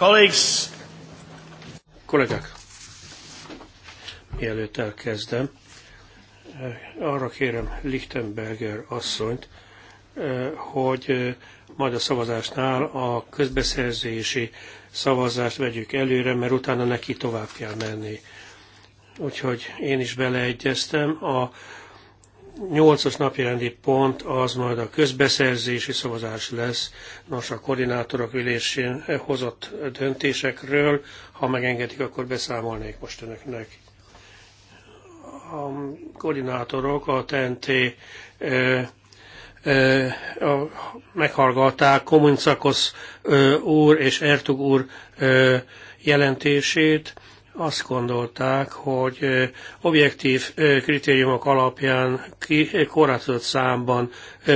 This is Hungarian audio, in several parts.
Colleagues. Kollégák, mielőtt elkezdem, eh, arra kérem Lichtenberger asszonyt, eh, hogy eh, majd a szavazásnál a közbeszerzési szavazást vegyük előre, mert utána neki tovább kell menni. Úgyhogy én is beleegyeztem a nyolcas napirendi pont az majd a közbeszerzési szavazás lesz. Nos, a koordinátorok ülésén hozott döntésekről, ha megengedik, akkor beszámolnék most önöknek. A koordinátorok a TNT meghallgatták Komuncakosz úr és Ertug úr jelentését azt gondolták, hogy objektív kritériumok alapján korlátozott számban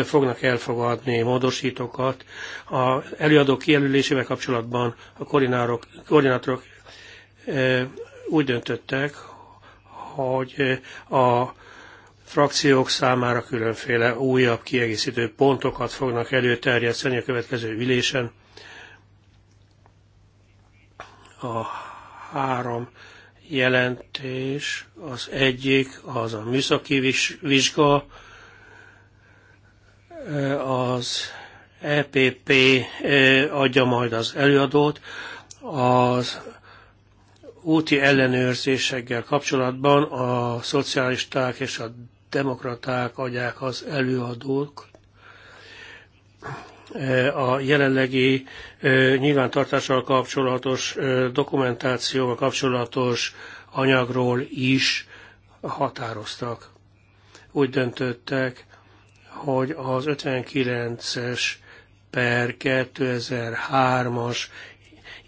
fognak elfogadni módosítókat. A előadók kijelölésével kapcsolatban a koordinátorok, úgy döntöttek, hogy a frakciók számára különféle újabb kiegészítő pontokat fognak előterjeszteni a következő ülésen. A három jelentés, az egyik az a műszaki vizsga, az EPP adja majd az előadót, az úti ellenőrzésekkel kapcsolatban a szocialisták és a demokraták adják az előadók Eh, a jelenlegi eh, nyilvántartással kapcsolatos eh, dokumentációval kapcsolatos anyagról is határoztak. Úgy döntöttek, hogy az 59-es per 2003-as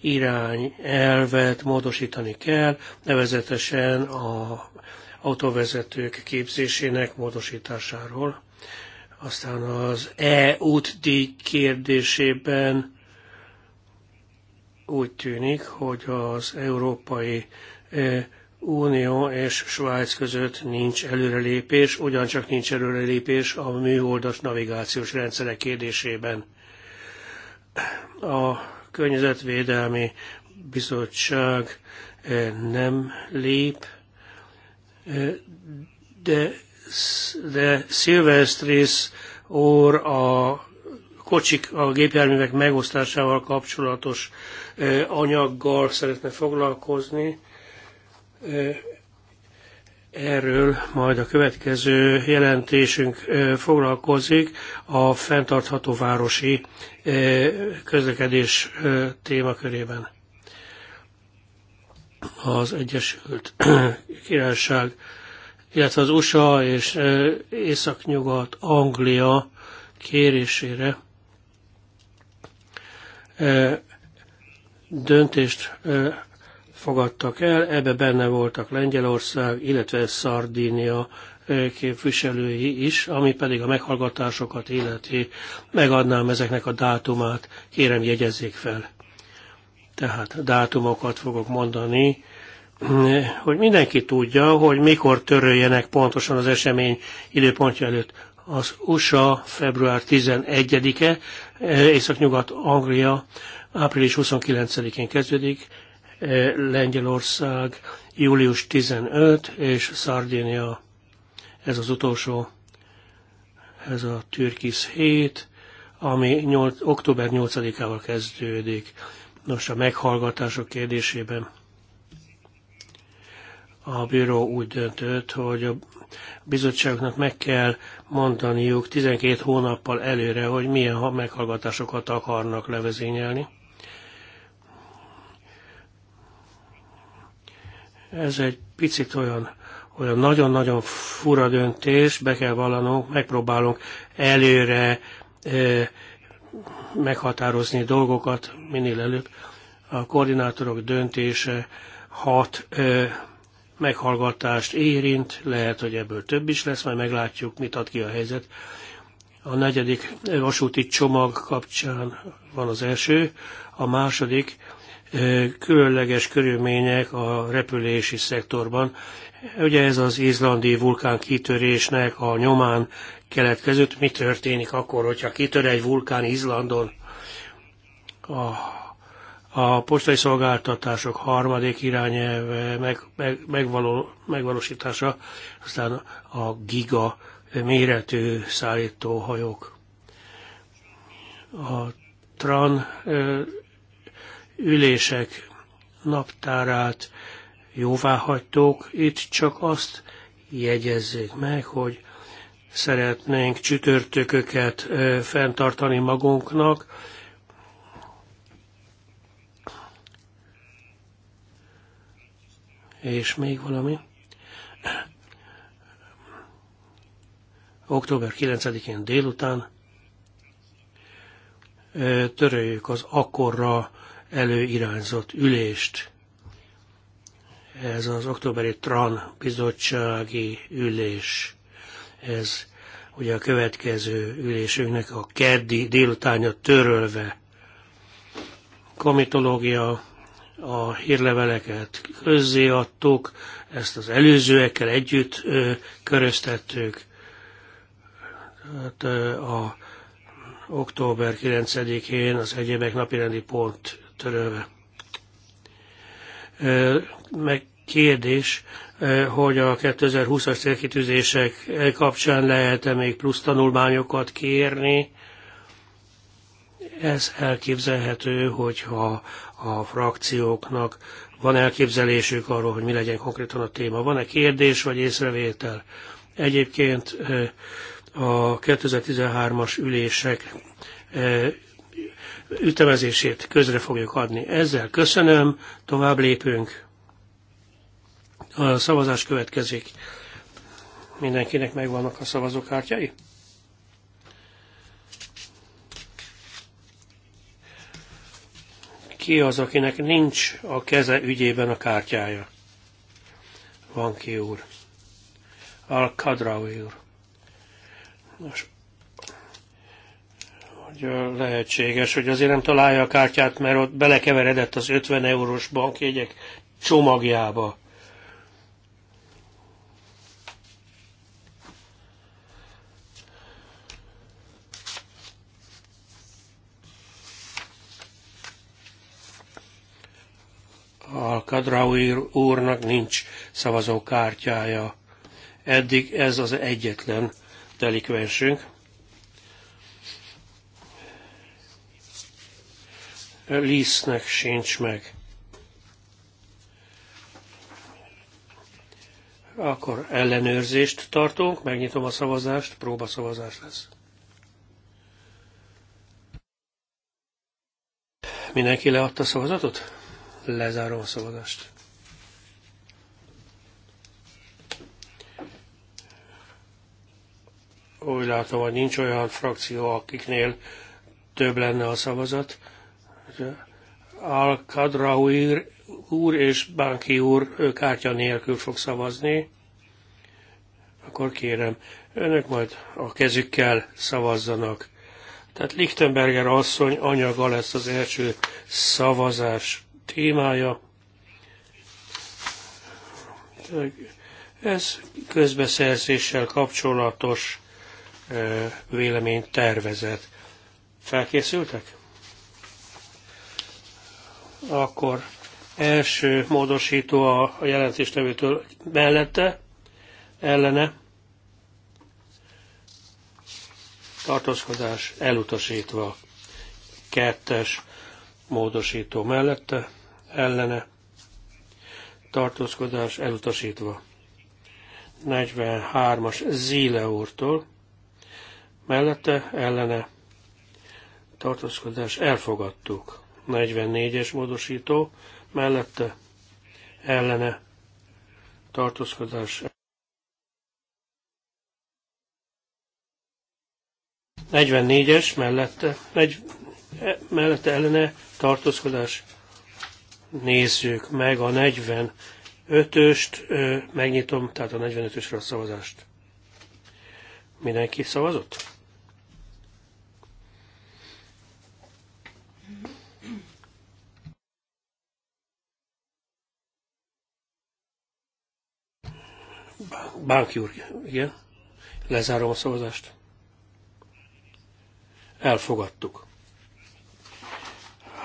irány elvet módosítani kell, nevezetesen a autovezetők képzésének módosításáról. Aztán az e-útdíj kérdésében úgy tűnik, hogy az Európai e, Unió és Svájc között nincs előrelépés, ugyancsak nincs előrelépés a műholdas navigációs rendszerek kérdésében. A Környezetvédelmi Bizottság e, nem lép, e, de de Silvestris úr a kocsik, a gépjárművek megosztásával kapcsolatos anyaggal szeretne foglalkozni. Erről majd a következő jelentésünk foglalkozik a fenntartható városi közlekedés témakörében. Az Egyesült Királyság illetve az USA és Északnyugat Anglia kérésére döntést fogadtak el, ebbe benne voltak Lengyelország, illetve Szardínia képviselői is, ami pedig a meghallgatásokat illeti, megadnám ezeknek a dátumát, kérem jegyezzék fel. Tehát dátumokat fogok mondani, hogy mindenki tudja, hogy mikor töröljenek pontosan az esemény időpontja előtt. Az USA február 11-e, Észak-Nyugat Anglia április 29-én kezdődik, eh, Lengyelország július 15 és Szardénia ez az utolsó, ez a Türkisz 7, ami 8, október 8-ával kezdődik. Nos, a meghallgatások kérdésében a bíró úgy döntött, hogy a bizottságnak meg kell mondaniuk 12 hónappal előre, hogy milyen meghallgatásokat akarnak levezényelni. Ez egy picit olyan olyan nagyon-nagyon fura döntés, be kell vallanunk, megpróbálunk előre e, meghatározni dolgokat minél előbb. A koordinátorok döntése hat e, meghallgatást érint, lehet, hogy ebből több is lesz, majd meglátjuk, mit ad ki a helyzet. A negyedik vasúti csomag kapcsán van az első, a második különleges körülmények a repülési szektorban. Ugye ez az izlandi vulkán kitörésnek a nyomán keletkezett. Mi történik akkor, hogyha kitör egy vulkán Izlandon? A a postai szolgáltatások harmadik irányelve meg, meg, megvaló, megvalósítása, aztán a giga méretű szállítóhajók. A TRAN ülések naptárát jóvá hagytók, itt csak azt jegyezzék meg, hogy szeretnénk csütörtököket fenntartani magunknak, És még valami. Október 9-én délután töröljük az akkorra előirányzott ülést. Ez az októberi TRAN bizottsági ülés. Ez ugye a következő ülésünknek a keddi délutánja törölve. Komitológia, a hírleveleket közzéadtuk, ezt az előzőekkel együtt ö, köröztettük. Tehát ö, a október 9-én az egyébek napirendi pont törölve. Ö, meg kérdés, hogy a 2020-as célkitűzések kapcsán lehet-e még plusz tanulmányokat kérni. Ez elképzelhető, hogyha a frakcióknak van elképzelésük arról, hogy mi legyen konkrétan a téma. Van-e kérdés vagy észrevétel? Egyébként eh, a 2013-as ülések eh, ütemezését közre fogjuk adni. Ezzel köszönöm, tovább lépünk. A szavazás következik. Mindenkinek megvannak a szavazókártyai? Ki az, akinek nincs a keze ügyében a kártyája? Van ki úr. Al-Kadrawi úr. Nos, hogy lehetséges, hogy azért nem találja a kártyát, mert ott belekeveredett az 50 eurós bankjegyek csomagjába. al Kadraui úrnak nincs szavazókártyája. Eddig ez az egyetlen delikvensünk. Lisznek sincs meg. Akkor ellenőrzést tartunk, megnyitom a szavazást, próbaszavazás lesz. Mindenki leadta a szavazatot? lezáró a szavazást. Úgy látom, hogy nincs olyan frakció, akiknél több lenne a szavazat. Al-Kadraui úr és Banki úr kártya nélkül fog szavazni, akkor kérem, önök majd a kezükkel szavazzanak. Tehát Lichtenberger asszony anyaga lesz az első szavazás témája. Ez közbeszerzéssel kapcsolatos eh, véleménytervezet. Felkészültek? Akkor első módosító a jelentéstevőtől mellette, ellene, tartózkodás elutasítva, kettes módosító mellette, ellene tartózkodás elutasítva. 43-as Zile úrtól, mellette ellene tartózkodás elfogadtuk. 44-es módosító, mellette ellene tartózkodás 44-es mellette, mellette ellene tartózkodás nézzük meg a 45-öst, megnyitom, tehát a 45-ösre a szavazást. Mindenki szavazott? Bánki úr, igen. Lezárom a szavazást. Elfogadtuk.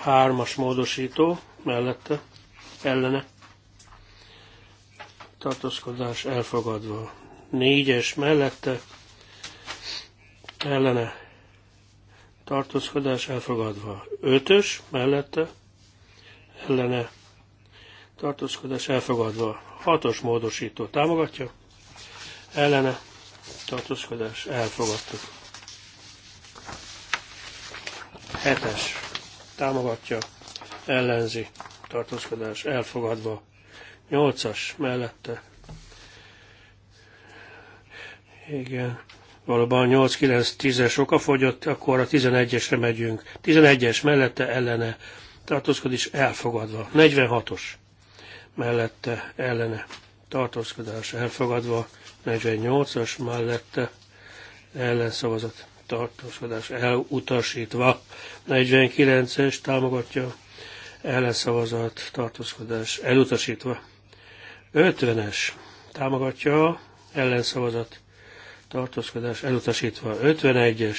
Hármas módosító mellette, ellene, tartózkodás elfogadva. Négyes mellette, ellene, tartózkodás elfogadva. Ötös mellette, ellene, tartózkodás elfogadva. Hatos módosító támogatja, ellene, tartózkodás elfogadtuk. Hetes támogatja, ellenzi, tartózkodás elfogadva, 8-as mellette. Igen, valóban 8-9-10-es oka fogyott, akkor a 11-esre megyünk. 11-es mellette ellene, tartózkodás elfogadva, 46-os mellette ellene, tartózkodás elfogadva, 48-as mellette ellenszavazat tartózkodás elutasítva. 49-es támogatja ellenszavazat, tartózkodás elutasítva. 50-es támogatja, ellenszavazat, tartózkodás elutasítva. 51-es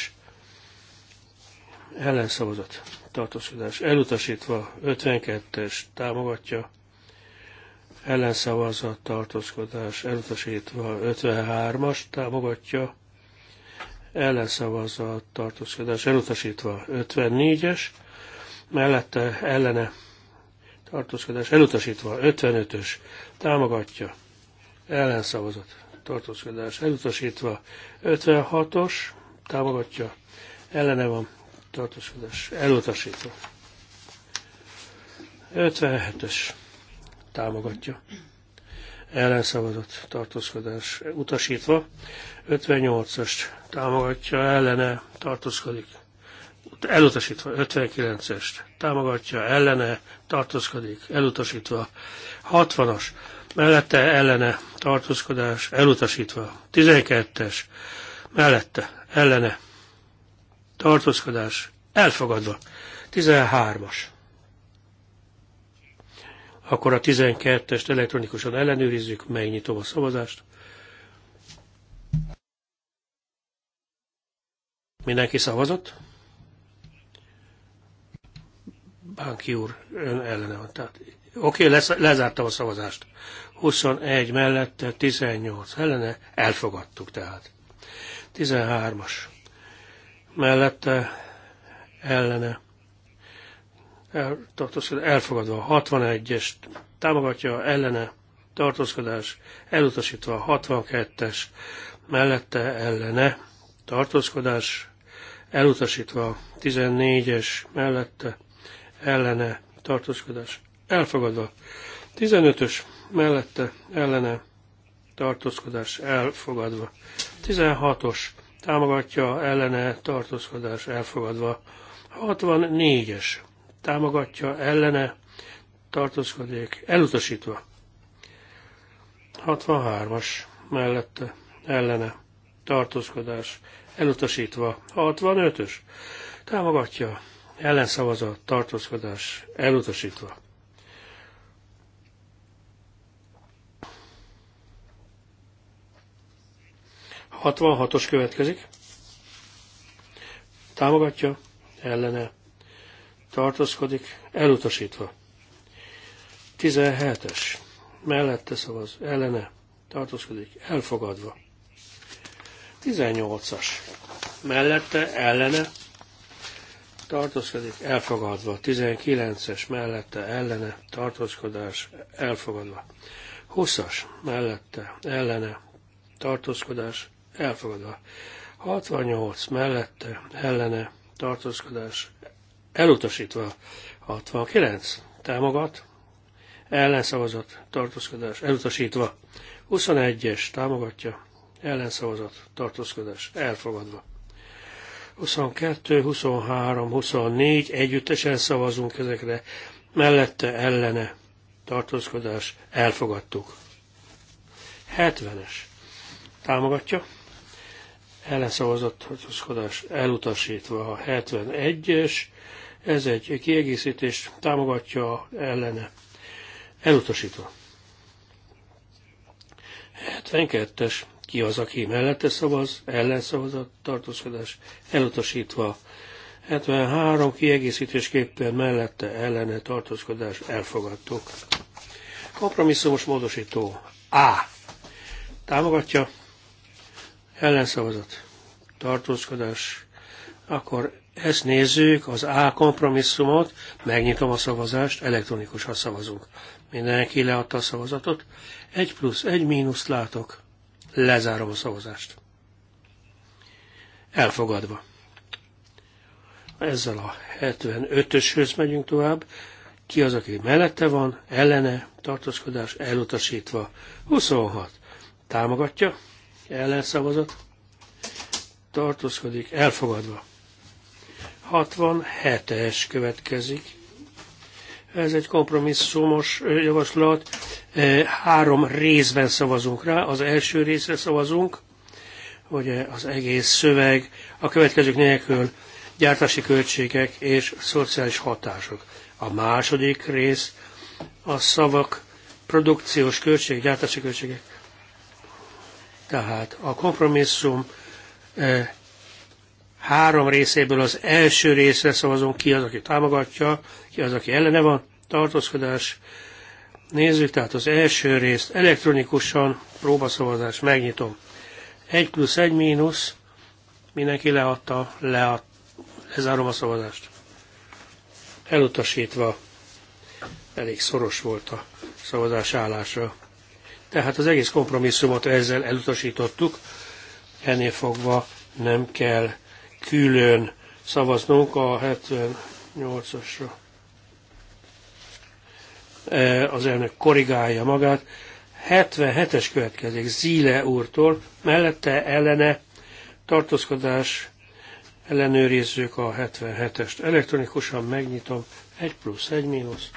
ellenszavazat, tartózkodás elutasítva. 52-es támogatja, ellenszavazat, tartózkodás elutasítva. 53-as támogatja, ellenszavazat, tartózkodás elutasítva. 54-es mellette ellene tartózkodás elutasítva, 55-ös támogatja, ellenszavazat, tartózkodás elutasítva, 56-os támogatja, ellene van, tartózkodás elutasítva, 57-ös támogatja, ellenszavazat, tartózkodás utasítva, 58-as támogatja, ellene tartózkodik, elutasítva 59-est, támogatja, ellene, tartózkodik, elutasítva 60-as, mellette ellene, tartózkodás, elutasítva 12-es, mellette, ellene, tartózkodás, elfogadva 13-as. Akkor a 12-est elektronikusan ellenőrizzük, megnyitom a szavazást. Mindenki szavazott? Bánki úr, ön ellene van. Tehát, oké, lesz, lezártam a szavazást. 21 mellette, 18 ellene, elfogadtuk tehát. 13-as mellette, ellene, el, tartózkodás, elfogadva. 61-es támogatja, ellene, tartózkodás, elutasítva. 62-es mellette, ellene, tartózkodás, elutasítva. 14-es mellette, ellene tartózkodás elfogadva. 15-ös mellette ellene tartózkodás elfogadva. 16-os támogatja ellene tartózkodás elfogadva. 64-es támogatja ellene tartózkodik elutasítva. 63-as mellette ellene tartózkodás elutasítva. 65-ös támogatja a tartózkodás elutasítva. hatos következik. Támogatja, ellene, tartózkodik, elutasítva. 17-es. Mellette szavaz, ellene, tartózkodik, elfogadva. 18-as. Mellette, ellene, tartózkodik, elfogadva. 19-es mellette ellene tartózkodás, elfogadva. 20-as mellette ellene tartózkodás, elfogadva. 68 mellette ellene tartózkodás, elutasítva. 69 támogat, ellenszavazat, tartózkodás, elutasítva. 21-es támogatja, ellenszavazat, tartózkodás, elfogadva. 22, 23, 24, együttesen szavazunk ezekre, mellette ellene tartózkodás, elfogadtuk. 70-es támogatja, ellenszavazott tartózkodás elutasítva a 71-es, ez egy kiegészítés, támogatja ellene, elutasítva. 72-es ki az, aki mellette szavaz, a tartózkodás elutasítva. 73 kiegészítésképpen mellette ellene tartózkodás elfogadtuk. Kompromisszumos módosító A. Támogatja, ellenszavazat, tartózkodás. Akkor ezt nézzük, az A kompromisszumot, megnyitom a szavazást, elektronikusan szavazunk. Mindenki leadta a szavazatot. Egy plusz, egy mínusz látok. Lezárom a szavazást. Elfogadva. Ezzel a 75-öshöz megyünk tovább. Ki az, aki mellette van, ellene, tartózkodás elutasítva. 26. Támogatja, ellenszavazat, tartózkodik, elfogadva. 67-es következik ez egy kompromisszumos javaslat. Három részben szavazunk rá. Az első részre szavazunk, hogy az egész szöveg a következők nélkül gyártási költségek és szociális hatások. A második rész a szavak produkciós költség, gyártási költségek. Tehát a kompromisszum három részéből az első részre szavazunk, ki az, aki támogatja, ki az, aki ellene van, tartózkodás. Nézzük tehát az első részt elektronikusan, próbaszavazás, megnyitom. 1 plusz 1 mínusz, mindenki leadta, lead, lezárom a szavazást. Elutasítva elég szoros volt a szavazás állása. Tehát az egész kompromisszumot ezzel elutasítottuk, ennél fogva nem kell külön szavaznunk a 78-asra. E, az elnök korrigálja magát. 77-es következik Zile úrtól, mellette ellene tartózkodás ellenőrizzük a 77-est. Elektronikusan megnyitom, 1 plusz, 1 mínusz.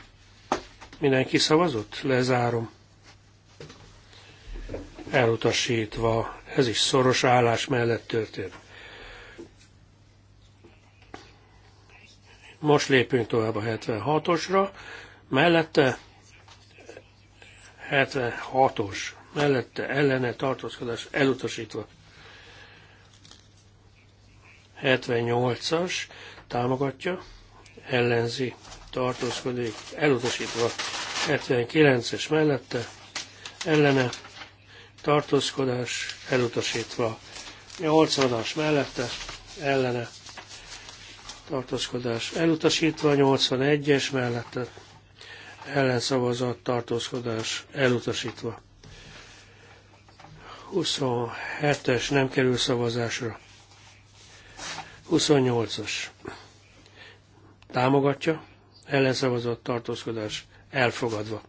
Mindenki szavazott? Lezárom. Elutasítva, ez is szoros állás mellett történt. Most lépünk tovább a 76-osra, mellette 76-os, mellette ellene tartózkodás elutasítva. 78-as támogatja, ellenzi, tartózkodik, elutasítva. 79-es mellette ellene tartózkodás elutasítva. 80-as mellette ellene tartózkodás elutasítva, 81-es mellette ellenszavazat, tartózkodás elutasítva. 27-es nem kerül szavazásra. 28-as támogatja, ellenszavazat, tartózkodás elfogadva.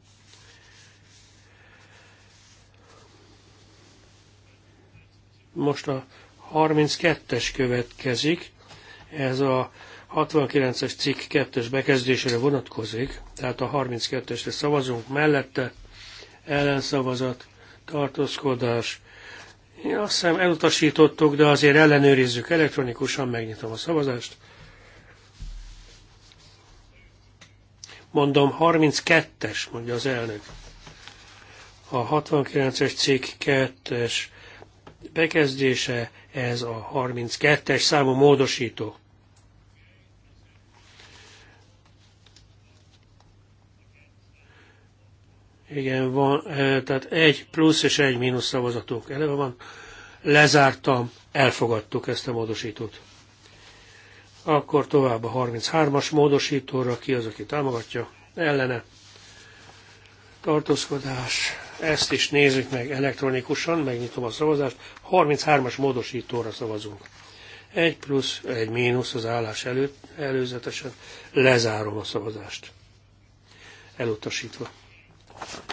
Most a 32-es következik, ez a 69-es cikk 2-es bekezdésére vonatkozik, tehát a 32-esre szavazunk mellette, ellenszavazat, tartózkodás. Én azt hiszem elutasítottuk, de azért ellenőrizzük elektronikusan, megnyitom a szavazást. Mondom, 32-es, mondja az elnök. A 69-es cikk 2-es bekezdése ez a 32-es számú módosító. Igen, van, eh, tehát egy plusz és egy mínusz szavazatunk eleve van. Lezártam, elfogadtuk ezt a módosítót. Akkor tovább a 33-as módosítóra, ki az, aki támogatja, ellene. Tartózkodás, ezt is nézzük meg elektronikusan, megnyitom a szavazást. 33-as módosítóra szavazunk. 1 plusz, 1 mínusz az állás előtt, előzetesen lezárom a szavazást. Elutasítva.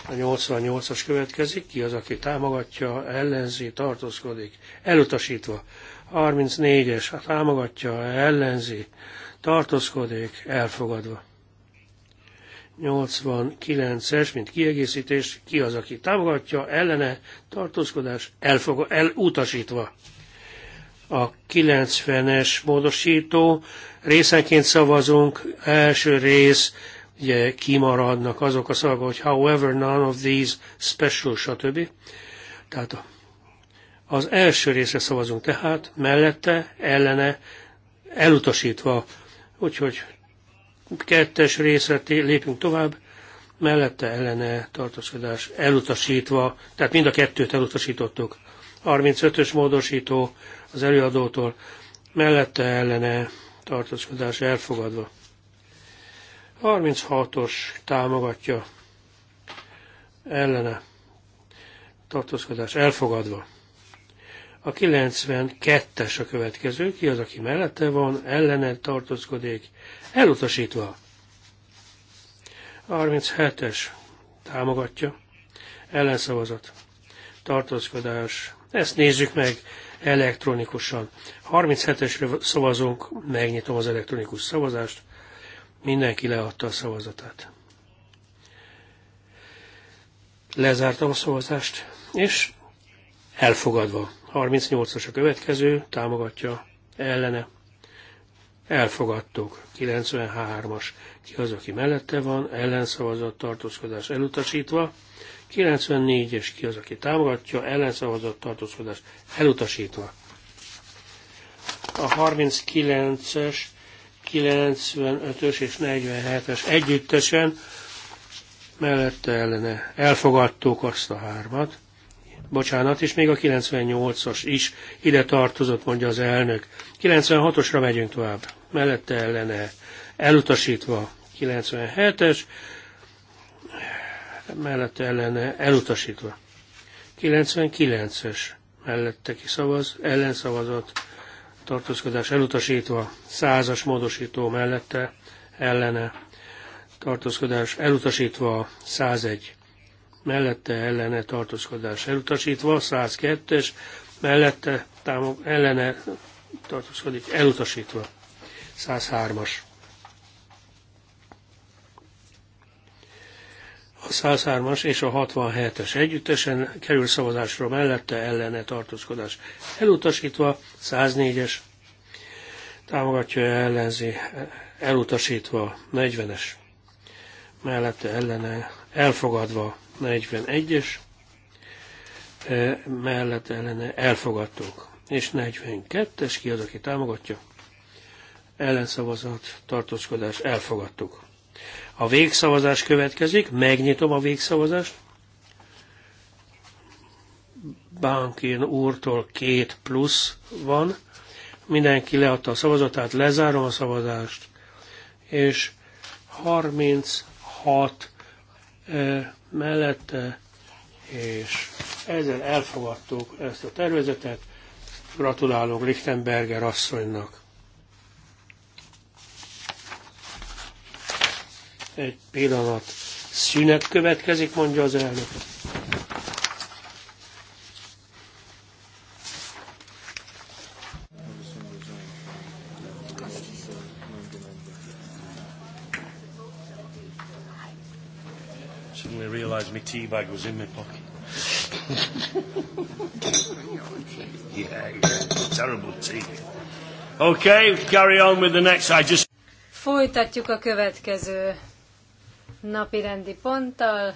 A 88-as következik, ki az, aki támogatja, ellenzi, tartózkodik. Elutasítva. 34-es támogatja, ellenzi, tartózkodik, elfogadva. 89-es, mint kiegészítés, ki az, aki támogatja, ellene, tartózkodás, elfog, elutasítva. A 90-es módosító, részenként szavazunk, első rész, ugye kimaradnak azok a szavak, hogy however none of these special, stb. Tehát az első részre szavazunk tehát, mellette, ellene, elutasítva. Úgyhogy Kettes részre lépünk tovább, mellette ellene tartózkodás elutasítva, tehát mind a kettőt elutasítottuk. 35-ös módosító az előadótól, mellette ellene tartózkodás elfogadva. 36-os támogatja ellene tartózkodás elfogadva. A 92-es a következő, ki az, aki mellette van, ellene tartózkodik, Elutasítva. 37-es támogatja. Ellenszavazat. Tartózkodás. Ezt nézzük meg elektronikusan. 37-esre szavazunk, megnyitom az elektronikus szavazást. Mindenki leadta a szavazatát. Lezártam a szavazást, és elfogadva. 38-as a következő, támogatja ellene elfogadtuk. 93-as, ki az, aki mellette van, ellenszavazott tartózkodás elutasítva. 94-es, ki az, aki támogatja, ellenszavazott tartózkodás elutasítva. A 39-es, 95-ös és 47-es együttesen mellette ellene elfogadtuk azt a hármat bocsánat, és még a 98-os is ide tartozott, mondja az elnök. 96-osra megyünk tovább, mellette ellene elutasítva 97-es, mellette ellene elutasítva. 99-es mellette kiszavaz, ellenszavazott, tartózkodás elutasítva, százas módosító mellette ellene, tartózkodás elutasítva, 101 mellette ellene tartózkodás elutasítva, 102-es mellette támog, ellene tartózkodik elutasítva, 103-as. A 103-as és a 67-es együttesen kerül szavazásra mellette ellene tartózkodás elutasítva, 104-es támogatja ellenzi elutasítva, 40-es mellette ellene elfogadva, 41-es e, mellett ellene elfogadtuk. És 42-es ki az, aki támogatja? Ellenszavazat, tartózkodás, elfogadtuk. A végszavazás következik, megnyitom a végszavazást. Bankin úrtól két plusz van. Mindenki leadta a szavazatát, lezárom a szavazást, és 36 mellette, és ezzel elfogadtuk ezt a tervezetet. Gratulálunk Lichtenberger asszonynak. Egy pillanat szünet következik, mondja az elnök. tea bag was in my pocket. yeah, terrible tea. Okay, carry on with the next. I just... Folytatjuk a következő napi rendi ponttal.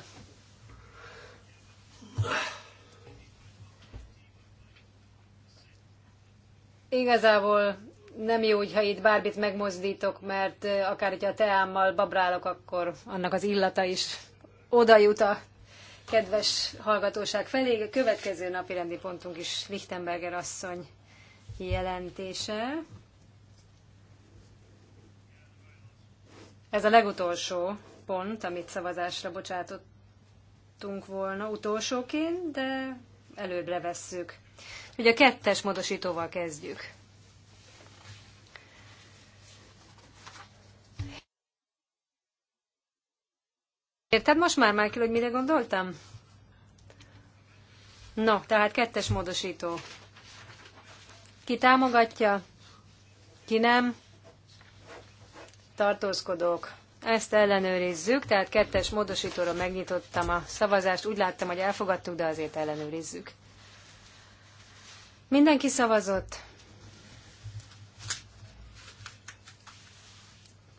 Igazából nem jó, ha itt bármit megmozdítok, mert akár hogyha a teámmal babrálok, akkor annak az illata is oda jut a kedves hallgatóság felé. A következő napi rendi pontunk is Lichtenberger asszony jelentése. Ez a legutolsó pont, amit szavazásra bocsátottunk volna utolsóként, de előbbre vesszük. Ugye a kettes módosítóval kezdjük. Érted most már, Michael, hogy mire gondoltam? No, tehát kettes módosító. Ki támogatja, ki nem, tartózkodók. Ezt ellenőrizzük, tehát kettes módosítóra megnyitottam a szavazást, úgy láttam, hogy elfogadtuk, de azért ellenőrizzük. Mindenki szavazott.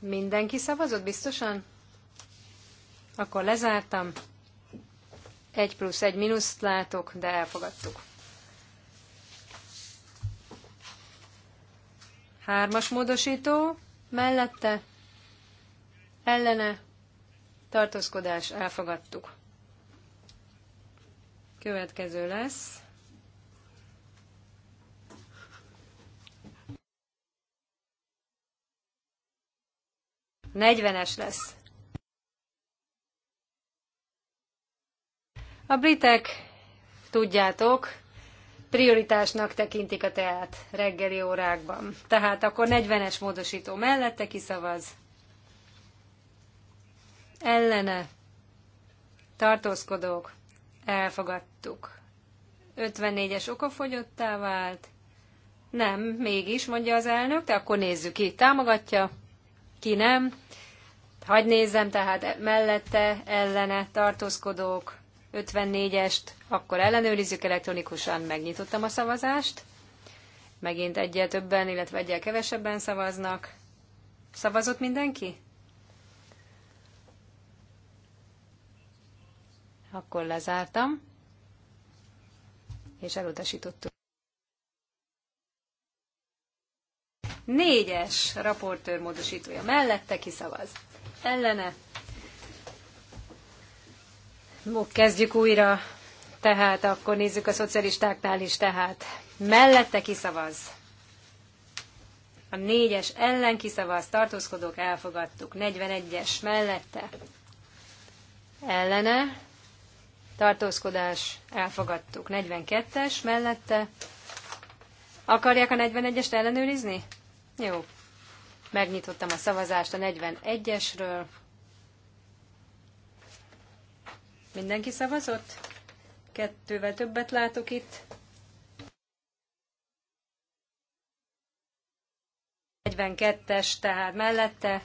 Mindenki szavazott, biztosan? Akkor lezártam. Egy plusz egy mínuszt látok, de elfogadtuk. Hármas módosító, mellette, ellene, tartózkodás, elfogadtuk. Következő lesz. Negyvenes lesz. A britek, tudjátok, prioritásnak tekintik a teát reggeli órákban. Tehát akkor 40-es módosító mellette kiszavaz. Ellene. Tartózkodók. Elfogadtuk. 54-es okafogyottá vált. Nem, mégis, mondja az elnök, de akkor nézzük ki. Támogatja, ki nem. Hagy nézzem, tehát mellette, ellene, tartózkodók, 54-est, akkor ellenőrizzük elektronikusan, megnyitottam a szavazást. Megint egyel többen, illetve egyel kevesebben szavaznak. Szavazott mindenki? Akkor lezártam, és elutasítottuk. Négyes raportőr módosítója mellette kiszavaz. Ellene Kezdjük újra, tehát akkor nézzük a szocialistáknál is, tehát mellette kiszavaz. A négyes ellen kiszavaz, tartózkodók elfogadtuk. 41-es mellette ellene, tartózkodás elfogadtuk. 42-es mellette. Akarják a 41-est ellenőrizni? Jó. Megnyitottam a szavazást a 41-esről. Mindenki szavazott? Kettővel többet látok itt. 42-es, tehát mellette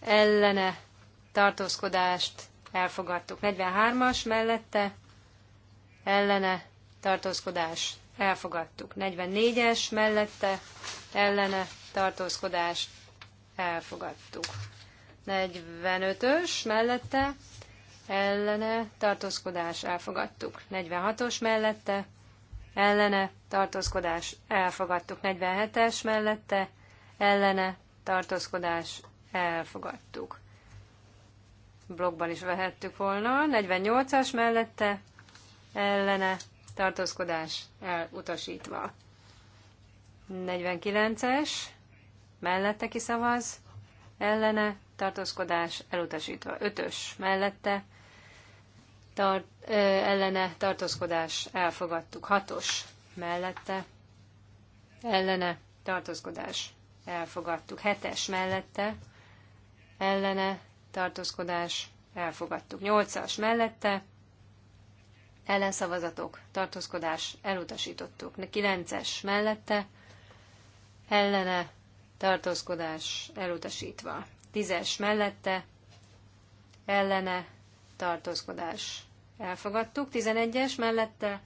ellene tartózkodást elfogadtuk. 43-as mellette ellene tartózkodás elfogadtuk. 44-es mellette ellene tartózkodást elfogadtuk. 45-ös mellette ellene tartózkodás elfogadtuk. 46-os mellette ellene tartózkodás elfogadtuk. 47-es mellette ellene tartózkodás elfogadtuk. Blogban is vehettük volna. 48-as mellette ellene tartózkodás elutasítva. 49-es mellette kiszavaz, ellene tartózkodás elutasítva. 5-ös mellette tart, ö, ellene tartózkodás elfogadtuk. Hatos mellette ellene tartózkodás elfogadtuk. Hetes mellette ellene tartózkodás elfogadtuk. Nyolcas mellette ellenszavazatok, tartózkodás elutasítottuk. Kilences mellette ellene tartózkodás elutasítva. Tízes mellette ellene tartózkodás elfogadtuk, 11-es mellette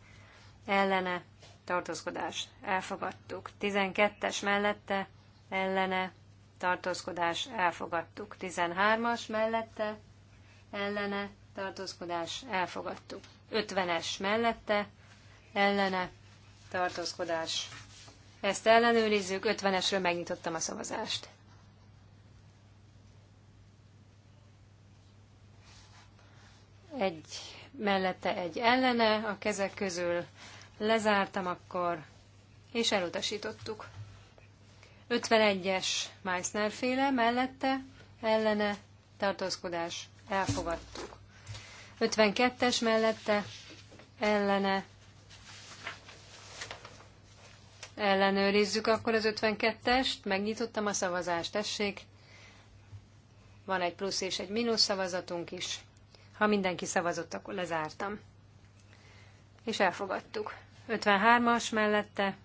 ellene tartózkodás elfogadtuk, 12-es mellette ellene tartózkodás elfogadtuk, 13-as mellette ellene tartózkodás elfogadtuk, 50-es mellette ellene tartózkodás. Ezt ellenőrizzük, 50-esről megnyitottam a szavazást. egy mellette, egy ellene a kezek közül. Lezártam akkor, és elutasítottuk. 51-es Meissner féle mellette, ellene, tartózkodás, elfogadtuk. 52-es mellette, ellene, ellenőrizzük akkor az 52-est, megnyitottam a szavazást, tessék, van egy plusz és egy mínusz szavazatunk is. Ha mindenki szavazott, akkor lezártam. És elfogadtuk. 53-as mellette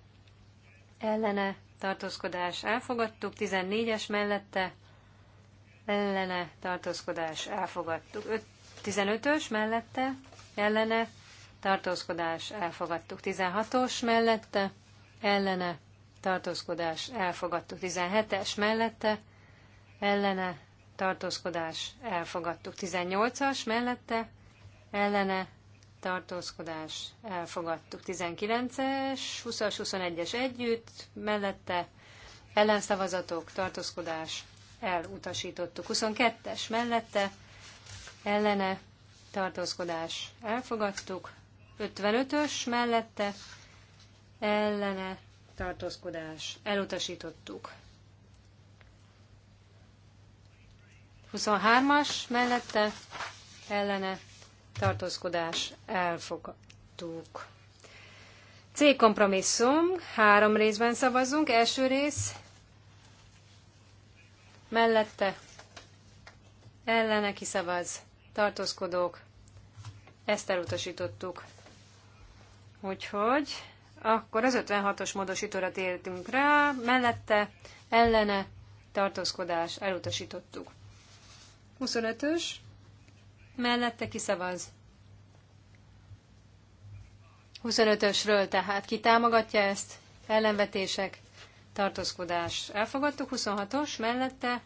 ellene tartózkodás elfogadtuk, 14-es mellette ellene tartózkodás elfogadtuk, 15-ös mellette ellene tartózkodás elfogadtuk, 16-os mellette ellene tartózkodás elfogadtuk, 17-es mellette ellene tartózkodás, elfogadtuk. 18-as mellette, ellene, tartózkodás, elfogadtuk. 19-es, 20-as, 21-es együtt, mellette, ellenszavazatok, tartózkodás, elutasítottuk. 22-es mellette, ellene, tartózkodás, elfogadtuk. 55-ös mellette, ellene, tartózkodás, elutasítottuk. 23-as mellette ellene tartózkodás elfogadtuk. C kompromisszum, három részben szavazunk. Első rész mellette ellene kiszavaz tartózkodók. Ezt elutasítottuk. Úgyhogy akkor az 56-os módosítóra tértünk rá, mellette ellene tartózkodás elutasítottuk. 25-ös, mellette kiszavaz. 25-ösről tehát ki támogatja ezt? Ellenvetések, tartózkodás. Elfogadtuk 26-os, mellette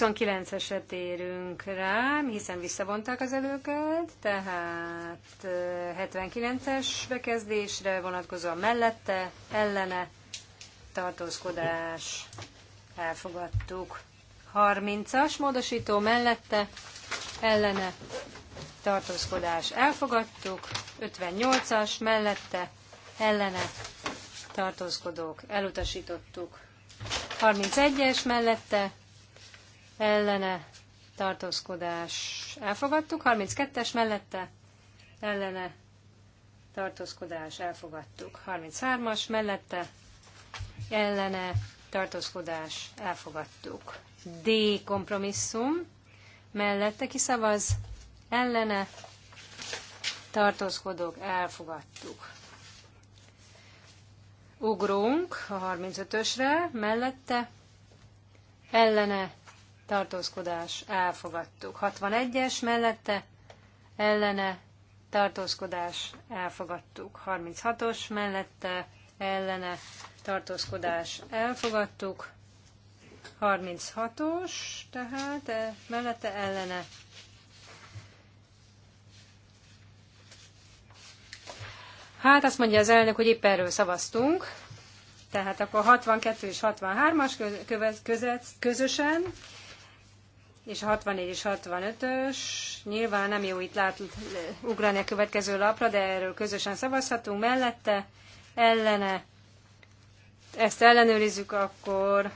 29-esre térünk rá, hiszen visszavonták az előket, tehát 79-es bekezdésre vonatkozóan mellette, ellene, tartózkodás, elfogadtuk. 30-as módosító mellette, ellene, tartózkodás, elfogadtuk. 58-as mellette, ellene, tartózkodók, elutasítottuk. 31-es mellette, ellene tartózkodás elfogadtuk, 32-es mellette ellene tartózkodás elfogadtuk, 33-as mellette ellene tartózkodás elfogadtuk. D kompromisszum mellette kiszavaz ellene tartózkodók elfogadtuk. Ugrunk a 35-ösre, mellette ellene tartózkodás, elfogadtuk. 61-es mellette, ellene, tartózkodás, elfogadtuk. 36-os mellette, ellene, tartózkodás, elfogadtuk. 36-os, tehát e, mellette, ellene. Hát azt mondja az elnök, hogy épp erről szavaztunk. Tehát akkor 62 és 63-as közösen és 64 és 65-ös. Nyilván nem jó itt lát, ugrani a következő lapra, de erről közösen szavazhatunk mellette, ellene. Ezt ellenőrizzük akkor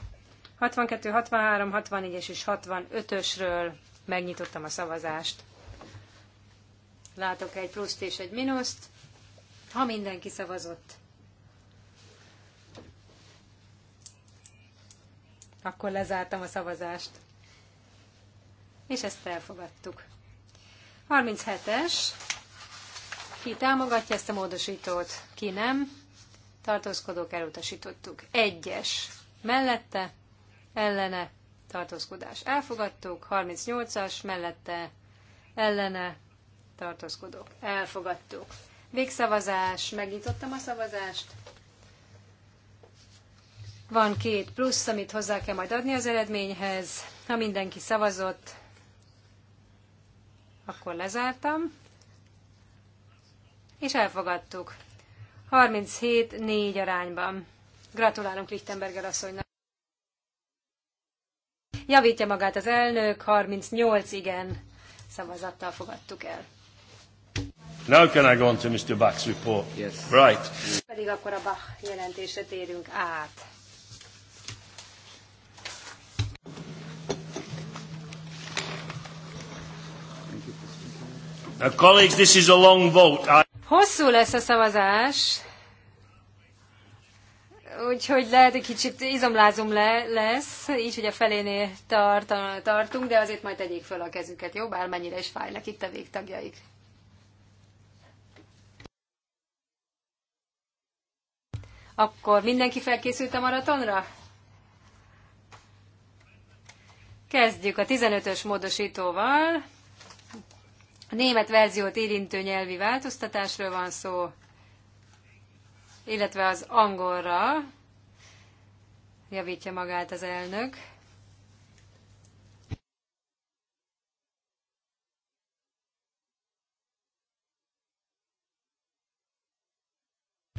62, 63, 64 és 65-ösről megnyitottam a szavazást. Látok egy pluszt és egy mínuszt, ha mindenki szavazott. Akkor lezártam a szavazást és ezt elfogadtuk. 37-es, ki támogatja ezt a módosítót, ki nem, tartózkodók elutasítottuk. Egyes, mellette, ellene, tartózkodás elfogadtuk, 38-as, mellette, ellene, tartózkodók elfogadtuk. Végszavazás, megnyitottam a szavazást. Van két plusz, amit hozzá kell majd adni az eredményhez. Ha mindenki szavazott, akkor lezártam. És elfogadtuk. 37-4 arányban. Gratulálunk Lichtenberger asszonynak. Javítja magát az elnök, 38 igen szavazattal fogadtuk el. Now can I go on to Mr. Bach's report? Yes. Right. Pedig akkor a Bach jelentésre térünk át. Uh, colleagues, this is a long vote. I... Hosszú lesz a szavazás, úgyhogy lehet, hogy kicsit izomlázom le, lesz, így, hogy a felénél tart, tartunk, de azért majd tegyék fel a kezüket, jó? Bármennyire is fájnak itt a végtagjaik. Akkor mindenki felkészült a maratonra? Kezdjük a 15-ös módosítóval. A német verziót érintő nyelvi változtatásról van szó, illetve az angolra javítja magát az elnök.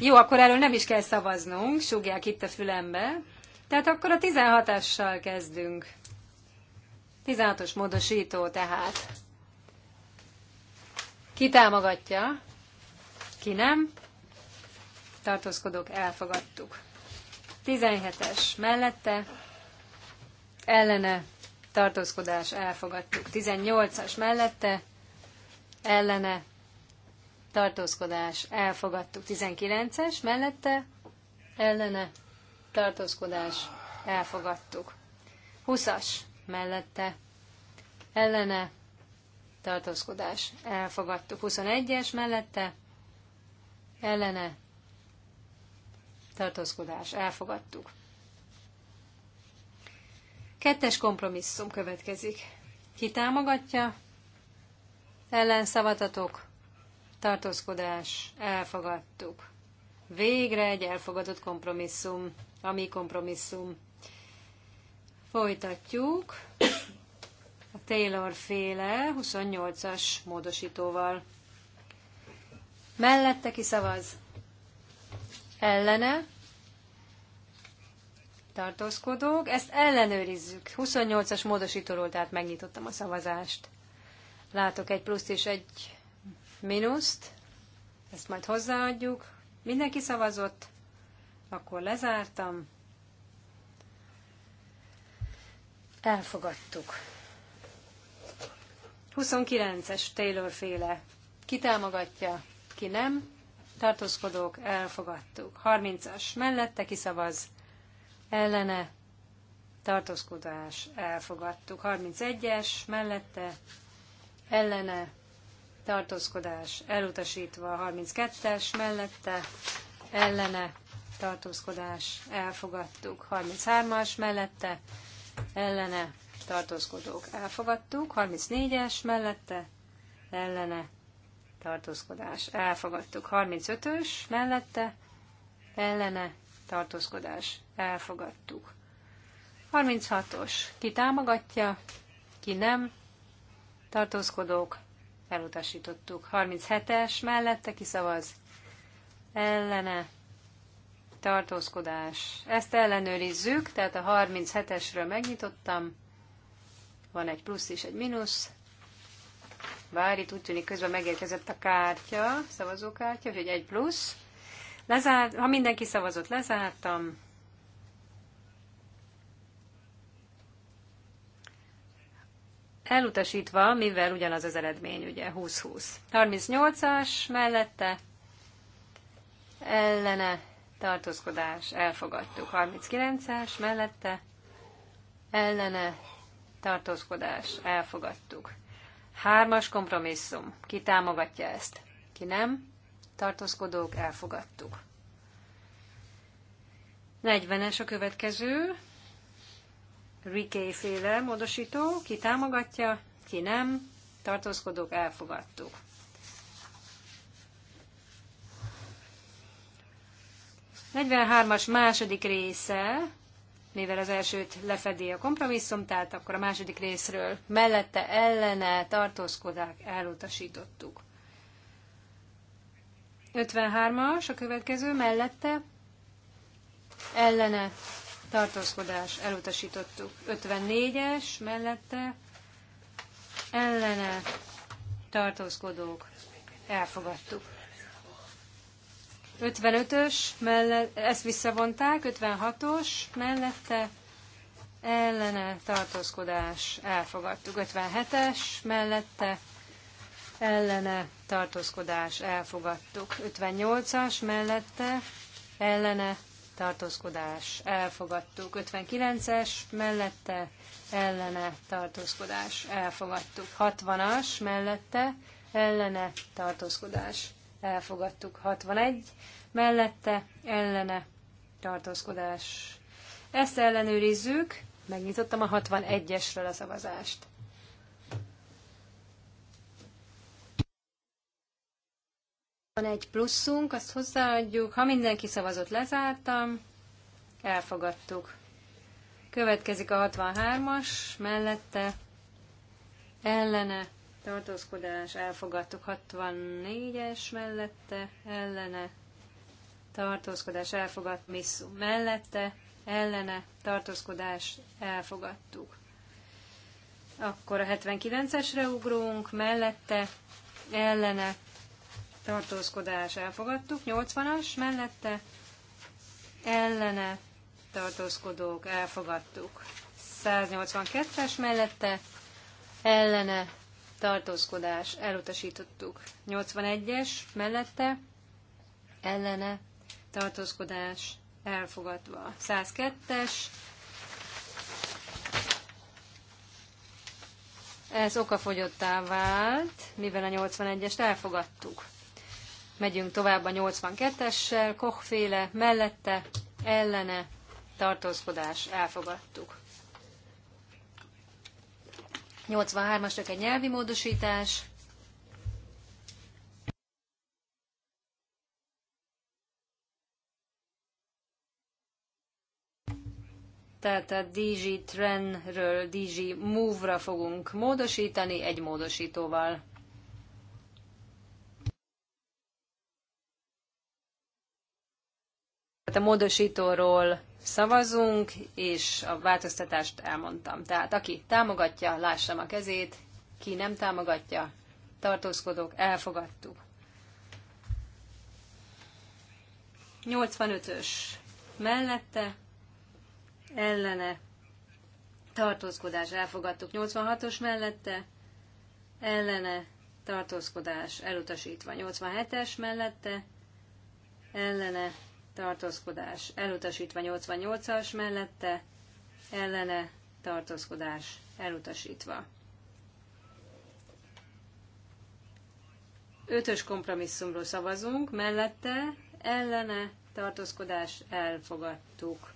Jó, akkor erről nem is kell szavaznunk, súgják itt a fülembe. Tehát akkor a 16-assal kezdünk. 16-os módosító tehát. Ki támogatja, ki nem. Tartózkodók elfogadtuk. 17-es mellette, ellene, tartózkodás elfogadtuk. 18-as mellette, ellene, tartózkodás elfogadtuk. 19-es mellette, ellene, tartózkodás elfogadtuk. 20-as mellette, ellene, tartózkodás elfogadtuk. 21-es mellette ellene tartózkodás elfogadtuk. Kettes kompromisszum következik. Ki támogatja? Ellenszavatatok, tartózkodás, elfogadtuk. Végre egy elfogadott kompromisszum, ami kompromisszum. Folytatjuk a Taylor féle 28-as módosítóval. Mellette ki szavaz? Ellene? Tartózkodók. Ezt ellenőrizzük. 28-as módosítóról, tehát megnyitottam a szavazást. Látok egy pluszt és egy mínuszt. Ezt majd hozzáadjuk. Mindenki szavazott. Akkor lezártam. Elfogadtuk. 29-es Taylor féle. Ki támogatja, ki nem. Tartózkodók, elfogadtuk. 30-as mellette kiszavaz, ellene, tartózkodás, elfogadtuk. 31-es mellette, ellene, tartózkodás, elutasítva. 32-es mellette, ellene, tartózkodás, elfogadtuk. 33-as mellette, ellene, tartózkodók elfogadtuk, 34-es mellette ellene tartózkodás elfogadtuk, 35-ös mellette ellene tartózkodás elfogadtuk. 36-os ki támogatja, ki nem, tartózkodók elutasítottuk. 37-es mellette kiszavaz ellene tartózkodás. Ezt ellenőrizzük, tehát a 37-esről megnyitottam. Van egy plusz és egy mínusz. Bár itt úgy tűnik közben megérkezett a kártya, szavazókártya, hogy egy plusz. Lezárt, ha mindenki szavazott, lezártam. Elutasítva, mivel ugyanaz az eredmény, ugye 20-20. 38-as mellette ellene tartózkodás elfogadtuk. 39-es mellette ellene tartózkodás, elfogadtuk. Hármas kompromisszum, ki támogatja ezt, ki nem, tartózkodók, elfogadtuk. 40-es a következő, Riké féle módosító, ki támogatja, ki nem, tartózkodók, elfogadtuk. Negyvenhármas második része, mivel az elsőt lefedi a kompromisszum, tehát akkor a második részről mellette ellene tartózkodák elutasítottuk. 53-as a következő mellette ellene tartózkodás elutasítottuk. 54-es mellette ellene tartózkodók elfogadtuk. 55-ös, ezt visszavonták, 56-os mellette ellene tartózkodás elfogadtuk. 57-es mellette ellene tartózkodás elfogadtuk. 58-as mellette ellene tartózkodás elfogadtuk. 59-es mellette ellene tartózkodás elfogadtuk. 60-as mellette ellene tartózkodás elfogadtuk. 61 mellette, ellene, tartózkodás. Ezt ellenőrizzük, megnyitottam a 61-esről a szavazást. Van egy pluszunk, azt hozzáadjuk. Ha mindenki szavazott, lezártam. Elfogadtuk. Következik a 63-as, mellette, ellene, tartózkodás, elfogadtuk 64-es mellette, ellene, tartózkodás, elfogadt misszum mellette, ellene, tartózkodás, elfogadtuk. Akkor a 79-esre ugrunk, mellette, ellene, tartózkodás, elfogadtuk, 80-as, mellette, ellene, tartózkodók, elfogadtuk. 182-es mellette, ellene, tartózkodás elutasítottuk. 81-es mellette ellene tartózkodás elfogadva. 102-es ez okafogyottá vált, mivel a 81-est elfogadtuk. Megyünk tovább a 82-essel, Kochféle mellette, ellene, tartózkodás, elfogadtuk. 83-as csak egy nyelvi módosítás. Tehát a DG Trendről DG Move-ra fogunk módosítani egy módosítóval. Tehát a módosítóról szavazunk, és a változtatást elmondtam. Tehát aki támogatja, lássam a kezét, ki nem támogatja, tartózkodok, elfogadtuk. 85-ös mellette, ellene, tartózkodás, elfogadtuk. 86-os mellette, ellene, tartózkodás, elutasítva. 87-es mellette, ellene, tartózkodás elutasítva 88-as mellette, ellene tartózkodás elutasítva. Ötös kompromisszumról szavazunk, mellette, ellene tartózkodás elfogadtuk.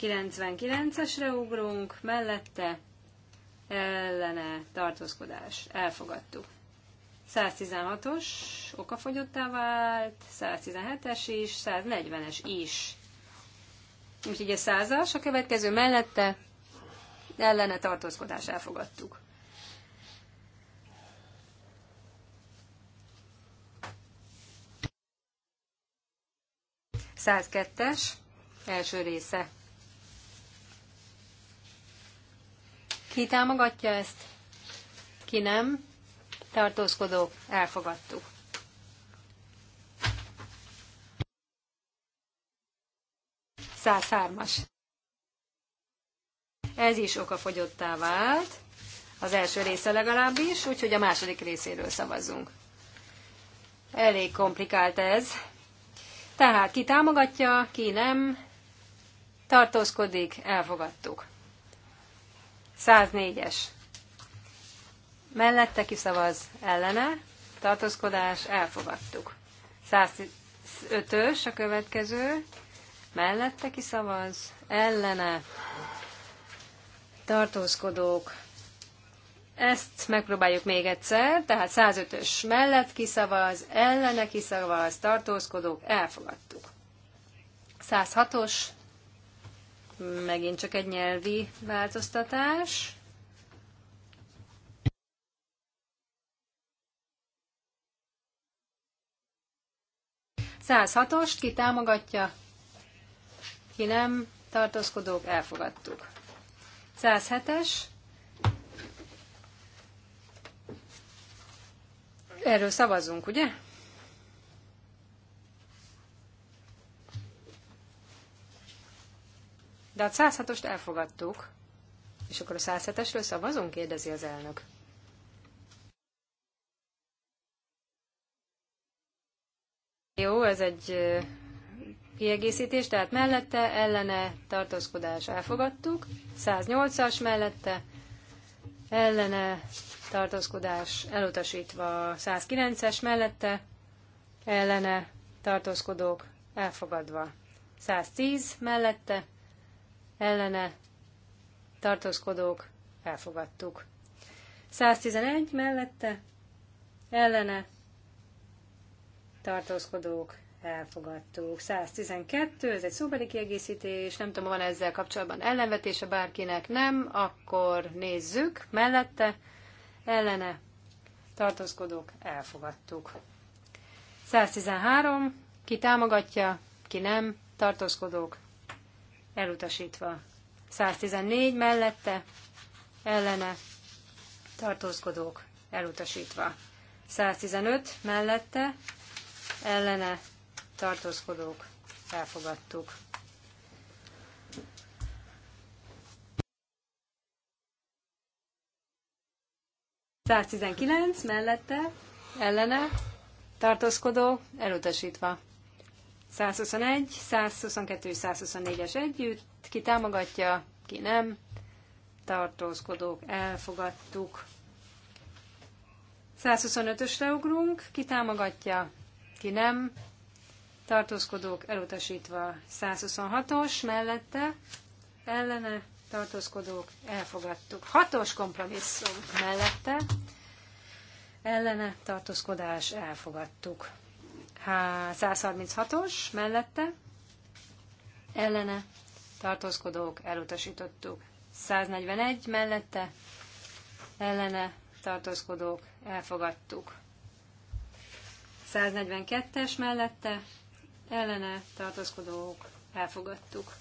99-esre ugrunk, mellette, ellene tartózkodás elfogadtuk. 116-os okafogyottá vált, 117-es is, 140-es is. Úgyhogy a százas a következő mellette ellene tartózkodás elfogadtuk. Százkettes első része. Ki támogatja ezt? Ki nem? tartózkodók, elfogadtuk. Százszármas. Ez is okafogyottá vált, az első része legalábbis, úgyhogy a második részéről szavazzunk. Elég komplikált ez. Tehát ki támogatja, ki nem, tartózkodik, elfogadtuk. 104-es mellette kiszavaz ellene, tartózkodás, elfogadtuk. 105-ös a következő, mellette kiszavaz ellene, tartózkodók, ezt megpróbáljuk még egyszer, tehát 105-ös mellett kiszavaz, ellene kiszavaz, tartózkodók, elfogadtuk. 106-os, megint csak egy nyelvi változtatás. 106-ost ki támogatja, ki nem, tartózkodók, elfogadtuk. 107-es, erről szavazunk, ugye? De a 106-ost elfogadtuk. És akkor a 107-esről szavazunk? kérdezi az elnök. Jó, ez egy kiegészítés, tehát mellette, ellene, tartózkodás elfogadtuk. 108-as mellette, ellene, tartózkodás elutasítva. 109-es mellette, ellene, tartózkodók elfogadva. 110 mellette, ellene, tartózkodók elfogadtuk. 111 mellette, ellene, tartózkodók, elfogadtuk. 112, ez egy szóbeli kiegészítés, nem tudom, van -e ezzel kapcsolatban ellenvetése bárkinek, nem, akkor nézzük, mellette, ellene, tartózkodók, elfogadtuk. 113, ki támogatja, ki nem, tartózkodók, elutasítva. 114 mellette, ellene, tartózkodók, elutasítva. 115 mellette, ellene tartózkodók elfogadtuk. tizenkilenc mellette ellene tartózkodó elutasítva. 121, 122, 124-es együtt, ki támogatja, ki nem, tartózkodók elfogadtuk. 125-ösre ugrunk, ki támogatja, ki nem, tartózkodók elutasítva 126-os mellette, ellene tartózkodók elfogadtuk. Hatos kompromisszum mellette, ellene tartózkodás elfogadtuk. Há, 136-os mellette, ellene tartózkodók elutasítottuk. 141 mellette, ellene tartózkodók elfogadtuk. 142-es mellette ellene tartózkodók elfogadtuk.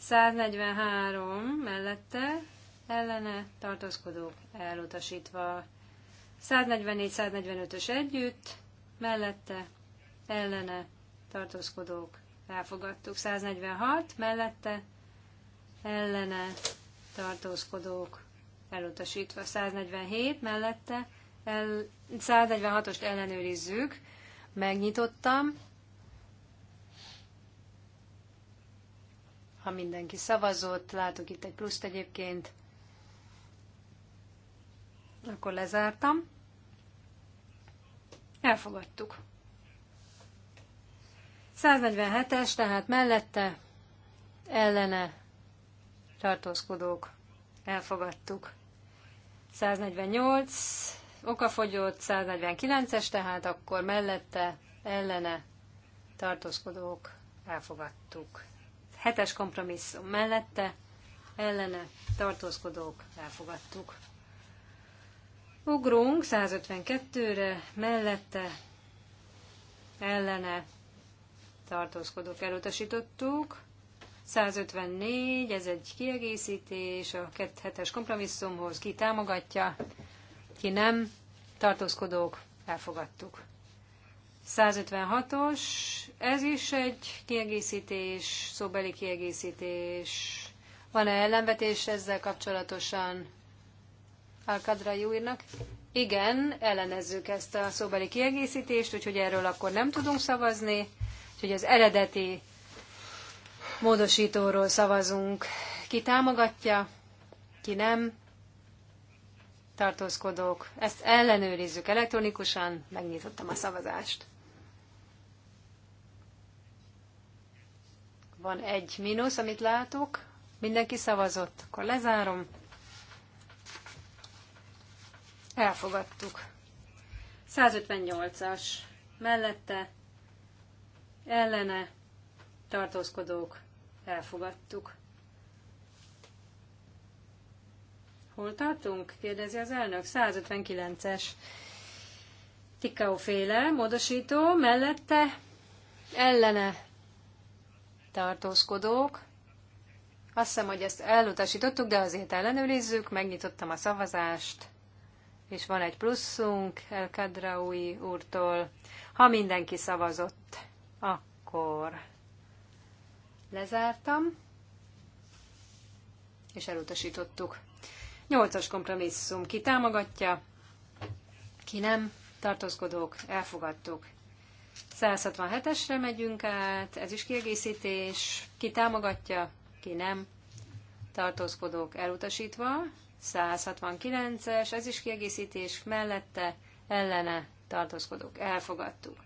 143 mellette ellene tartózkodók elutasítva. 144-145-ös együtt mellette ellene tartózkodók elfogadtuk. 146 mellette ellene tartózkodók elutasítva. 147 mellette el, 146-ost ellenőrizzük. Megnyitottam. Ha mindenki szavazott, látok itt egy pluszt egyébként, akkor lezártam. Elfogadtuk. 147-es, tehát mellette, ellene tartózkodók. Elfogadtuk. 148 okafogyott, 149-es, tehát akkor mellette, ellene tartózkodók elfogadtuk. Hetes kompromisszum mellette, ellene tartózkodók elfogadtuk. Ugrunk 152-re, mellette, ellene tartózkodók elutasítottuk. 154, ez egy kiegészítés a 2 kompromisszumhoz, ki támogatja, ki nem, tartózkodók, elfogadtuk. 156-os, ez is egy kiegészítés, szóbeli kiegészítés. Van-e ellenvetés ezzel kapcsolatosan Alkadra Júrnak? Igen, ellenezzük ezt a szóbeli kiegészítést, úgyhogy erről akkor nem tudunk szavazni. Úgyhogy az eredeti módosítóról szavazunk. Ki támogatja, ki nem, tartózkodók. Ezt ellenőrizzük elektronikusan, megnyitottam a szavazást. Van egy mínusz, amit látok. Mindenki szavazott, akkor lezárom. Elfogadtuk. 158-as mellette, ellene, tartózkodók, elfogadtuk. Hol tartunk? kérdezi az elnök. 159-es féle módosító, mellette ellene tartózkodók. Azt hiszem, hogy ezt elutasítottuk, de azért ellenőrizzük. Megnyitottam a szavazást, és van egy pluszunk El Kadraui úrtól. Ha mindenki szavazott, akkor lezártam, és elutasítottuk. Nyolcas kompromisszum. Ki támogatja? Ki nem? Tartózkodók? Elfogadtuk. 167-esre megyünk át, ez is kiegészítés. Ki támogatja? Ki nem? Tartózkodók elutasítva. 169-es, ez is kiegészítés, mellette, ellene, tartózkodók, elfogadtuk.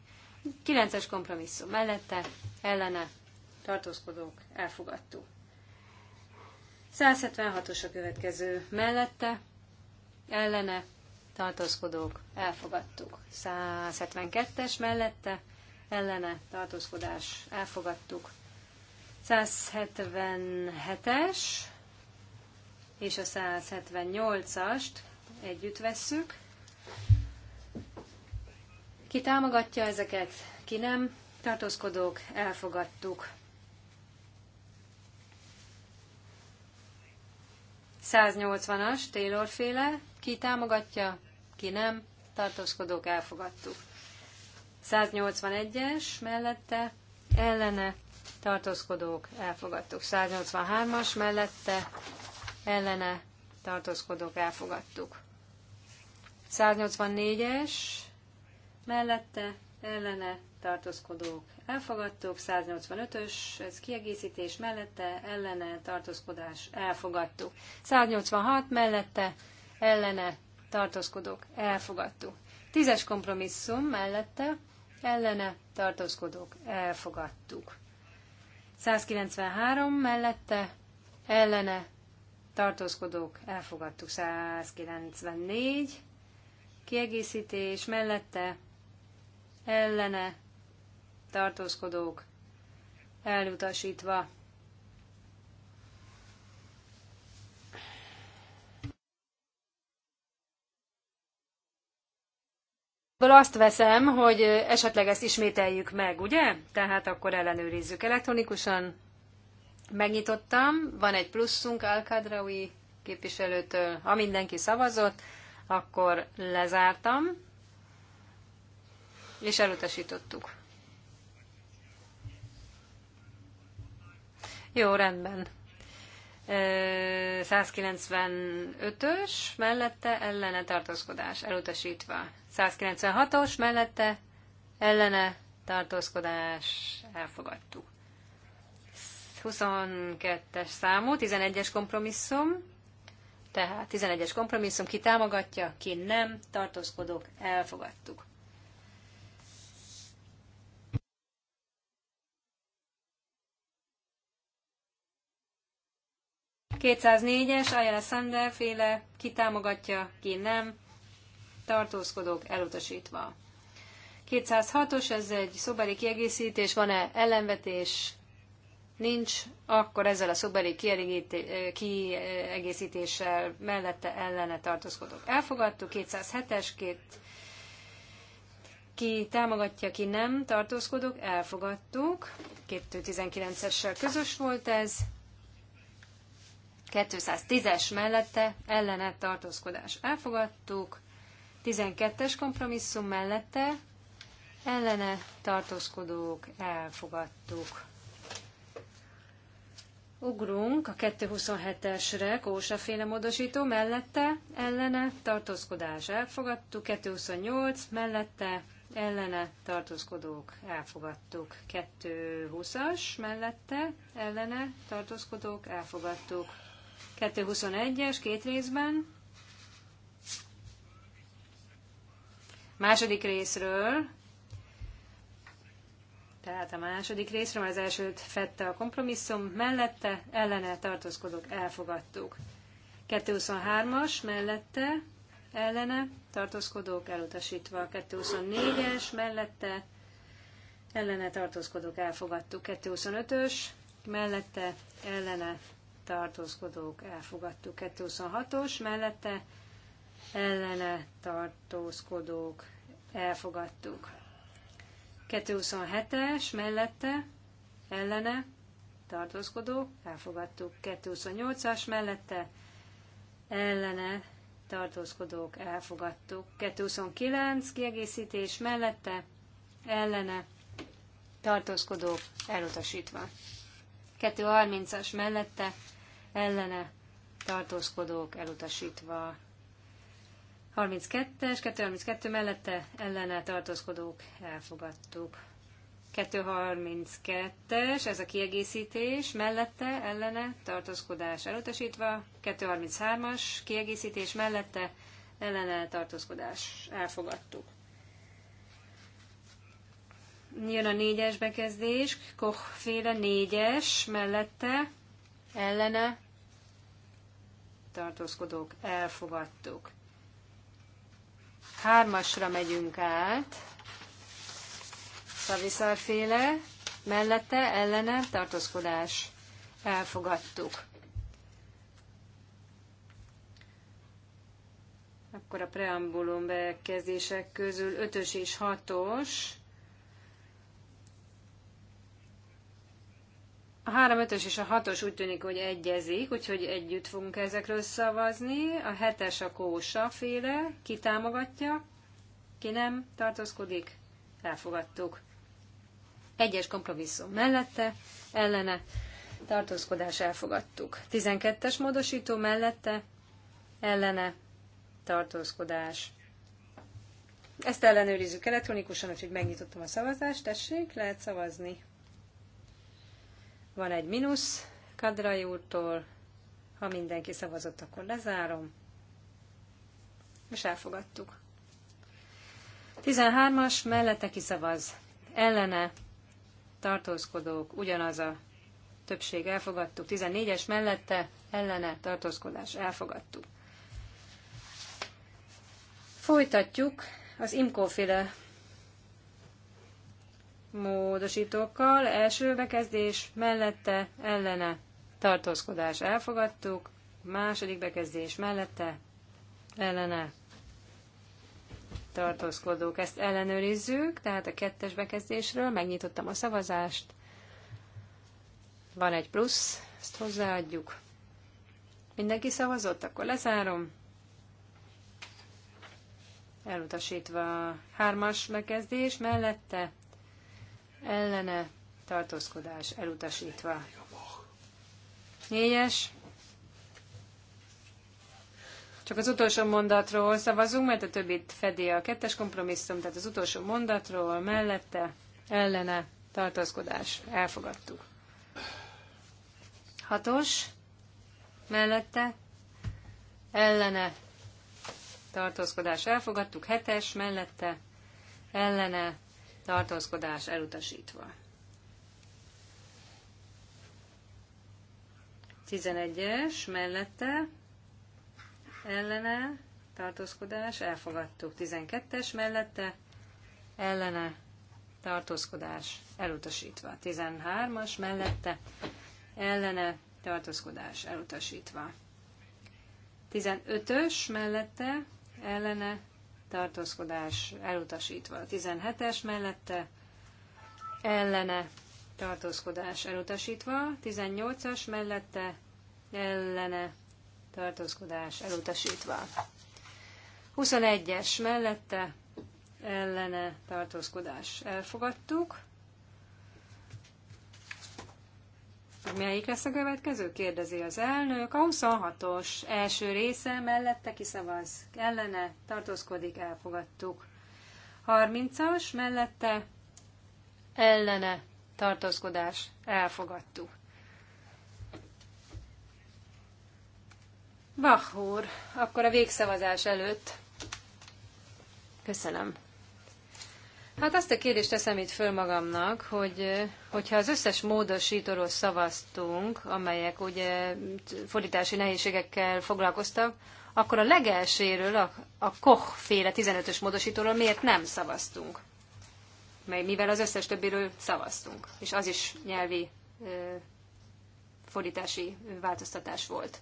9-es kompromisszum mellette, ellene, tartózkodók, elfogadtuk. 176-os a következő mellette, ellene, tartózkodók, elfogadtuk. 172-es mellette, ellene, tartózkodás, elfogadtuk. 177-es és a 178-ast együtt vesszük. Ki támogatja ezeket, ki nem, tartózkodók, elfogadtuk. 180-as Taylor féle, ki támogatja, ki nem, tartózkodók elfogadtuk. 181-es mellette, ellene, tartózkodók elfogadtuk. 183-as mellette, ellene, tartózkodók elfogadtuk. 184-es mellette, ellene, tartózkodók elfogadtuk, 185-ös, ez kiegészítés mellette, ellene tartózkodás elfogadtuk. 186 mellette, ellene tartózkodók elfogadtuk. 10-es kompromisszum mellette, ellene tartózkodók elfogadtuk. 193 mellette, ellene tartózkodók elfogadtuk. 194 kiegészítés mellette, ellene tartózkodók elutasítva. Ebből azt veszem, hogy esetleg ezt ismételjük meg, ugye? Tehát akkor ellenőrizzük elektronikusan. Megnyitottam, van egy pluszunk Alkadraui képviselőtől. Ha mindenki szavazott, akkor lezártam, és elutasítottuk. Jó, rendben. 195-ös mellette ellene tartózkodás elutasítva. 196-os mellette ellene tartózkodás elfogadtuk. 22-es számú, 11-es kompromisszum, tehát 11-es kompromisszum, ki támogatja, ki nem, tartózkodók, elfogadtuk. 204-es, Ayala Sander féle, ki támogatja, ki nem, tartózkodók elutasítva. 206-os, ez egy szobeli kiegészítés, van-e ellenvetés? Nincs, akkor ezzel a szobeli kiegészítéssel mellette ellene tartózkodók elfogadtuk. 207-es, két ki támogatja, ki nem, tartózkodók, elfogadtuk. 219-essel közös volt ez. 210-es mellette ellene tartózkodás elfogadtuk, 12-es kompromisszum mellette ellene tartózkodók elfogadtuk. Ugrunk a 227-esre, kósaféle módosító mellette, ellene, tartózkodás elfogadtuk, 228 mellette, ellene, tartózkodók elfogadtuk, 220-as mellette, ellene, tartózkodók elfogadtuk, 221-es, két részben. Második részről, tehát a második részről, az elsőt fette a kompromisszum, mellette ellene tartózkodok, elfogadtuk. 223-as mellette ellene tartózkodók elutasítva, 224-es mellette ellene tartózkodók elfogadtuk, 225-ös mellette ellene tartózkodók elfogadtuk. 226-os mellette ellene tartózkodók elfogadtuk. 227-es mellette ellene tartózkodók elfogadtuk. 228-as mellette ellene tartózkodók elfogadtuk. 229 kiegészítés mellette ellene tartózkodók elutasítva. 230-as mellette ellene tartózkodók elutasítva. 32-es, 232 mellette ellene tartózkodók elfogadtuk. 232-es, ez a kiegészítés, mellette ellene tartózkodás elutasítva, 233-as kiegészítés mellette ellene tartózkodás elfogadtuk jön a négyes bekezdés, Kochféle négyes mellette, ellene, tartózkodók, elfogadtuk. Hármasra megyünk át, szaviszarféle, mellette, ellene, tartózkodás, elfogadtuk. Akkor a preambulum bekezdések közül ötös és hatos A 3-5-ös és a 6-os úgy tűnik, hogy egyezik, úgyhogy együtt fogunk ezekről szavazni. A 7-es a kósa féle, ki támogatja, ki nem tartózkodik, elfogadtuk. Egyes kompromisszum mellette, ellene, tartózkodás elfogadtuk. 12-es módosító mellette, ellene, tartózkodás. Ezt ellenőrizzük elektronikusan, úgyhogy megnyitottam a szavazást, tessék, lehet szavazni. Van egy mínusz Kadrai úrtól. Ha mindenki szavazott, akkor lezárom. És elfogadtuk. 13-as mellette kiszavaz. Ellene tartózkodók ugyanaz a többség elfogadtuk. 14-es mellette ellene tartózkodás elfogadtuk. Folytatjuk az imkóféle módosítókkal. Első bekezdés mellette ellene tartózkodás elfogadtuk. Második bekezdés mellette ellene tartózkodók. Ezt ellenőrizzük, tehát a kettes bekezdésről megnyitottam a szavazást. Van egy plusz, ezt hozzáadjuk. Mindenki szavazott, akkor lezárom. Elutasítva hármas bekezdés mellette ellene tartózkodás elutasítva. Négyes. Csak az utolsó mondatról szavazunk, mert a többit fedi a kettes kompromisszum, tehát az utolsó mondatról mellette ellene tartózkodás. Elfogadtuk. Hatos. Mellette ellene tartózkodás. Elfogadtuk. Hetes mellette ellene tartózkodás elutasítva. 11-es mellette ellene tartózkodás elfogadtuk. 12-es mellette ellene tartózkodás elutasítva. 13-as mellette ellene tartózkodás elutasítva. 15-ös mellette ellene tartózkodás elutasítva. A 17-es mellette ellene tartózkodás elutasítva. 18-as mellette ellene tartózkodás elutasítva. 21-es mellette ellene tartózkodás elfogadtuk. Melyik lesz a következő? Kérdezi az elnök. A 26-os első része mellette kiszavaz. Ellene tartózkodik, elfogadtuk. 30-as mellette ellene tartózkodás, elfogadtuk. Bach úr, akkor a végszavazás előtt. Köszönöm. Hát azt a kérdést teszem itt föl magamnak, hogy hogyha az összes módosítóról szavaztunk, amelyek ugye fordítási nehézségekkel foglalkoztak, akkor a legelsőről, a, a Koch féle 15-ös módosítóról miért nem szavaztunk? Mely, mivel az összes többiről szavaztunk, és az is nyelvi ö, fordítási változtatás volt.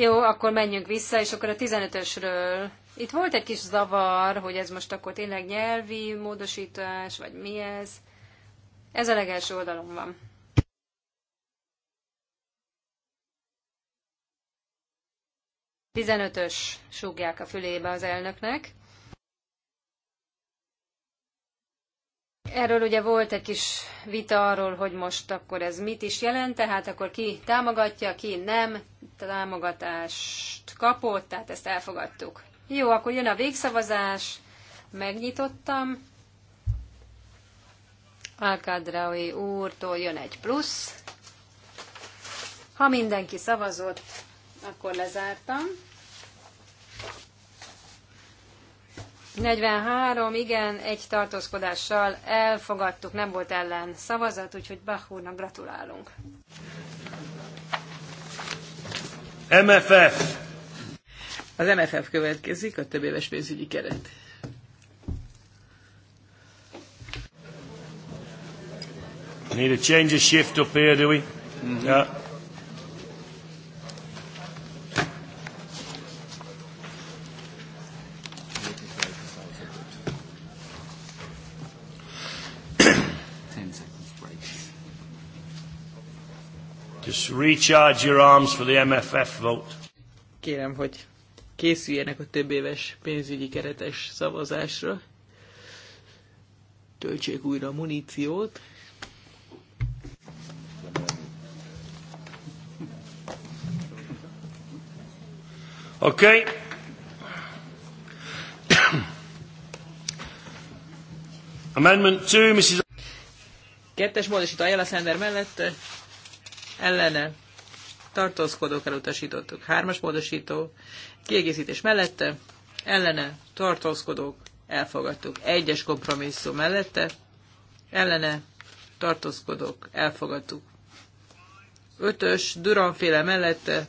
Jó, akkor menjünk vissza, és akkor a 15-ösről. Itt volt egy kis zavar, hogy ez most akkor tényleg nyelvi módosítás, vagy mi ez. Ez a legelső oldalon van. Tizenötös súgják a fülébe az elnöknek. Erről ugye volt egy kis vita arról, hogy most akkor ez mit is jelent, tehát akkor ki támogatja, ki nem támogatást kapott, tehát ezt elfogadtuk. Jó, akkor jön a végszavazás, megnyitottam. Alkádraui úrtól jön egy plusz. Ha mindenki szavazott, akkor lezártam. 43, igen, egy tartózkodással elfogadtuk, nem volt ellen szavazat, úgyhogy Bach úrnak gratulálunk. MFF. Az MFF következik, a több éves pénzügyi keret. Need a change of shift up here, do we? Mm-hmm. Yeah. recharge your arms for the MFF vote. Kérem, hogy készüljenek a több éves pénzügyi keretes szavazásra. Töltsék újra a muníciót. Okay. Amendment 2, Mrs. Kettes módosító Ayala Sender mellett ellene tartózkodók elutasítottuk. Hármas módosító, kiegészítés mellette, ellene tartózkodók elfogadtuk. Egyes kompromisszum mellette, ellene tartózkodók elfogadtuk. Ötös duranféle mellette,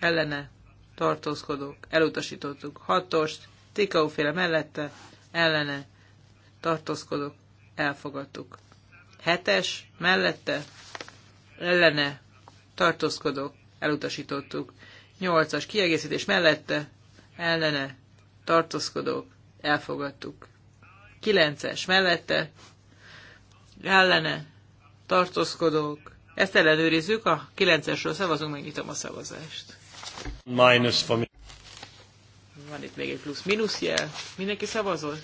ellene tartózkodók elutasítottuk. Hatos tikauféle mellette, ellene tartózkodók elfogadtuk. Hetes mellette, ellene tartózkodok, elutasítottuk. nyolcas kiegészítés mellette, ellene tartózkodok, elfogadtuk. kilences mellette, ellene tartózkodok, Ezt ellenőrizzük, a 9-esről szavazunk, megnyitom a szavazást. Minus for me. Van itt még egy plusz-minusz jel. Mindenki szavazol?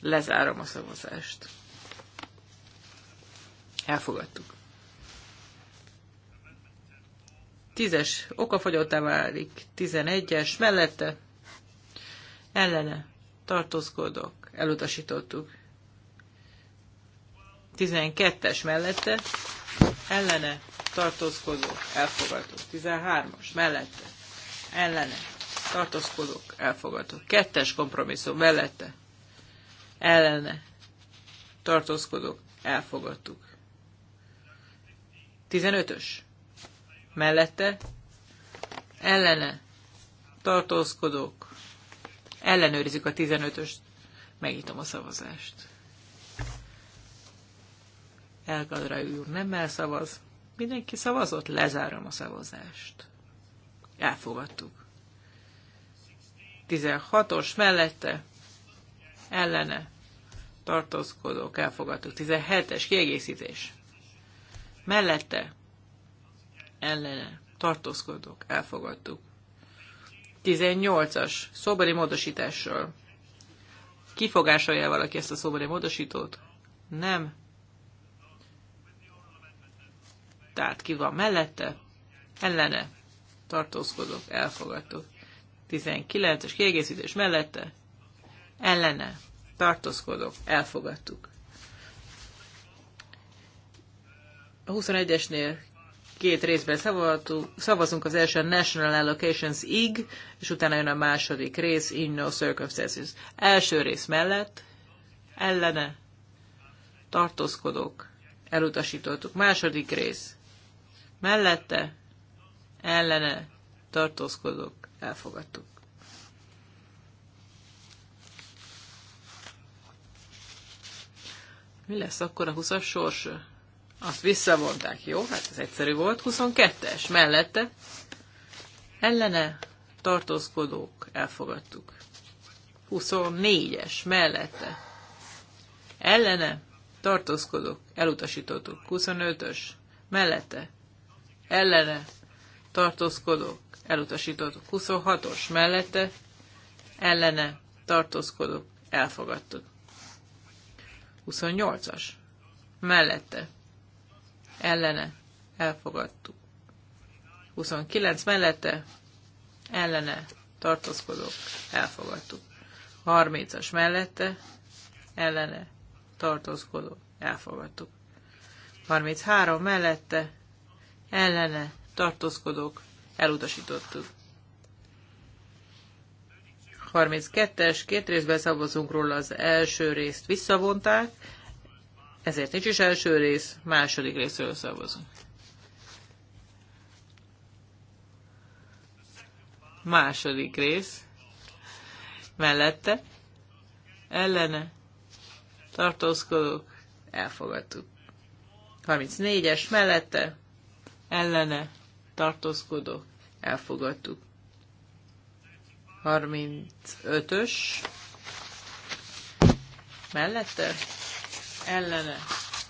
Lezárom a szavazást. Elfogadtuk. Tízes okafogyottá válik, tizenegyes mellette, ellene, tartózkodok, elutasítottuk. Tizenkettes mellette, ellene, tartózkodok, Elfogadtuk. Tizenhármas mellette, ellene, tartózkodok, elfogadtuk. Kettes kompromisszum mellette, ellene, tartózkodok, elfogadtuk. 15-ös. Mellette ellene tartózkodók. Ellenőrizzük a 15-öst. Megítom a szavazást. Elgadra úr nem elszavaz. Mindenki szavazott, lezárom a szavazást. Elfogadtuk. 16-os mellette ellene tartózkodók elfogadtuk. 17-es kiegészítés mellette, ellene, tartózkodok, elfogadtuk. 18-as, szobori módosításról. Kifogásolja valaki ezt a szobori módosítót? Nem. Tehát ki van mellette? Ellene, tartózkodok, elfogadtuk. 19-es kiegészítés mellette, ellene, tartózkodok, elfogadtuk. A 21-esnél két részben szavazunk, az első a National Allocations IG, és utána jön a második rész, In No Circumstances. Első rész mellett, ellene, tartózkodók, elutasítottuk. Második rész, mellette, ellene, tartózkodók, elfogadtuk. Mi lesz akkor a 20-as sorsa? Azt visszavonták, jó? Hát ez egyszerű volt. 22-es mellette. Ellene tartózkodók elfogadtuk. 24-es mellette. Ellene tartózkodók elutasítottuk. 25-ös mellette. Ellene tartózkodók elutasítottuk. 26-os mellette. Ellene tartózkodók elfogadtuk. 28-as mellette ellene elfogadtuk. 29 mellette ellene tartózkodók elfogadtuk. 30-as mellette ellene tartózkodók elfogadtuk. 33 mellette ellene tartózkodók elutasítottuk. 32-es, két részben szavazunk róla, az első részt visszavonták, ezért nincs is első rész, második részről szavazunk. Második rész. Mellette. Ellene. Tartózkodók. Elfogadtuk. 34-es mellette. Ellene. Tartózkodók. Elfogadtuk. 35-ös mellette ellene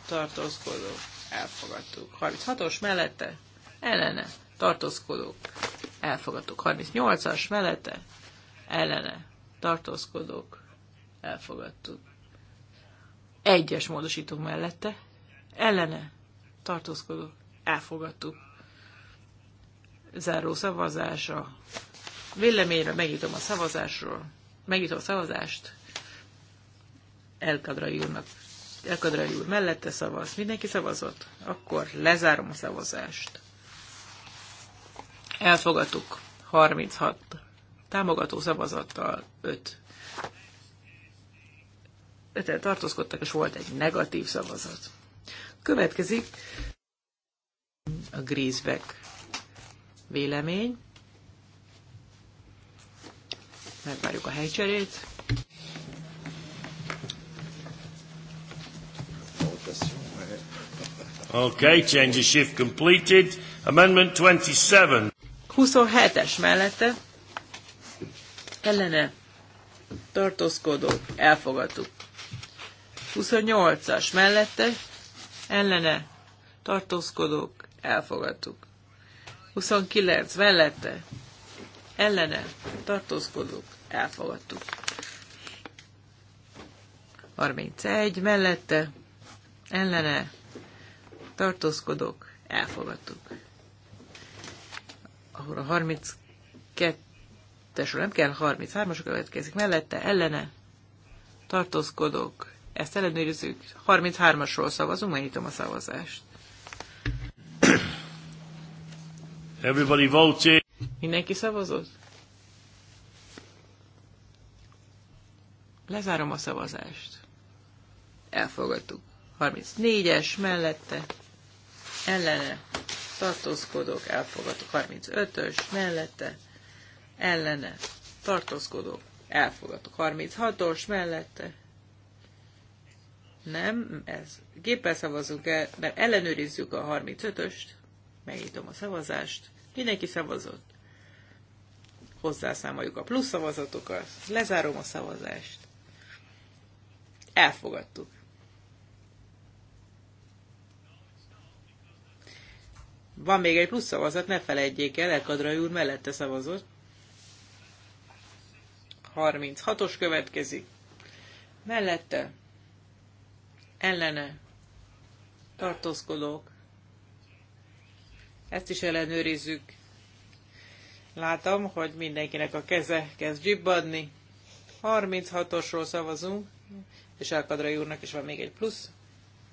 tartózkodók elfogadtuk. 36-os mellette ellene tartózkodók elfogadtuk. 38-as mellette ellene tartózkodók elfogadtuk. Egyes módosítók mellette ellene tartózkodók elfogadtuk. Záró szavazása. Véleményre megnyitom a szavazásról. Megnyitom a szavazást. Elkadra jönnek. Elkadrali úr mellette szavaz. Mindenki szavazott? Akkor lezárom a szavazást. Elfogadtuk 36 támogató szavazattal 5 öten tartózkodtak, és volt egy negatív szavazat. Következik a Griesbeck vélemény. Megvárjuk a helycserét. Okay, change of shift completed. Amendment 27. 27-es mellette ellene tartózkodó elfogadtuk. 28-as mellette ellene tartózkodók elfogadtuk. 29 mellette ellene tartózkodók elfogadtuk. 31 mellette ellene tartózkodok, elfogadtuk. Ahol a 32 es nem kell, 33-as következik mellette, ellene, tartózkodok, ezt ellenőrizzük. 33-asról szavazunk, megnyitom a szavazást. Everybody voted. Mindenki szavazott? Lezárom a szavazást. Elfogadtuk. 34-es mellette ellene tartózkodok, elfogadok. 35-ös mellette ellene tartózkodok, elfogadok. 36-os mellette nem, ez géppel szavazunk el, mert ellenőrizzük a 35-öst, megnyitom a szavazást, mindenki szavazott. Hozzászámoljuk a plusz szavazatokat, lezárom a szavazást. Elfogadtuk. Van még egy plusz szavazat, ne felejtjék el, Elkadrai úr mellette szavazott. 36-os következik. Mellette. Ellene. Tartózkodók. Ezt is ellenőrizzük. Látom, hogy mindenkinek a keze kezd gyibbadni. 36-osról szavazunk, és Elkadrai úrnak is van még egy plusz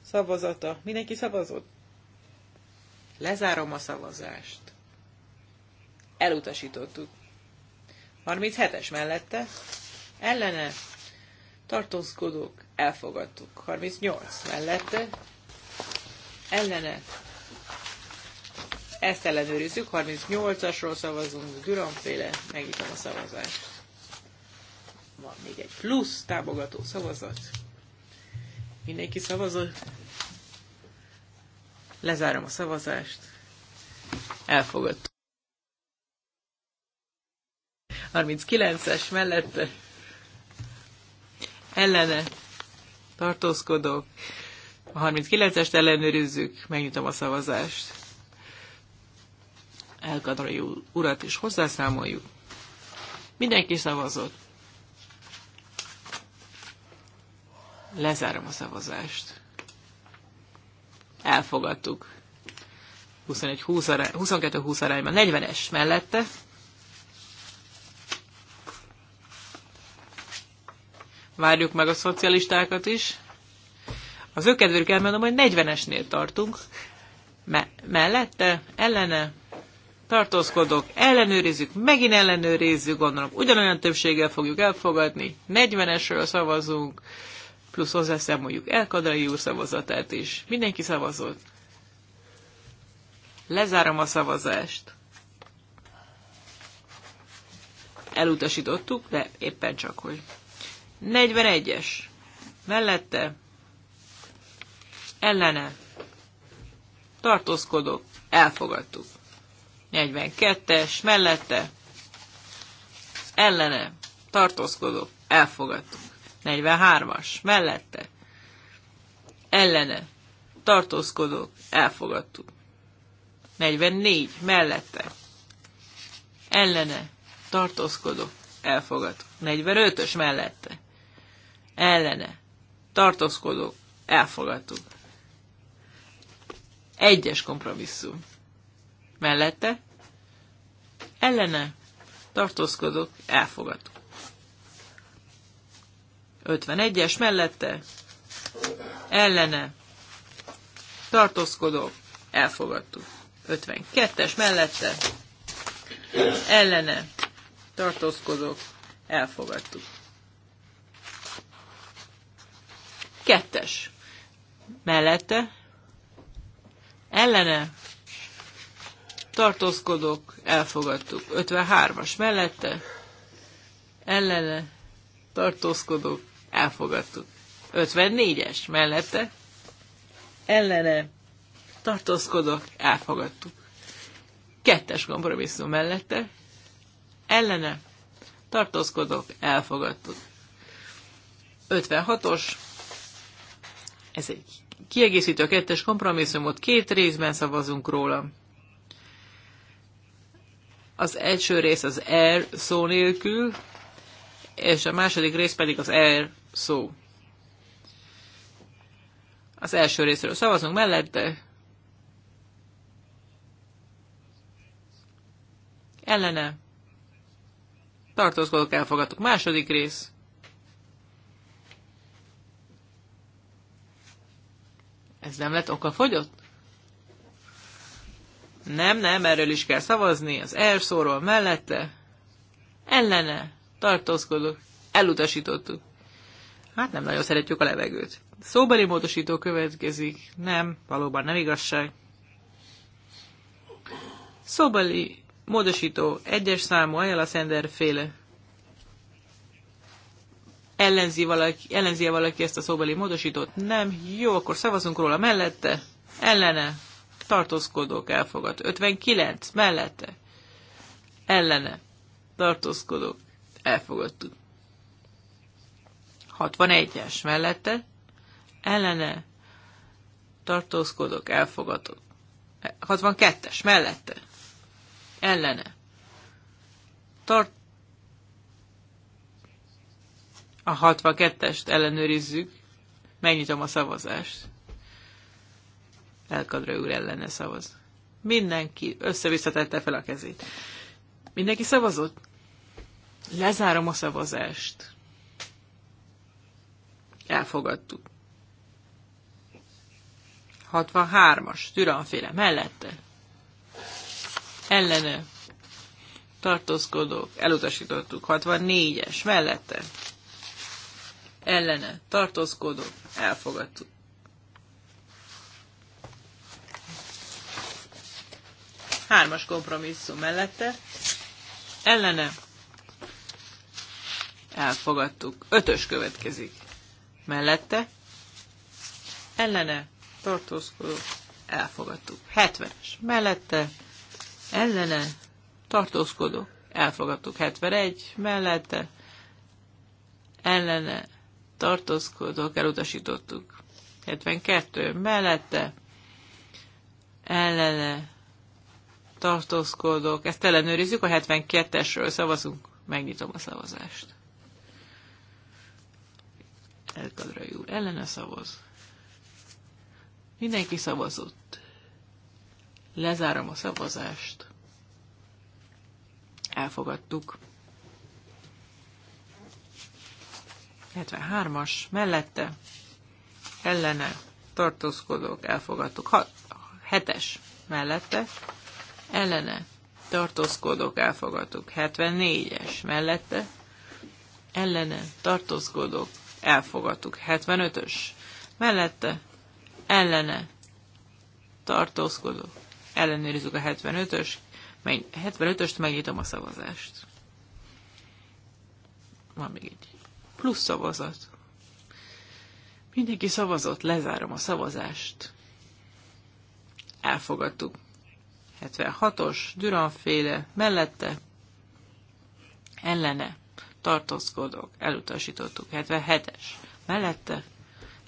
szavazata. Mindenki szavazott? Lezárom a szavazást. Elutasítottuk. 37-es mellette ellene tartózkodók elfogadtuk. 38 mellette ellene ezt ellenőrizzük, 38-asról szavazunk, Duranféle, megítom a szavazást. Van még egy plusz támogató szavazat. Mindenki szavazott. Lezárom a szavazást. Elfogadt. 39-es mellette ellene tartózkodok. A 39-est ellenőrizzük, megnyitom a szavazást. Elkadrai urat is hozzászámoljuk. Mindenki szavazott. Lezárom a szavazást elfogadtuk. 21 22-20 arányban, 40-es mellette. Várjuk meg a szocialistákat is. Az ő kedvérük elmondom, hogy 40-esnél tartunk. Me- mellette, ellene, tartózkodok, ellenőrizzük, megint ellenőrizzük, gondolom ugyanolyan többséggel fogjuk elfogadni, 40-esről szavazunk, plusz hozzászámoljuk Elkadai úr szavazatát is. Mindenki szavazott. Lezárom a szavazást. Elutasítottuk, de éppen csak hogy. 41-es. Mellette. Ellene. Tartózkodok. Elfogadtuk. 42-es. Mellette. Ellene. Tartózkodok. Elfogadtuk. 43-as, mellette, ellene, tartózkodók, elfogadtuk. 44, mellette, ellene, tartózkodók, elfogadtuk. 45-ös mellette, ellene, tartózkodók, elfogadtuk. Egyes kompromisszum. Mellette, ellene, tartózkodók, elfogadtuk. 51-es mellette ellene tartózkodó, elfogadtuk. 52-es mellette ellene tartózkodók elfogadtuk. Kettes mellette ellene tartózkodók elfogadtuk. 53-as mellette ellene tartózkodók elfogadtuk. 54-es mellette ellene tartózkodok, elfogadtuk. Kettes kompromisszum mellette ellene tartózkodok, elfogadtuk. 56-os, ez egy kiegészítő kettes kompromisszumot, két részben szavazunk róla. Az első rész az R szó nélkül, és a második rész pedig az R szó. Az első részről szavazunk mellette. Ellene. Tartózkodok, elfogadtuk. Második rész. Ez nem lett okafogyott? Nem, nem, erről is kell szavazni. Az elszóról mellette. Ellene. Tartózkodok. Elutasítottuk. Hát nem nagyon szeretjük a levegőt. Szóbeli módosító következik. Nem, valóban nem igazság. Szóbeli módosító egyes számú Ayala Sender féle. Ellenzi valaki, ellenzi -e valaki ezt a szóbeli módosítót? Nem. Jó, akkor szavazunk róla mellette. Ellene. Tartózkodók elfogad. 59. Mellette. Ellene. Tartózkodók elfogadtuk. 61-es mellette ellene tartózkodok, elfogadok. 62-es mellette ellene tart a 62-est ellenőrizzük, megnyitom a szavazást. Elkadra úr ellene szavaz. Mindenki összevisszatette fel a kezét. Mindenki szavazott? Lezárom a szavazást. Elfogadtuk. 63-as, türanféle, mellette. Ellene. Tartózkodók, elutasítottuk. 64-es, mellette. Ellene, tartózkodók, elfogadtuk. Hármas kompromisszum mellette. Ellene. Elfogadtuk. Ötös következik mellette, ellene, tartózkodó elfogadtuk. 70-es, mellette, ellene, tartózkodó elfogadtuk. 71, mellette, ellene, tartózkodók, elutasítottuk. 72, mellette, ellene, tartózkodók, ezt ellenőrizzük, a 72-esről szavazunk, megnyitom a szavazást. Elkadrai úr ellene szavaz. Mindenki szavazott. Lezárom a szavazást. Elfogadtuk. 73-as mellette ellene tartózkodók elfogadtuk. 7-es mellette ellene tartózkodók elfogadtuk. 74-es mellette ellene tartózkodók elfogadtuk. 75-ös mellette ellene tartózkodó. Ellenőrizzük a 75-ös, 75-öst megnyitom a szavazást. Van még egy plusz szavazat. Mindenki szavazott, lezárom a szavazást. Elfogadtuk. 76-os, Düranféle, mellette, ellene, tartózkodok, elutasítottuk. 77-es mellette,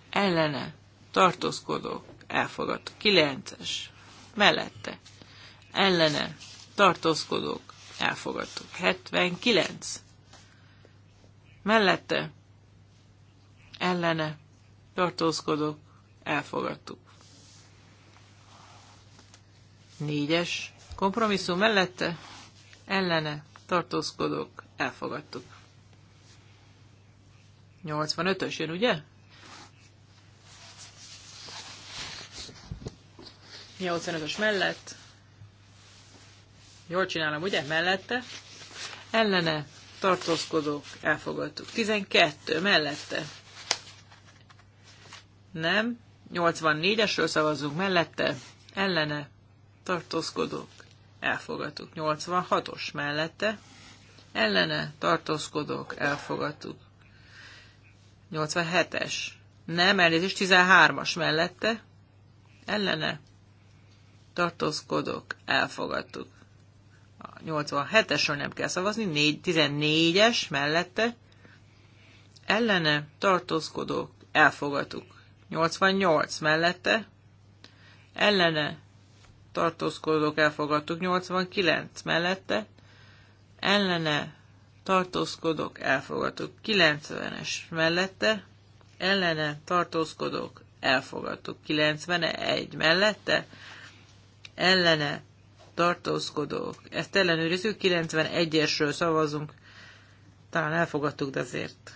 ellene, tartózkodok, elfogadtuk. 9-es mellette, ellene, tartózkodok, elfogadtuk. 79 mellette, ellene, tartózkodok, elfogadtuk. Négyes, kompromisszum mellette, ellene, tartózkodok, elfogadtuk. 85-ös jön, ugye? 85-ös mellett. Jól csinálom, ugye? Mellette. Ellene tartózkodók elfogadtuk. 12 mellette. Nem. 84-esről szavazzunk mellette. Ellene tartózkodók elfogadtuk. 86-os mellette. Ellene tartózkodók elfogadtuk. 87-es. Nem, elnézést, 13-as mellette. Ellene. Tartózkodok. Elfogadtuk. A 87-esről nem kell szavazni. 14-es mellette. Ellene. Tartózkodok. Elfogadtuk. 88 mellette. Ellene. Tartózkodok. Elfogadtuk. 89 mellette. Ellene tartózkodok, elfogadtuk. 90-es mellette, ellene tartózkodok, elfogadtuk. 91 mellette, ellene tartózkodok. Ezt ellenőrizzük, 91-esről szavazunk. Talán elfogadtuk, de azért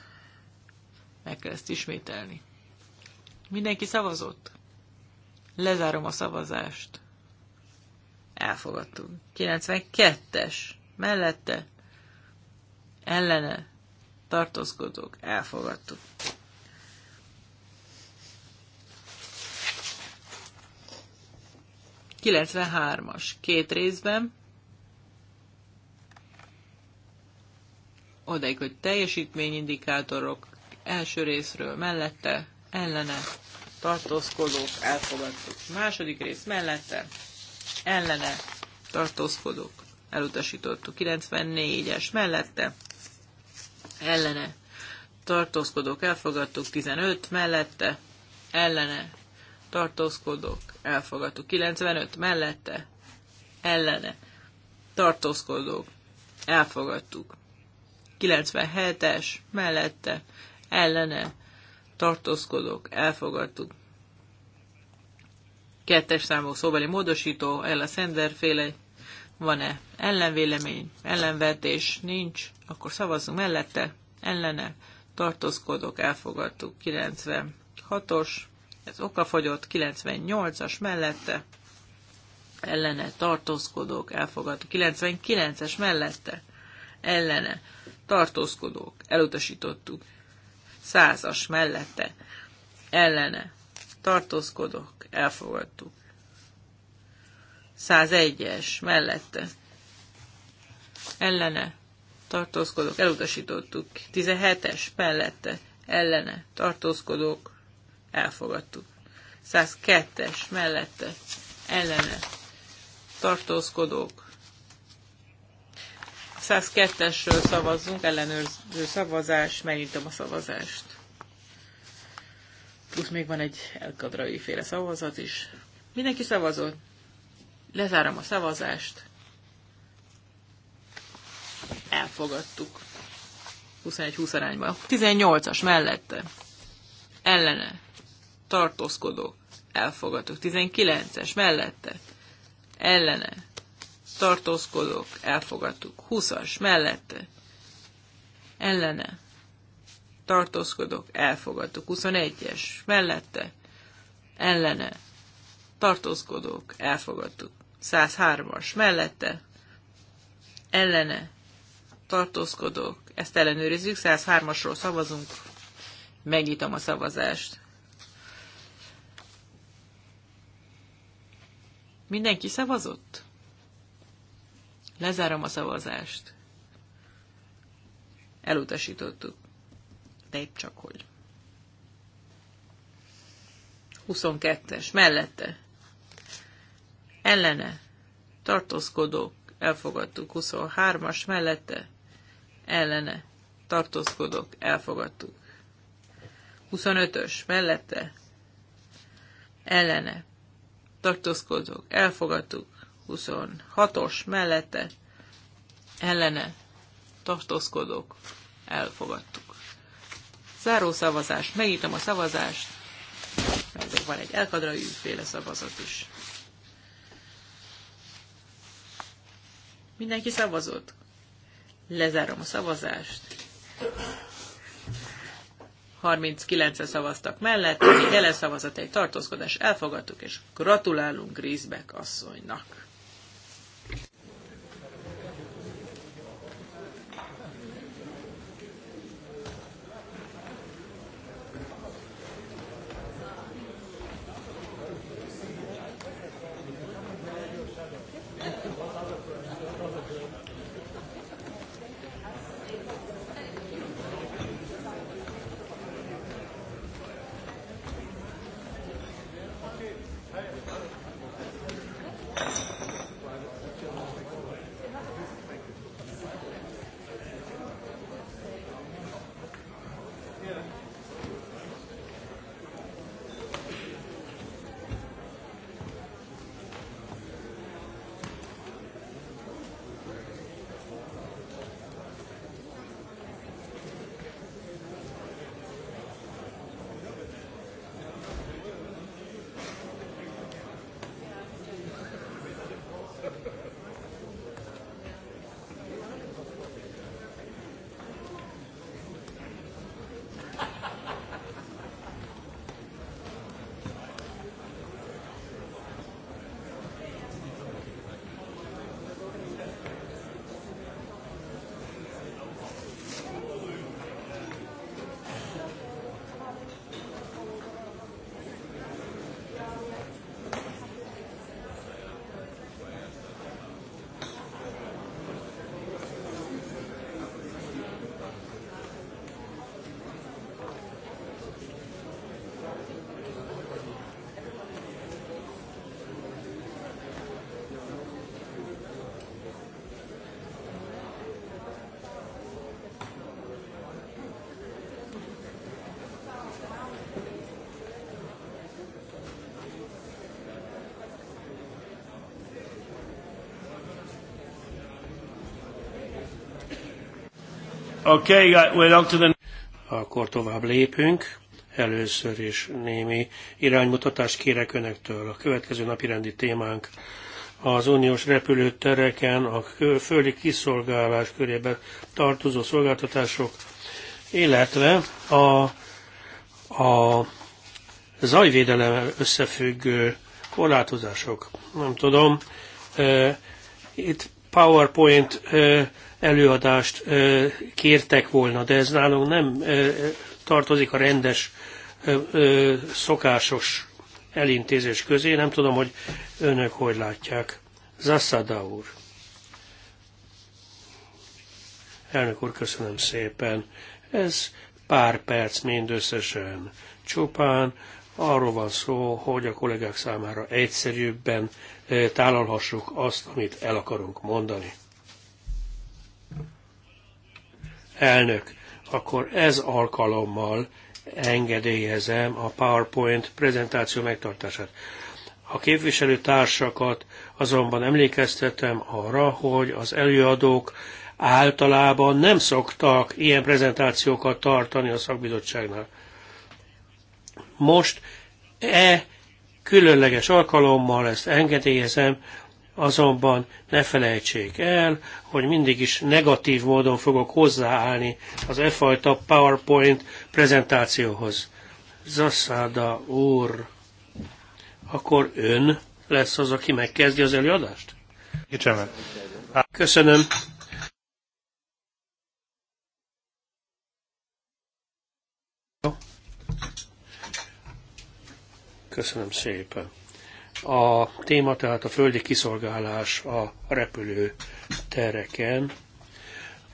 meg kell ezt ismételni. Mindenki szavazott? Lezárom a szavazást. Elfogadtuk. 92-es. Mellette ellene tartózkodók elfogadtuk. as két részben, odaig, hogy teljesítményindikátorok első részről mellette, ellene, tartózkodók, elfogadtuk. Második rész mellette, ellene, tartózkodók, elutasítottuk. 94-es mellette, ellene tartózkodók elfogadtuk, 15 mellette ellene tartózkodók elfogadtuk, 95 mellette ellene tartózkodók elfogadtuk, 97-es mellette ellene tartózkodók elfogadtuk, kettes számú szóbeli módosító, Ella Sender féle van-e ellenvélemény, ellenvetés? Nincs. Akkor szavazzunk mellette, ellene, tartózkodok, elfogadtuk. 96-os, ez okafogyott, 98-as mellette, ellene, tartózkodók, elfogadtuk. 99-es mellette, ellene, tartózkodók, elutasítottuk. 100-as mellette, ellene, tartózkodók, elfogadtuk. 101-es mellette ellene tartózkodok, elutasítottuk. 17-es mellette ellene tartózkodók elfogadtuk. 102-es mellette ellene tartózkodók 102-esről szavazzunk, ellenőrző szavazás, megnyitom a szavazást. Plusz még van egy elkadrai féle szavazat is. Mindenki szavazott? Lezárom a szavazást. Elfogadtuk. 21-20 arányban. 18-as mellette. Ellene. Tartózkodó. Elfogadtuk. 19-es mellette. Ellene. Tartózkodók. Elfogadtuk. 20-as mellette. Ellene. Tartózkodók. Elfogadtuk. 21-es mellette. Ellene. Tartózkodók. Elfogadtuk. 103-as mellette ellene tartózkodók, ezt ellenőrizzük, 103-asról szavazunk, megnyitom a szavazást. Mindenki szavazott? Lezárom a szavazást. Elutasítottuk. De épp csak hogy. 22-es. Mellette ellene tartózkodók elfogadtuk 23-as mellette ellene tartózkodók elfogadtuk 25-ös mellette ellene tartózkodók elfogadtuk 26-os mellette ellene tartózkodók elfogadtuk. Záró szavazás, megnyitom a szavazást, mert van egy elkadra ügyféle szavazat is. Mindenki szavazott? Lezárom a szavazást. 39-en szavaztak mellett, egy ellenszavazat, egy tartózkodás elfogadtuk, és gratulálunk Grisbeck asszonynak. Okay, we're on to the... Akkor tovább lépünk. Először is némi iránymutatást kérek Önöktől. A következő napi rendi témánk az uniós repülőtereken a földi kiszolgálás körébe tartozó szolgáltatások, illetve a, a zajvédelem összefüggő korlátozások. Nem tudom, eh, itt PowerPoint előadást kértek volna, de ez nálunk nem tartozik a rendes szokásos elintézés közé. Nem tudom, hogy önök hogy látják. Zasszada úr. Elnök úr, köszönöm szépen. Ez pár perc mindösszesen. Csupán Arról van szó, hogy a kollégák számára egyszerűbben eh, tálalhassuk azt, amit el akarunk mondani. Elnök, akkor ez alkalommal engedélyezem a PowerPoint prezentáció megtartását. A képviselő társakat azonban emlékeztetem arra, hogy az előadók általában nem szoktak ilyen prezentációkat tartani a szakbizottságnál. Most e különleges alkalommal ezt engedélyezem, azonban ne felejtsék el, hogy mindig is negatív módon fogok hozzáállni az e fajta PowerPoint prezentációhoz. Zaszáda úr, akkor ön lesz az, aki megkezdi az előadást? Köszönöm. Köszönöm szépen. A téma tehát a földi kiszolgálás a repülő tereken.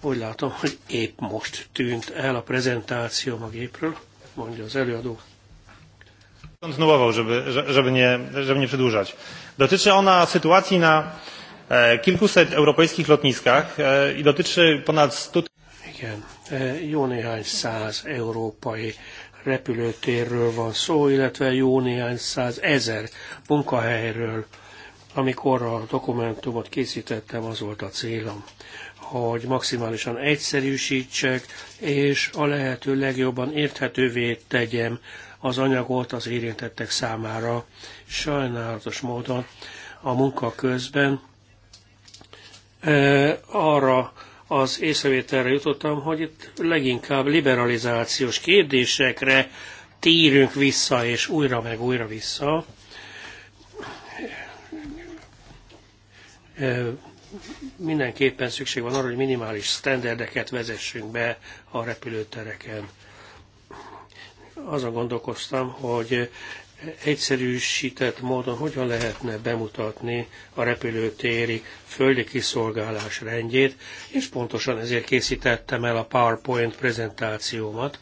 Úgy látom, hogy épp most tűnt el a prezentáció a gépről, mondja az előadó. Kontynuował, żeby, żeby, nie, żeby nie przedłużać. Dotyczy ona sytuacji na e, kilkuset europejskich lotniskach e, i dotyczy ponad 100... Igen, e, jó néhány száz európai repülőtérről van szó, illetve jó néhány száz ezer munkahelyről. Amikor a dokumentumot készítettem, az volt a célom, hogy maximálisan egyszerűsítsek, és a lehető legjobban érthetővé tegyem az anyagot az érintettek számára. Sajnálatos módon a munka közben e, arra az észrevételre jutottam, hogy itt leginkább liberalizációs kérdésekre térünk vissza, és újra meg újra vissza. Mindenképpen szükség van arra, hogy minimális standardeket vezessünk be a repülőtereken. Azon gondolkoztam, hogy egyszerűsített módon hogyan lehetne bemutatni a repülőtéri földi kiszolgálás rendjét, és pontosan ezért készítettem el a PowerPoint prezentációmat.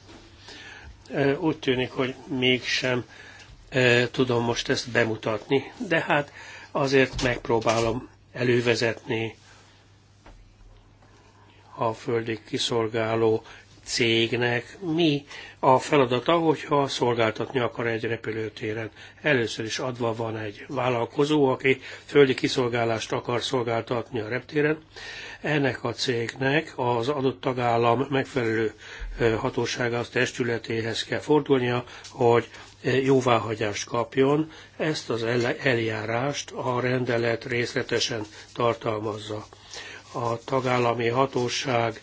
Úgy tűnik, hogy mégsem tudom most ezt bemutatni, de hát azért megpróbálom elővezetni a földi kiszolgáló cégnek mi a feladata, hogyha szolgáltatni akar egy repülőtéren. Először is adva van egy vállalkozó, aki földi kiszolgálást akar szolgáltatni a reptéren. Ennek a cégnek az adott tagállam megfelelő az testületéhez kell fordulnia, hogy jóváhagyást kapjon. Ezt az eljárást a rendelet részletesen tartalmazza. A tagállami hatóság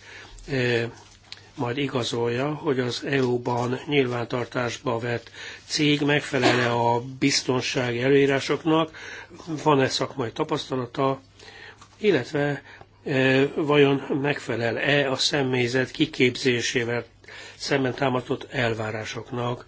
majd igazolja, hogy az EU-ban nyilvántartásba vett cég megfelele a biztonsági előírásoknak, van-e szakmai tapasztalata, illetve e, vajon megfelel-e a személyzet kiképzésével szemben támadott elvárásoknak.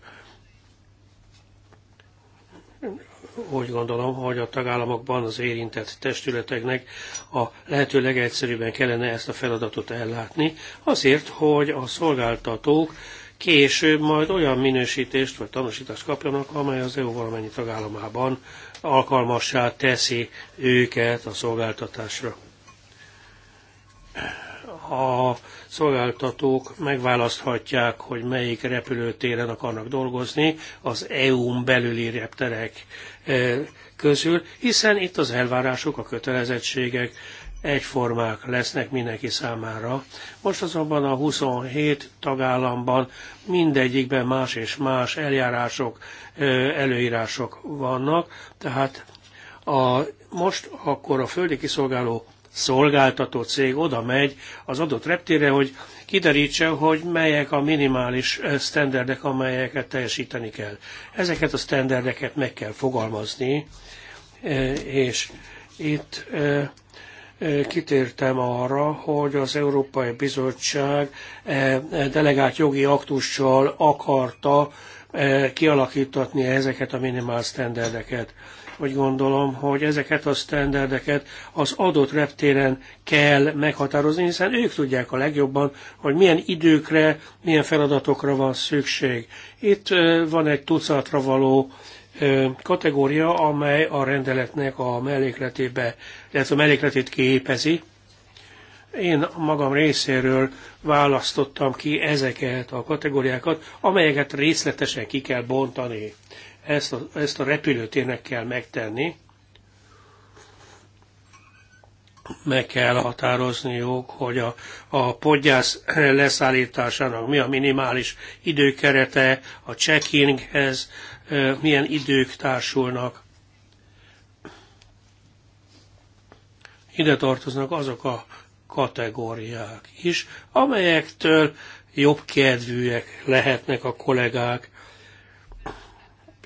úgy gondolom, hogy a tagállamokban az érintett testületeknek a lehető legegyszerűbben kellene ezt a feladatot ellátni, azért, hogy a szolgáltatók később majd olyan minősítést vagy tanúsítást kapjanak, amely az EU valamennyi tagállamában alkalmassá teszi őket a szolgáltatásra. A szolgáltatók megválaszthatják, hogy melyik repülőtéren akarnak dolgozni az EU-n belüli repterek e, közül, hiszen itt az elvárások, a kötelezettségek egyformák lesznek mindenki számára. Most azonban a 27 tagállamban mindegyikben más és más eljárások, e, előírások vannak, tehát a, most akkor a földi kiszolgáló szolgáltató cég oda megy az adott reptére, hogy kiderítse, hogy melyek a minimális sztenderdek, amelyeket teljesíteni kell. Ezeket a sztenderdeket meg kell fogalmazni, és itt kitértem arra, hogy az Európai Bizottság delegált jogi aktussal akarta kialakítatni ezeket a minimál sztenderdeket úgy gondolom, hogy ezeket a standardeket az adott reptéren kell meghatározni, hiszen ők tudják a legjobban, hogy milyen időkre, milyen feladatokra van szükség. Itt van egy tucatra való kategória, amely a rendeletnek a mellékletébe, illetve a mellékletét képezi. Én magam részéről választottam ki ezeket a kategóriákat, amelyeket részletesen ki kell bontani ezt a, ezt a repülőtérnek kell megtenni. Meg kell határozniuk, hogy a, a podgyász leszállításának mi a minimális időkerete, a checkinghez milyen idők társulnak. Ide tartoznak azok a kategóriák is, amelyektől jobb kedvűek lehetnek a kollégák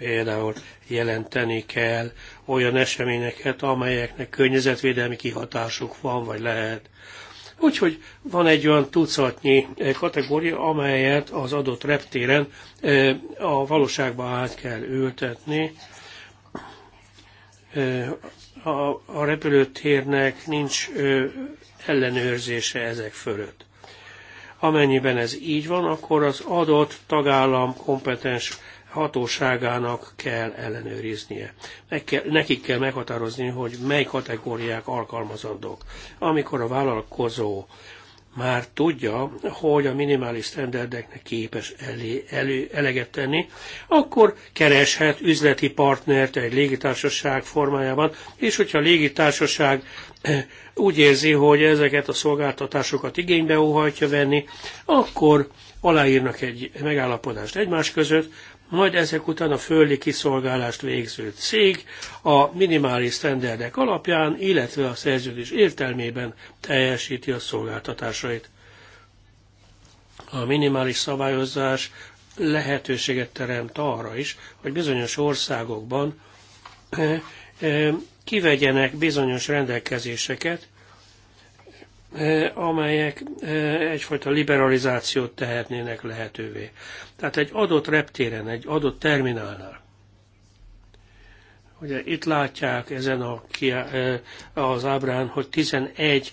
például jelenteni kell olyan eseményeket, amelyeknek környezetvédelmi kihatásuk van, vagy lehet. Úgyhogy van egy olyan tucatnyi eh, kategória, amelyet az adott reptéren eh, a valóságba át kell ültetni. Eh, a, a repülőtérnek nincs ellenőrzése ezek fölött. Amennyiben ez így van, akkor az adott tagállam kompetens hatóságának kell ellenőriznie. Nekik kell meghatározni, hogy mely kategóriák alkalmazandók. Amikor a vállalkozó már tudja, hogy a minimális standardeknek képes elé, elő, eleget tenni, akkor kereshet üzleti partnert egy légitársaság formájában, és hogyha a légitársaság eh, úgy érzi, hogy ezeket a szolgáltatásokat igénybe óhajtja venni, akkor aláírnak egy megállapodást egymás között, majd ezek után a földi kiszolgálást végző cég a minimális sztenderdek alapján, illetve a szerződés értelmében teljesíti a szolgáltatásait. A minimális szabályozás lehetőséget teremt arra is, hogy bizonyos országokban eh, eh, kivegyenek bizonyos rendelkezéseket, Eh, amelyek eh, egyfajta liberalizációt tehetnének lehetővé. Tehát egy adott reptéren, egy adott terminálnál. Ugye itt látják ezen a, eh, az ábrán, hogy 11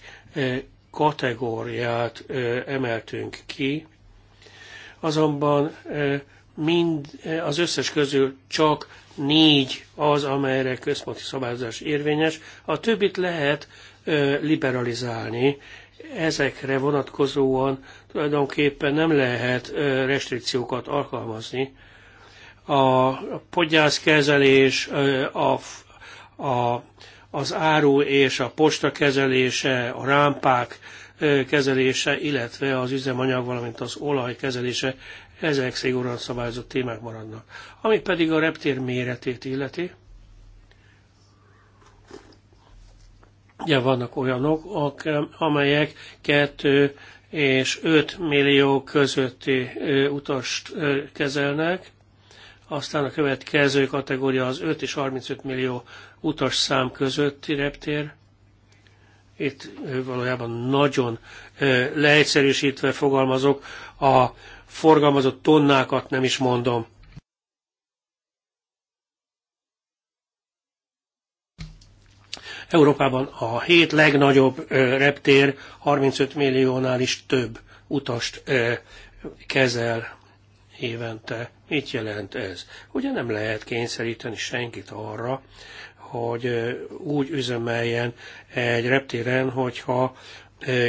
kategóriát emeltünk ki, azonban mind, az összes közül csak négy az, amelyre központi szabályozás érvényes, a többit lehet liberalizálni. Ezekre vonatkozóan tulajdonképpen nem lehet restrikciókat alkalmazni. A podgyászkezelés, a, a, az áru és a posta kezelése, a rámpák kezelése, illetve az üzemanyag, valamint az olaj kezelése, ezek szigorúan szabályozott témák maradnak. Ami pedig a reptér méretét illeti, Ugye vannak olyanok, amelyek 2 és 5 millió közötti utast kezelnek, aztán a következő kategória az 5 és 35 millió utas szám közötti reptér. Itt valójában nagyon leegyszerűsítve fogalmazok, a forgalmazott tonnákat nem is mondom. Európában a hét legnagyobb reptér 35 milliónál is több utast kezel évente. Mit jelent ez? Ugye nem lehet kényszeríteni senkit arra, hogy úgy üzemeljen egy reptéren, hogyha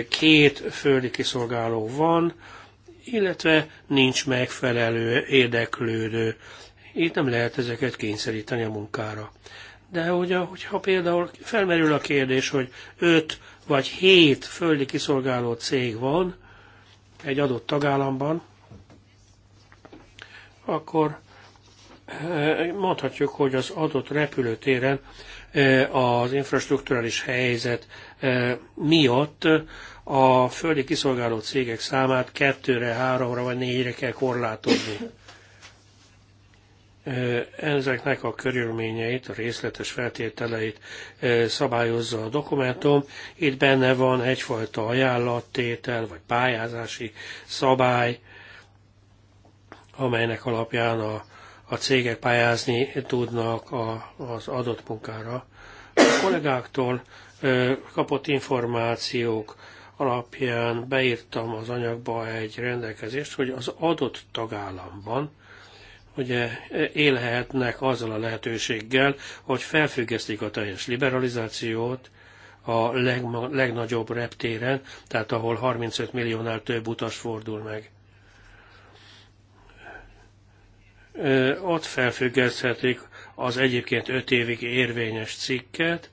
két földi kiszolgáló van, illetve nincs megfelelő érdeklődő. Itt nem lehet ezeket kényszeríteni a munkára de a, hogyha például felmerül a kérdés, hogy 5 vagy 7 földi kiszolgáló cég van egy adott tagállamban, akkor eh, mondhatjuk, hogy az adott repülőtéren eh, az infrastruktúrális helyzet eh, miatt a földi kiszolgáló cégek számát kettőre, háromra vagy négyre kell korlátozni ezeknek a körülményeit, a részletes feltételeit szabályozza a dokumentum. Itt benne van egyfajta ajánlattétel vagy pályázási szabály, amelynek alapján a, a cégek pályázni tudnak a, az adott munkára. A kollégáktól kapott információk alapján beírtam az anyagba egy rendelkezést, hogy az adott tagállamban ugye élhetnek azzal a lehetőséggel, hogy felfüggesztik a teljes liberalizációt a legma, legnagyobb reptéren, tehát ahol 35 milliónál több utas fordul meg. Ott felfüggeszthetik az egyébként 5 évig érvényes cikket,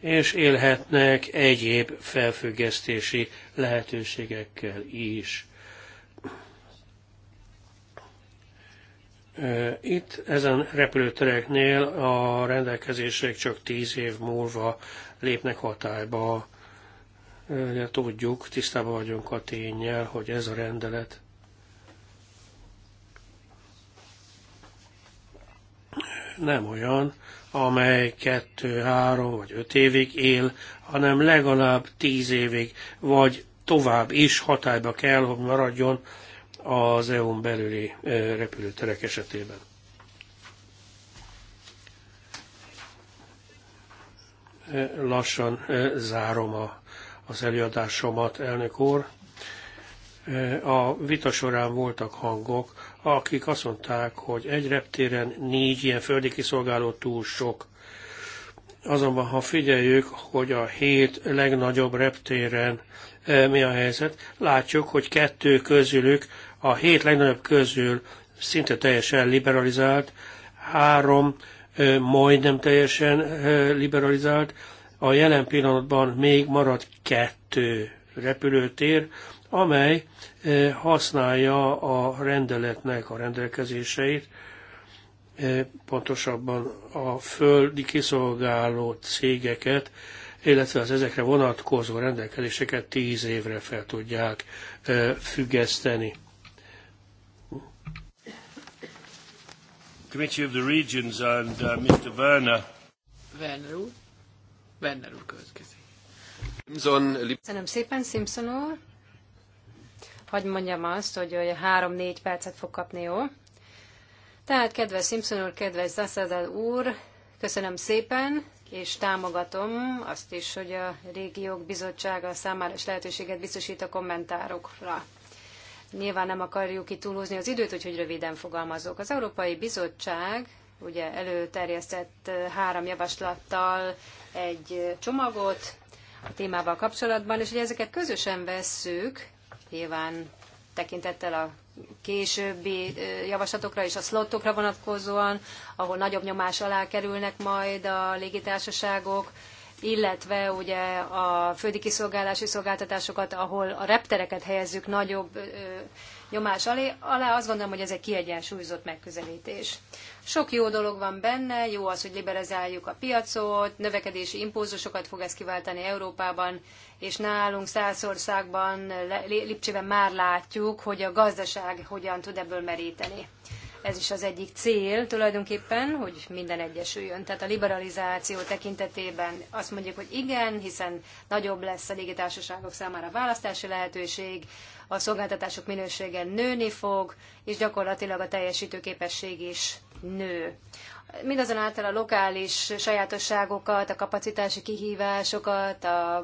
és élhetnek egyéb felfüggesztési lehetőségekkel is. Itt ezen repülőtereknél a rendelkezések csak tíz év múlva lépnek hatályba. Ugye tudjuk, tisztában vagyunk a tényel, hogy ez a rendelet nem olyan, amely kettő, három vagy öt évig él, hanem legalább tíz évig, vagy tovább is hatályba kell, hogy maradjon az EU-n belüli repülőterek esetében. Lassan zárom a, az előadásomat, elnök úr. A vita során voltak hangok, akik azt mondták, hogy egy reptéren négy ilyen földi kiszolgáló túl sok. Azonban, ha figyeljük, hogy a hét legnagyobb reptéren mi a helyzet, látjuk, hogy kettő közülük a hét legnagyobb közül szinte teljesen liberalizált, három majdnem teljesen liberalizált, a jelen pillanatban még marad kettő repülőtér, amely használja a rendeletnek a rendelkezéseit, pontosabban a földi kiszolgáló cégeket, illetve az ezekre vonatkozó rendelkezéseket tíz évre fel tudják függeszteni. Committee of the Regions and uh, Mr. Werner. Werner úr. Werner úr következik. Simpson. Köszönöm szépen, Simpson úr. Hogy mondjam azt, hogy 3-4 percet fog kapni, jó? Tehát, kedves Simpson úr, kedves Zaszadal úr, köszönöm szépen, és támogatom azt is, hogy a régiók bizottsága számára is lehetőséget biztosít a kommentárokra. Nyilván nem akarjuk itt túlhozni az időt, úgyhogy röviden fogalmazok. Az Európai Bizottság ugye előterjesztett három javaslattal egy csomagot a témával kapcsolatban, és ugye ezeket közösen vesszük, nyilván tekintettel a későbbi javaslatokra és a szlottokra vonatkozóan, ahol nagyobb nyomás alá kerülnek majd a légitársaságok, illetve ugye a földi kiszolgálási szolgáltatásokat, ahol a reptereket helyezzük nagyobb nyomás alé, alá, azt gondolom, hogy ez egy kiegyensúlyozott megközelítés. Sok jó dolog van benne, jó az, hogy liberalizáljuk a piacot, növekedési impulzusokat fog ez kiváltani Európában, és nálunk Szászországban, Lipcsében már látjuk, hogy a gazdaság hogyan tud ebből meríteni. Ez is az egyik cél tulajdonképpen, hogy minden egyesüljön. Tehát a liberalizáció tekintetében azt mondjuk, hogy igen, hiszen nagyobb lesz a légitársaságok számára a választási lehetőség, a szolgáltatások minősége nőni fog, és gyakorlatilag a teljesítőképesség is nő mindazonáltal a lokális sajátosságokat, a kapacitási kihívásokat, a,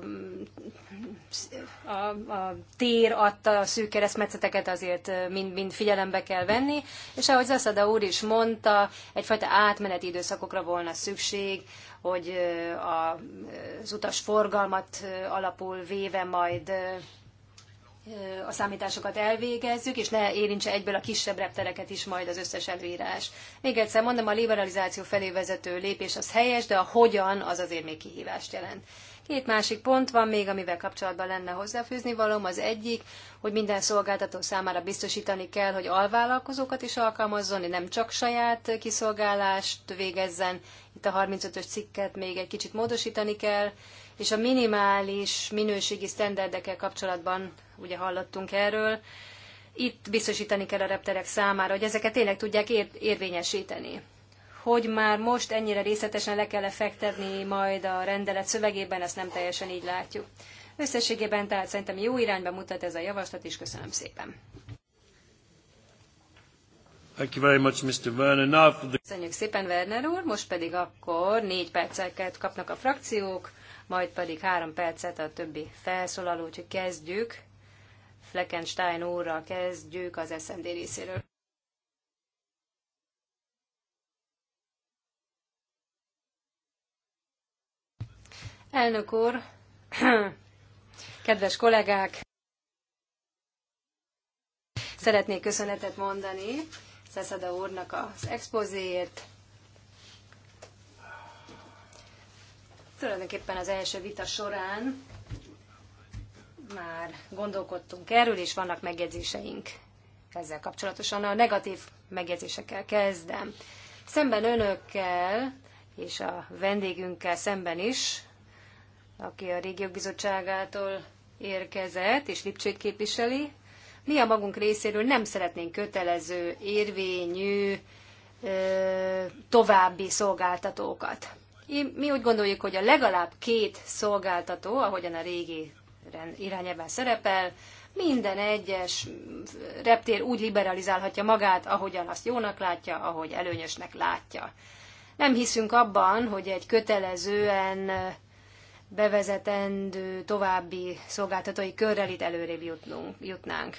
a, a tér adta a szűk keresztmetszeteket azért mind-mind figyelembe kell venni, és ahogy Zaszada úr is mondta, egyfajta átmeneti időszakokra volna szükség, hogy az utas forgalmat alapul véve majd a számításokat elvégezzük, és ne érintse egyből a kisebb reptereket is majd az összes előírás. Még egyszer mondom, a liberalizáció felé vezető lépés az helyes, de a hogyan az azért még kihívást jelent. Két másik pont van még, amivel kapcsolatban lenne hozzáfűzni valóm. Az egyik, hogy minden szolgáltató számára biztosítani kell, hogy alvállalkozókat is alkalmazzon, nem csak saját kiszolgálást végezzen. Itt a 35-ös cikket még egy kicsit módosítani kell, és a minimális minőségi sztenderdekkel kapcsolatban ugye hallottunk erről, itt biztosítani kell a repterek számára, hogy ezeket tényleg tudják ér- érvényesíteni. Hogy már most ennyire részletesen le kell fektetni majd a rendelet szövegében, ezt nem teljesen így látjuk. Összességében tehát szerintem jó irányba mutat ez a javaslat, és köszönöm szépen. Thank you very much, Mr. Werner. Now for the... Köszönjük szépen, Werner úr. Most pedig akkor négy perceket kapnak a frakciók majd pedig három percet a többi felszólaló, úgyhogy kezdjük. Fleckenstein úrral kezdjük az SND részéről. Elnök úr, kedves kollégák, szeretnék köszönetet mondani Szeszeda úrnak az expozéért, Tulajdonképpen az első vita során már gondolkodtunk erről, és vannak megjegyzéseink ezzel kapcsolatosan. A negatív megjegyzésekkel kezdem. Szemben önökkel és a vendégünkkel szemben is, aki a Régiók Bizottságától érkezett, és Lipcsét képviseli, mi a magunk részéről nem szeretnénk kötelező, érvényű, további szolgáltatókat. Mi úgy gondoljuk, hogy a legalább két szolgáltató, ahogyan a régi irányában szerepel, minden egyes reptér úgy liberalizálhatja magát, ahogyan azt jónak látja, ahogy előnyösnek látja. Nem hiszünk abban, hogy egy kötelezően bevezetendő további szolgáltatói körrel itt előrébb jutnunk, jutnánk.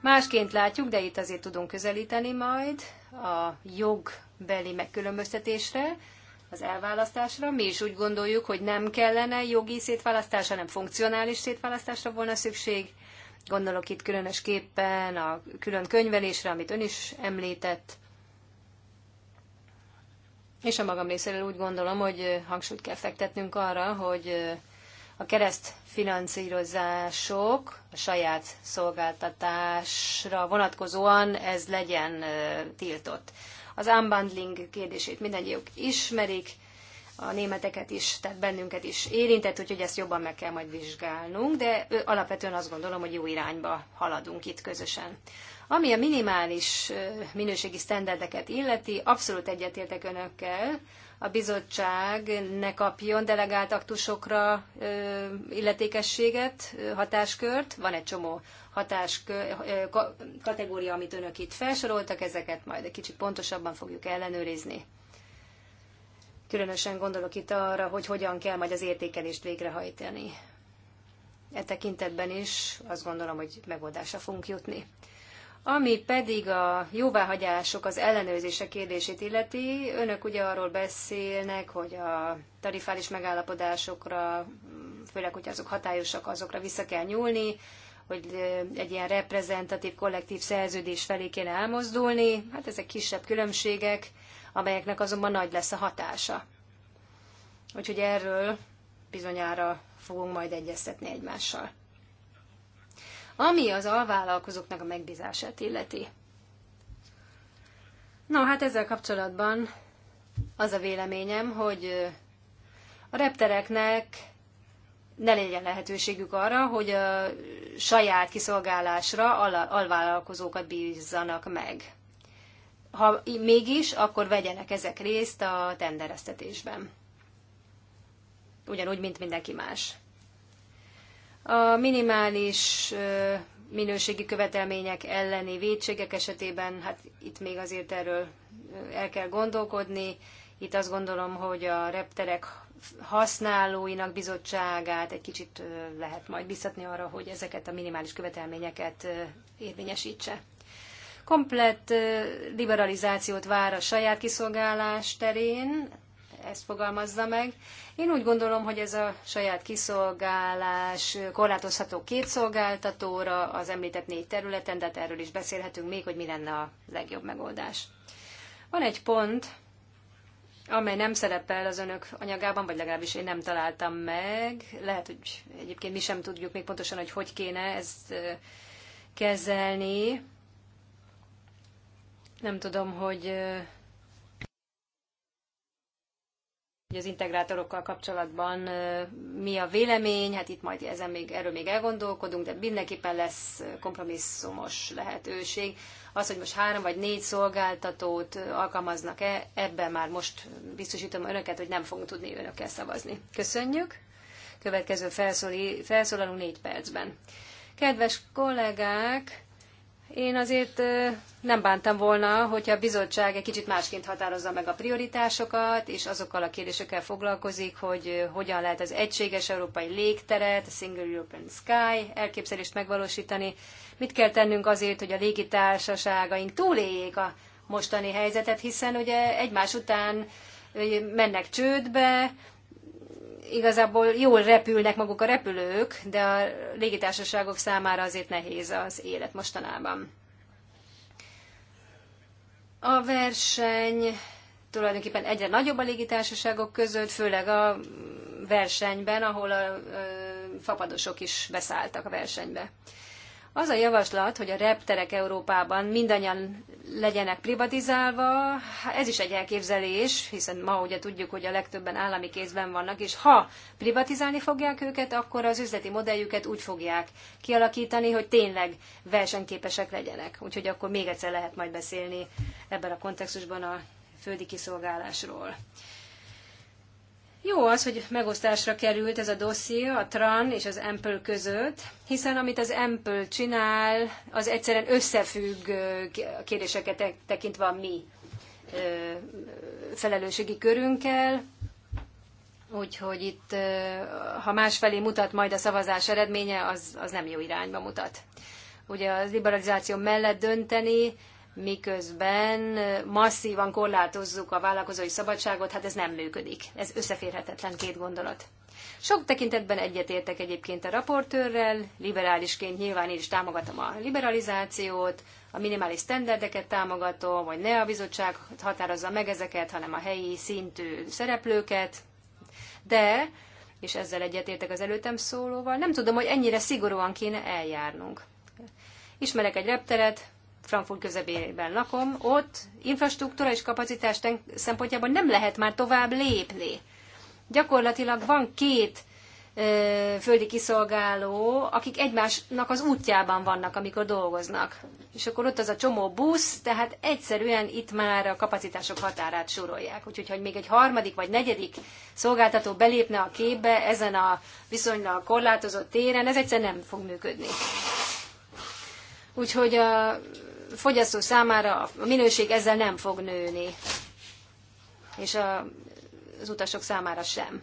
Másként látjuk, de itt azért tudunk közelíteni majd a jogbeli megkülönböztetésre, az elválasztásra. Mi is úgy gondoljuk, hogy nem kellene jogi szétválasztásra, hanem funkcionális szétválasztásra volna szükség. Gondolok itt különösképpen a külön könyvelésre, amit ön is említett. És a magam részéről úgy gondolom, hogy hangsúlyt kell fektetnünk arra, hogy a kereszt finanszírozások a saját szolgáltatásra vonatkozóan ez legyen tiltott az unbundling kérdését mindannyiuk ismerik, a németeket is, tehát bennünket is érintett, úgyhogy ezt jobban meg kell majd vizsgálnunk, de alapvetően azt gondolom, hogy jó irányba haladunk itt közösen. Ami a minimális minőségi sztenderdeket illeti, abszolút egyetértek önökkel, a bizottság ne kapjon delegált aktusokra illetékességet, hatáskört. Van egy csomó hatáskör, kategória, amit önök itt felsoroltak, ezeket majd egy kicsit pontosabban fogjuk ellenőrizni. Különösen gondolok itt arra, hogy hogyan kell majd az értékelést végrehajtani. E tekintetben is azt gondolom, hogy megoldásra fogunk jutni. Ami pedig a jóváhagyások, az ellenőrzése kérdését illeti, önök ugye arról beszélnek, hogy a tarifális megállapodásokra, főleg, hogy azok hatályosak, azokra vissza kell nyúlni, hogy egy ilyen reprezentatív kollektív szerződés felé kéne elmozdulni. Hát ezek kisebb különbségek, amelyeknek azonban nagy lesz a hatása. Úgyhogy erről bizonyára fogunk majd egyeztetni egymással ami az alvállalkozóknak a megbízását illeti. No, hát ezzel kapcsolatban az a véleményem, hogy a reptereknek ne legyen lehetőségük arra, hogy a saját kiszolgálásra al- alvállalkozókat bízzanak meg. Ha mégis, akkor vegyenek ezek részt a tendereztetésben. Ugyanúgy, mint mindenki más. A minimális minőségi követelmények elleni védségek esetében, hát itt még azért erről el kell gondolkodni. Itt azt gondolom, hogy a repterek használóinak bizottságát egy kicsit lehet majd biztatni arra, hogy ezeket a minimális követelményeket érvényesítse. Komplett liberalizációt vár a saját kiszolgálás terén, ezt fogalmazza meg. Én úgy gondolom, hogy ez a saját kiszolgálás korlátozható két szolgáltatóra az említett négy területen, de hát erről is beszélhetünk még, hogy mi lenne a legjobb megoldás. Van egy pont, amely nem szerepel az önök anyagában, vagy legalábbis én nem találtam meg. Lehet, hogy egyébként mi sem tudjuk még pontosan, hogy hogy kéne ezt kezelni. Nem tudom, hogy hogy az integrátorokkal kapcsolatban mi a vélemény, hát itt majd ezen még, erről még elgondolkodunk, de mindenképpen lesz kompromisszumos lehetőség. Az, hogy most három vagy négy szolgáltatót alkalmaznak-e, ebben már most biztosítom önöket, hogy nem fogunk tudni önökkel szavazni. Köszönjük! Következő felszólalunk négy percben. Kedves kollégák, én azért nem bántam volna, hogyha a bizottság egy kicsit másként határozza meg a prioritásokat, és azokkal a kérdésekkel foglalkozik, hogy hogyan lehet az egységes európai légteret, a Single European Sky elképzelést megvalósítani. Mit kell tennünk azért, hogy a légitársaságaink túléljék a mostani helyzetet, hiszen ugye egymás után mennek csődbe, igazából jól repülnek maguk a repülők, de a légitársaságok számára azért nehéz az élet mostanában. A verseny tulajdonképpen egyre nagyobb a légitársaságok között, főleg a versenyben, ahol a fapadosok is beszálltak a versenybe. Az a javaslat, hogy a repterek Európában mindannyian legyenek privatizálva, ez is egy elképzelés, hiszen ma ugye tudjuk, hogy a legtöbben állami kézben vannak, és ha privatizálni fogják őket, akkor az üzleti modelljüket úgy fogják kialakítani, hogy tényleg versenyképesek legyenek. Úgyhogy akkor még egyszer lehet majd beszélni ebben a kontextusban a földi kiszolgálásról. Jó az, hogy megosztásra került ez a dosszié a TRAN és az EMPL között, hiszen amit az EMPL csinál, az egyszerűen összefügg kérdéseket tekintve a mi felelősségi körünkkel, úgyhogy itt, ha másfelé mutat majd a szavazás eredménye, az, az nem jó irányba mutat. Ugye a liberalizáció mellett dönteni, miközben masszívan korlátozzuk a vállalkozói szabadságot, hát ez nem működik. Ez összeférhetetlen két gondolat. Sok tekintetben egyetértek egyébként a raportőrrel, liberálisként nyilván én is támogatom a liberalizációt, a minimális standardeket támogatom, vagy ne a bizottság határozza meg ezeket, hanem a helyi szintű szereplőket, de, és ezzel egyetértek az előttem szólóval, nem tudom, hogy ennyire szigorúan kéne eljárnunk. Ismerek egy repteret, Frankfurt közepében lakom, ott infrastruktúra és kapacitás szempontjából nem lehet már tovább lépni. Gyakorlatilag van két ö, földi kiszolgáló, akik egymásnak az útjában vannak, amikor dolgoznak. És akkor ott az a csomó busz, tehát egyszerűen itt már a kapacitások határát sorolják. Úgyhogy, hogy még egy harmadik vagy negyedik szolgáltató belépne a képbe ezen a viszonylag korlátozott téren, ez egyszer nem fog működni. Úgyhogy a fogyasztó számára a minőség ezzel nem fog nőni, és a, az utasok számára sem.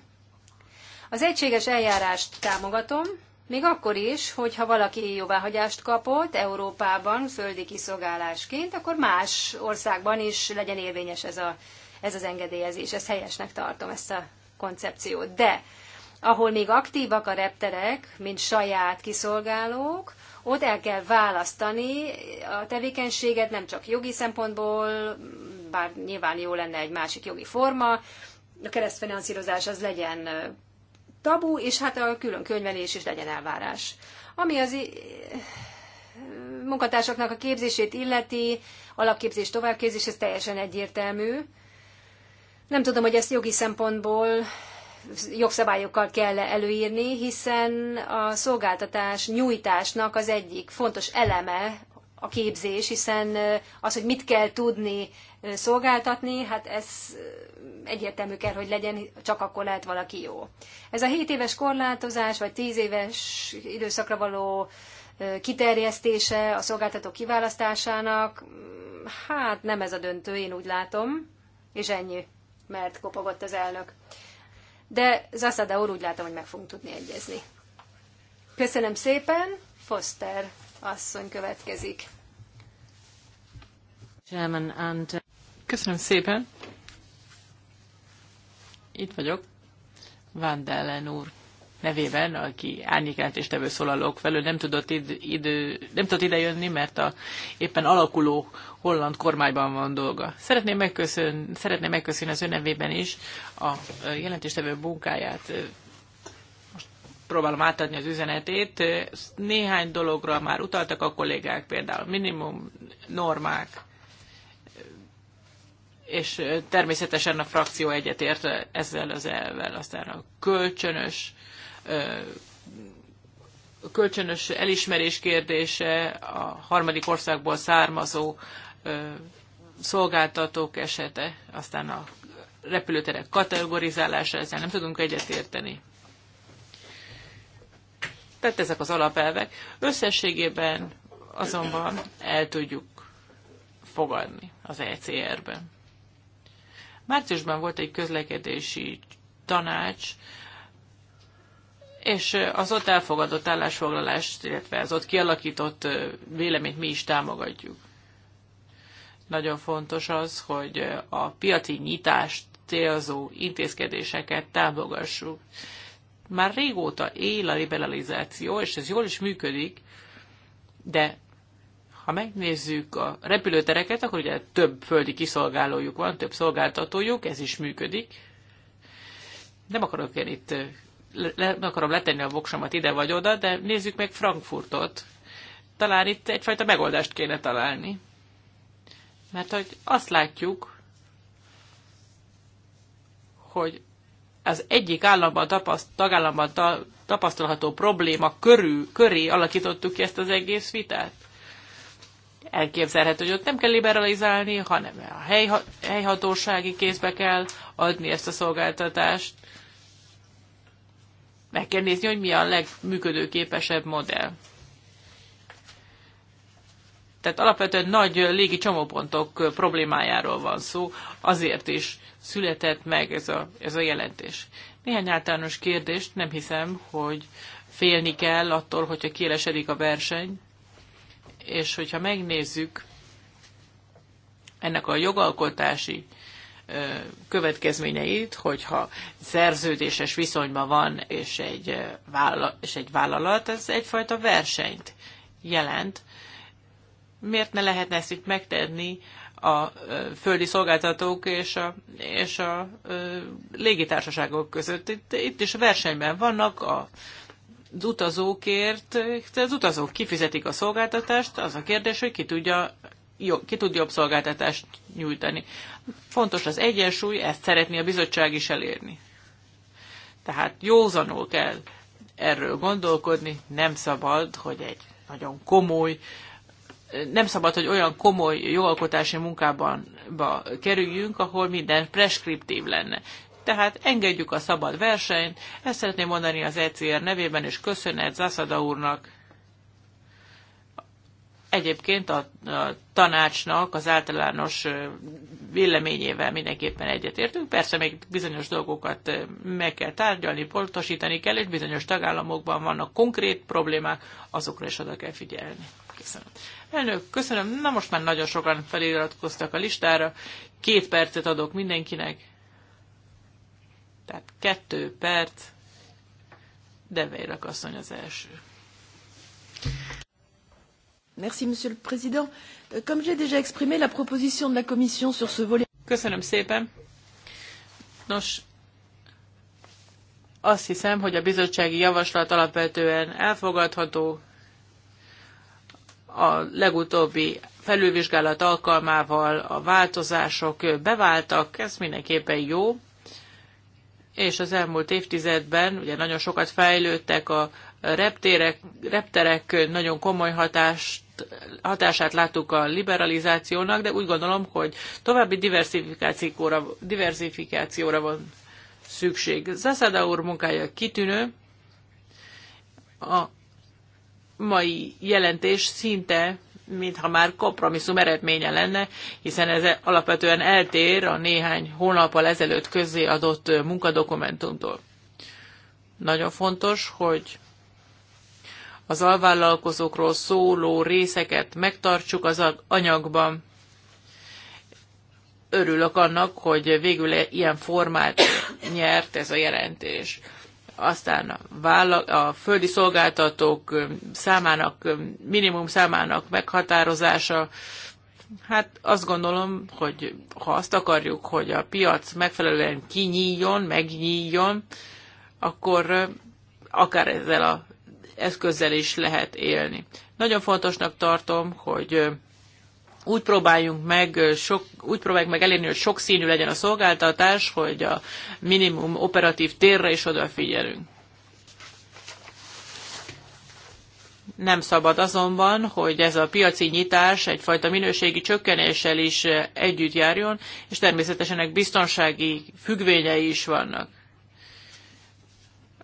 Az egységes eljárást támogatom, még akkor is, hogyha valaki jóváhagyást kapott Európában földi kiszolgálásként, akkor más országban is legyen érvényes ez, a, ez az engedélyezés. Ezt helyesnek tartom, ezt a koncepciót. De ahol még aktívak a repterek, mint saját kiszolgálók, ott el kell választani a tevékenységet nem csak jogi szempontból, bár nyilván jó lenne egy másik jogi forma, a keresztfinanszírozás az legyen tabu, és hát a külön könyvelés is legyen elvárás. Ami az munkatársaknak a képzését illeti, alapképzés, továbbképzés, ez teljesen egyértelmű. Nem tudom, hogy ezt jogi szempontból jogszabályokkal kell előírni, hiszen a szolgáltatás nyújtásnak az egyik fontos eleme a képzés, hiszen az, hogy mit kell tudni szolgáltatni, hát ez egyértelmű kell, hogy legyen, csak akkor lehet valaki jó. Ez a 7 éves korlátozás, vagy 10 éves időszakra való kiterjesztése a szolgáltató kiválasztásának, hát nem ez a döntő, én úgy látom, és ennyi, mert kopogott az elnök de Zaszada úr úgy látom, hogy meg fogunk tudni egyezni. Köszönöm szépen, Foster asszony következik. Uh, Köszönöm szépen. Itt vagyok. Van úr nevében, aki tevő szólalók felől, nem tudott, id, idő, nem tudott idejönni, mert a éppen alakuló holland kormányban van dolga. Szeretném, megköszön, szeretném megköszönni az ön nevében is a jelentéstevő munkáját. Most próbálom átadni az üzenetét. Néhány dologra már utaltak a kollégák, például minimum normák, és természetesen a frakció egyetért ezzel az elvel, aztán a kölcsönös kölcsönös elismerés kérdése a harmadik országból származó szolgáltatók esete, aztán a repülőterek kategorizálása, ezzel nem tudunk egyetérteni. Tehát ezek az alapelvek. Összességében azonban el tudjuk fogadni az ECR-ben. Márciusban volt egy közlekedési tanács, és az ott elfogadott állásfoglalást, illetve az ott kialakított véleményt mi is támogatjuk. Nagyon fontos az, hogy a piaci nyitást célzó intézkedéseket támogassuk. Már régóta él a liberalizáció, és ez jól is működik, de ha megnézzük a repülőtereket, akkor ugye több földi kiszolgálójuk van, több szolgáltatójuk, ez is működik. Nem akarok én itt le, le akarom letenni a voksamat ide vagy oda, de nézzük meg Frankfurtot. Talán itt egyfajta megoldást kéne találni. Mert hogy azt látjuk, hogy az egyik államban tapaszt, tagállamban ta, tapasztalható probléma körül, köré alakítottuk ki ezt az egész vitát. Elképzelhető, hogy ott nem kell liberalizálni, hanem a hely, helyhatósági kézbe kell adni ezt a szolgáltatást meg kell nézni, hogy mi a legműködőképesebb modell. Tehát alapvetően nagy légi csomópontok problémájáról van szó, azért is született meg ez a, ez a jelentés. Néhány általános kérdést nem hiszem, hogy félni kell attól, hogyha kielesedik a verseny, és hogyha megnézzük ennek a jogalkotási következményeit, hogyha szerződéses viszonyban van, és egy, vállalat, és egy vállalat, ez egyfajta versenyt jelent. Miért ne lehetne ezt itt megtenni a földi szolgáltatók és a, és a légitársaságok között? Itt, itt is versenyben vannak a az utazókért, az utazók kifizetik a szolgáltatást, az a kérdés, hogy ki tudja jó, ki tud jobb szolgáltatást nyújtani. Fontos az egyensúly, ezt szeretné a bizottság is elérni. Tehát józanul kell erről gondolkodni, nem szabad, hogy egy nagyon komoly, nem szabad, hogy olyan komoly jogalkotási munkában ba, kerüljünk, ahol minden preskriptív lenne. Tehát engedjük a szabad versenyt, ezt szeretném mondani az ECR nevében, és köszönet Zaszada úrnak Egyébként a, a tanácsnak az általános véleményével mindenképpen egyetértünk. Persze még bizonyos dolgokat meg kell tárgyalni, pontosítani kell, és bizonyos tagállamokban vannak konkrét problémák, azokra is oda kell figyelni. Köszönöm. Elnök, köszönöm. Na most már nagyon sokan feliratkoztak a listára. Két percet adok mindenkinek. Tehát kettő perc. De asszony az első monsieur le président euh, comme je l'ai déjà exprimé la proposition de la commission sur ce volet. köszönöm szépen nos azt hiszem hogy a bizottsági javaslat alapvetően elfogadható a legutóbbi felülvizsgálat alkalmával a változások beváltak ez mindenképpen jó és az elmúlt évtizedben ugye nagyon sokat fejlődtek a reptérek, repterek nagyon komoly hatást hatását láttuk a liberalizációnak, de úgy gondolom, hogy további diversifikációra, diversifikációra van szükség. Zaszada úr munkája kitűnő, a mai jelentés szinte mintha már kompromisszum eredménye lenne, hiszen ez alapvetően eltér a néhány hónappal ezelőtt adott munkadokumentumtól. Nagyon fontos, hogy az alvállalkozókról szóló részeket megtartsuk az anyagban. Örülök annak, hogy végül e- ilyen formát nyert ez a jelentés. Aztán a, a földi szolgáltatók számának, minimum számának meghatározása, Hát azt gondolom, hogy ha azt akarjuk, hogy a piac megfelelően kinyíljon, megnyíljon, akkor akár ezzel a eszközzel is lehet élni. Nagyon fontosnak tartom, hogy úgy próbáljunk meg, sok, úgy próbáljuk meg elérni, hogy sok színű legyen a szolgáltatás, hogy a minimum operatív térre is odafigyelünk. Nem szabad azonban, hogy ez a piaci nyitás egyfajta minőségi csökkenéssel is együtt járjon, és természetesen ennek biztonsági függvényei is vannak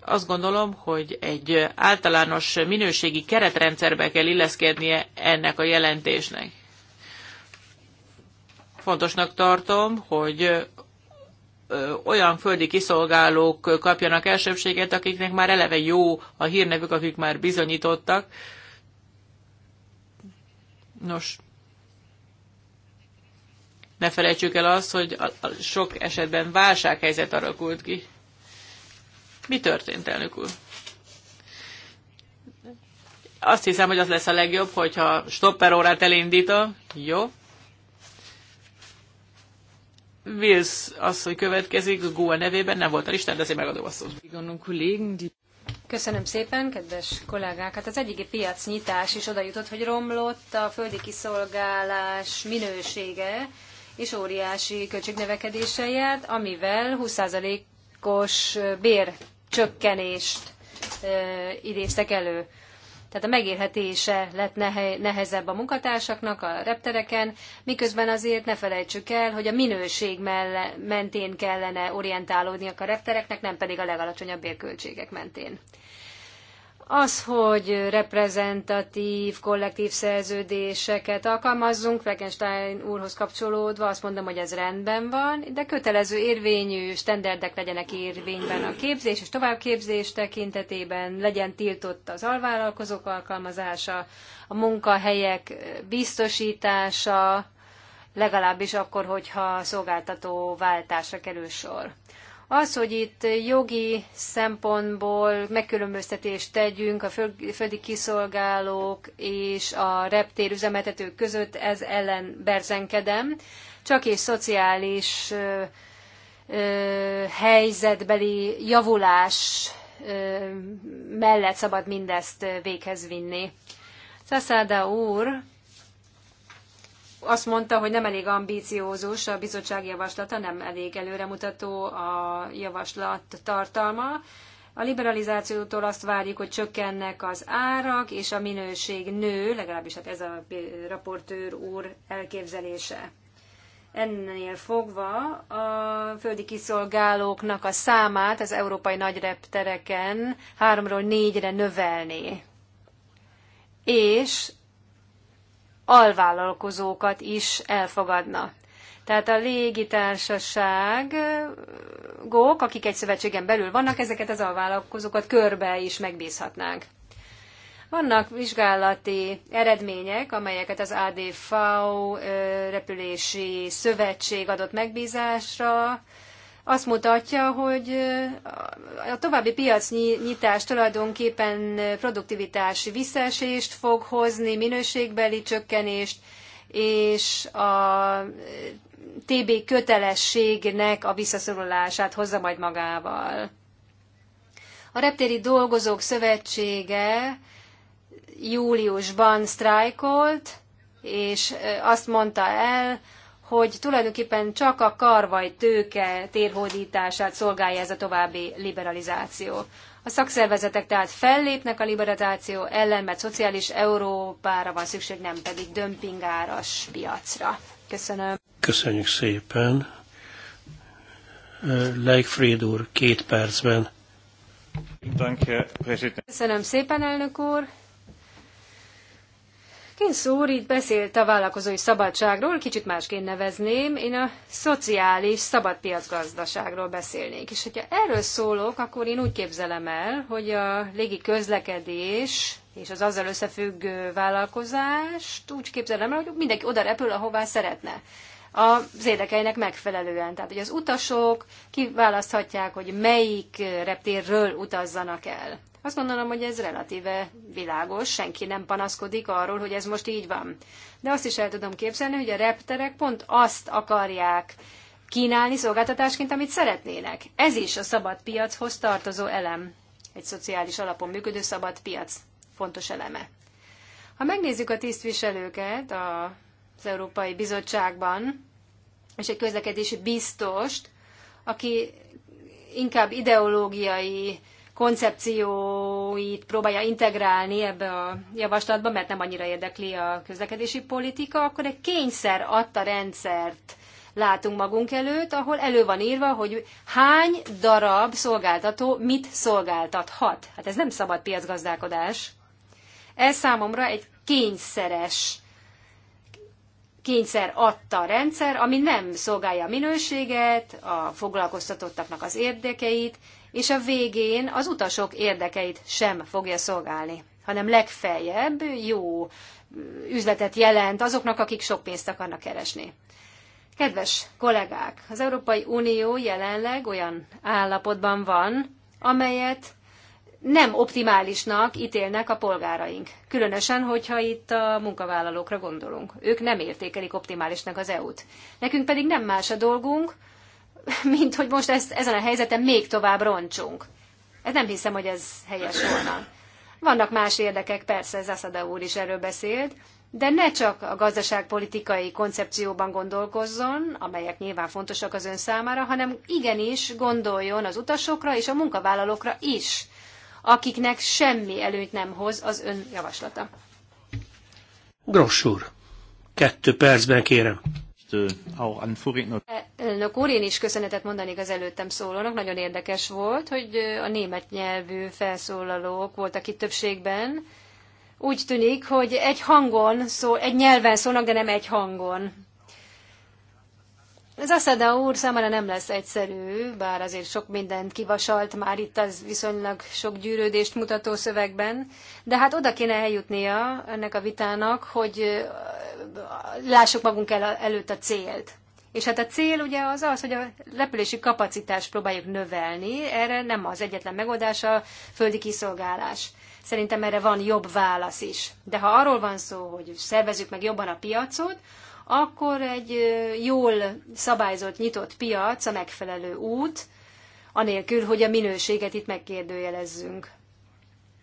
azt gondolom, hogy egy általános minőségi keretrendszerbe kell illeszkednie ennek a jelentésnek. Fontosnak tartom, hogy olyan földi kiszolgálók kapjanak elsőbséget, akiknek már eleve jó a hírnevük, akik már bizonyítottak. Nos, ne felejtsük el azt, hogy sok esetben válsághelyzet alakult ki. Mi történt, elnök úr? Azt hiszem, hogy az lesz a legjobb, hogyha stopper órát elindítom. Jó. Wills asszony következik, Gua nevében nem volt a listán, de azért megadom a szót. Köszönöm szépen, kedves kollégák! Hát az egyik piac nyitás is oda jutott, hogy romlott a földi kiszolgálás minősége, és óriási költségnövekedéssel járt, amivel 20%-os bér csökkenést idéztek elő. Tehát a megélhetése lett nehezebb a munkatársaknak a reptereken, miközben azért ne felejtsük el, hogy a minőség mentén kellene orientálódniak a reptereknek, nem pedig a legalacsonyabb bérköltségek mentén. Az, hogy reprezentatív, kollektív szerződéseket alkalmazzunk, Frankenstein úrhoz kapcsolódva azt mondom, hogy ez rendben van, de kötelező érvényű standardek legyenek érvényben a képzés és továbbképzés tekintetében, legyen tiltott az alvállalkozók alkalmazása, a munkahelyek biztosítása, legalábbis akkor, hogyha szolgáltató váltásra kerül sor. Az, hogy itt jogi szempontból megkülönböztetést tegyünk a földi kiszolgálók és a reptér üzemeltetők között, ez ellen berzenkedem. Csak és szociális ö, ö, helyzetbeli javulás ö, mellett szabad mindezt véghez vinni. Szaszáda úr azt mondta, hogy nem elég ambíciózus a bizottság javaslata, nem elég előremutató a javaslat tartalma. A liberalizációtól azt várjuk, hogy csökkennek az árak, és a minőség nő, legalábbis hát ez a raportőr úr elképzelése. Ennél fogva a földi kiszolgálóknak a számát az európai nagyreptereken háromról négyre növelni. És alvállalkozókat is elfogadna. Tehát a légitársaság akik egy szövetségen belül vannak, ezeket az alvállalkozókat körbe is megbízhatnánk. Vannak vizsgálati eredmények, amelyeket az ADV repülési szövetség adott megbízásra, azt mutatja, hogy a további piacnyitás tulajdonképpen produktivitási visszaesést fog hozni, minőségbeli csökkenést, és a TB kötelességnek a visszaszorulását hozza majd magával. A Reptéri Dolgozók Szövetsége júliusban sztrájkolt, és azt mondta el, hogy tulajdonképpen csak a vagy tőke térhódítását szolgálja ez a további liberalizáció. A szakszervezetek tehát fellépnek a liberalizáció ellen, mert szociális Európára van szükség, nem pedig dömpingáras piacra. Köszönöm. Köszönjük szépen. Leikfried úr, két percben. Köszönöm szépen, elnök úr. Kinsz úr itt beszélt a vállalkozói szabadságról, kicsit másként nevezném, én a szociális szabadpiacgazdaságról beszélnék. És hogyha erről szólok, akkor én úgy képzelem el, hogy a légi közlekedés és az azzal összefüggő vállalkozást úgy képzelem el, hogy mindenki oda repül, ahová szeretne az érdekeinek megfelelően. Tehát, hogy az utasok kiválaszthatják, hogy melyik reptérről utazzanak el. Azt gondolom, hogy ez relatíve világos, senki nem panaszkodik arról, hogy ez most így van. De azt is el tudom képzelni, hogy a repterek pont azt akarják kínálni szolgáltatásként, amit szeretnének. Ez is a szabad piachoz tartozó elem. Egy szociális alapon működő szabad piac fontos eleme. Ha megnézzük a tisztviselőket az Európai Bizottságban, és egy közlekedési biztost, aki inkább ideológiai koncepcióit próbálja integrálni ebbe a javaslatba, mert nem annyira érdekli a közlekedési politika, akkor egy kényszer adta rendszert látunk magunk előtt, ahol elő van írva, hogy hány darab szolgáltató mit szolgáltathat. Hát ez nem szabad piacgazdálkodás. Ez számomra egy kényszeres kényszer adta rendszer, ami nem szolgálja a minőséget, a foglalkoztatottaknak az érdekeit, és a végén az utasok érdekeit sem fogja szolgálni, hanem legfeljebb jó üzletet jelent azoknak, akik sok pénzt akarnak keresni. Kedves kollégák, az Európai Unió jelenleg olyan állapotban van, amelyet nem optimálisnak ítélnek a polgáraink. Különösen, hogyha itt a munkavállalókra gondolunk. Ők nem értékelik optimálisnak az EU-t. Nekünk pedig nem más a dolgunk, mint hogy most ezt, ezen a helyzeten még tovább roncsunk. Ez nem hiszem, hogy ez helyes volna. Vannak más érdekek, persze, Zaszada úr is erről beszélt, de ne csak a gazdaságpolitikai koncepcióban gondolkozzon, amelyek nyilván fontosak az ön számára, hanem igenis gondoljon az utasokra és a munkavállalókra is, akiknek semmi előnyt nem hoz az ön javaslata. Gross úr, kettő percben kérem. E, elnök úr, én is köszönetet mondanék az előttem szólónak. Nagyon érdekes volt, hogy a német nyelvű felszólalók voltak itt többségben. Úgy tűnik, hogy egy hangon szól, egy nyelven szólnak, de nem egy hangon. Az Asada úr számára nem lesz egyszerű, bár azért sok mindent kivasalt már itt az viszonylag sok gyűrődést mutató szövegben, de hát oda kéne eljutnia ennek a vitának, hogy lássuk magunk el, előtt a célt. És hát a cél ugye az az, hogy a repülési kapacitást próbáljuk növelni, erre nem az egyetlen megoldás a földi kiszolgálás. Szerintem erre van jobb válasz is. De ha arról van szó, hogy szervezzük meg jobban a piacot, akkor egy jól szabályzott, nyitott piac a megfelelő út, anélkül, hogy a minőséget itt megkérdőjelezzünk.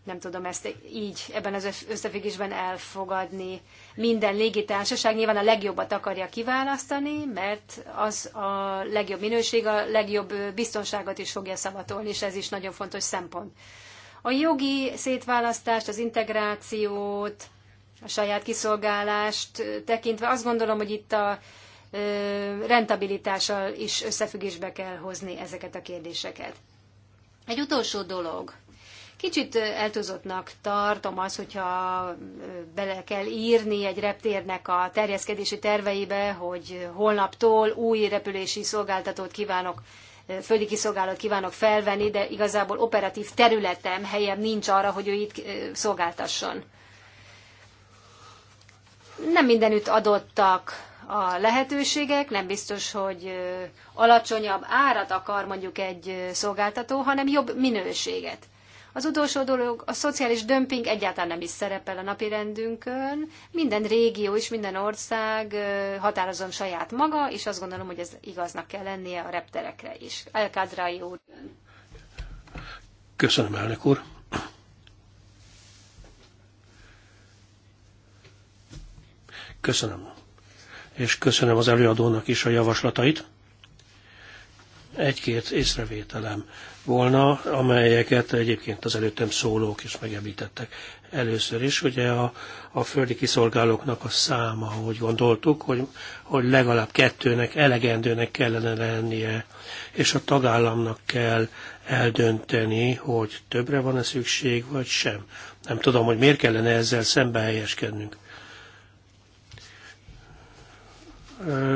Nem tudom ezt így ebben az összefüggésben elfogadni. Minden légitársaság nyilván a legjobbat akarja kiválasztani, mert az a legjobb minőség, a legjobb biztonságot is fogja szavatolni, és ez is nagyon fontos szempont. A jogi szétválasztást, az integrációt, a saját kiszolgálást tekintve. Azt gondolom, hogy itt a rentabilitással is összefüggésbe kell hozni ezeket a kérdéseket. Egy utolsó dolog. Kicsit eltúzottnak tartom az, hogyha bele kell írni egy reptérnek a terjeszkedési terveibe, hogy holnaptól új repülési szolgáltatót kívánok, földi kiszolgálat kívánok felvenni, de igazából operatív területem, helyem nincs arra, hogy ő itt szolgáltasson nem mindenütt adottak a lehetőségek, nem biztos, hogy alacsonyabb árat akar mondjuk egy szolgáltató, hanem jobb minőséget. Az utolsó dolog, a szociális dömping egyáltalán nem is szerepel a napi rendünkön. Minden régió és minden ország határozom saját maga, és azt gondolom, hogy ez igaznak kell lennie a repterekre is. Elkádrai úr. Köszönöm, elnök úr. Köszönöm. És köszönöm az előadónak is a javaslatait. Egy-két észrevételem volna, amelyeket egyébként az előttem szólók is megemlítettek. Először is ugye a, a földi kiszolgálóknak a száma, hogy gondoltuk, hogy, hogy legalább kettőnek, elegendőnek kellene lennie, és a tagállamnak kell eldönteni, hogy többre van-e szükség, vagy sem. Nem tudom, hogy miért kellene ezzel szembe helyeskednünk.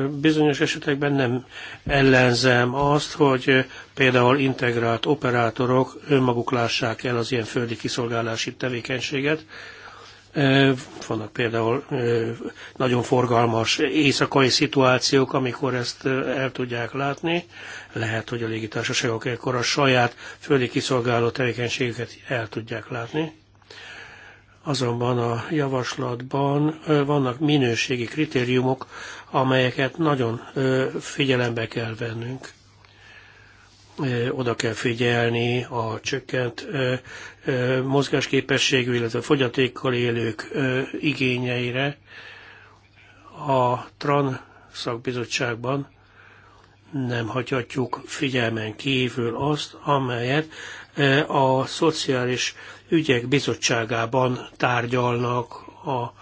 bizonyos esetekben nem ellenzem azt, hogy például integrált operátorok önmaguk lássák el az ilyen földi kiszolgálási tevékenységet. Vannak például nagyon forgalmas éjszakai szituációk, amikor ezt el tudják látni. Lehet, hogy a légitársaságok ekkor a saját földi kiszolgáló tevékenységüket el tudják látni. Azonban a javaslatban vannak minőségi kritériumok, amelyeket nagyon figyelembe kell vennünk. Oda kell figyelni a csökkent mozgásképességű, illetve fogyatékkal élők igényeire. A TRAN szakbizottságban nem hagyhatjuk figyelmen kívül azt, amelyet a szociális ügyek bizottságában tárgyalnak a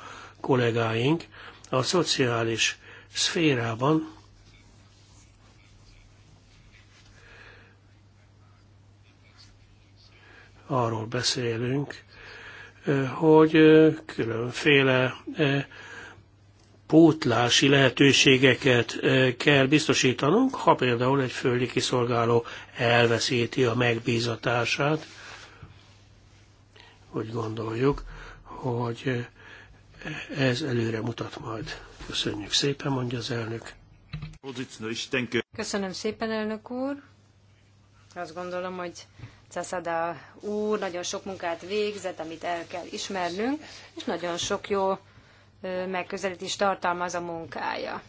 kollégáink. A szociális szférában arról beszélünk, hogy különféle pótlási lehetőségeket kell biztosítanunk, ha például egy földi kiszolgáló elveszíti a megbízatását, úgy gondoljuk, hogy ez előre mutat majd. Köszönjük szépen, mondja az elnök. Köszönöm szépen, elnök úr. Azt gondolom, hogy Császáda úr nagyon sok munkát végzett, amit el kell ismernünk, és nagyon sok jó megközelítést tartalmaz a munkája.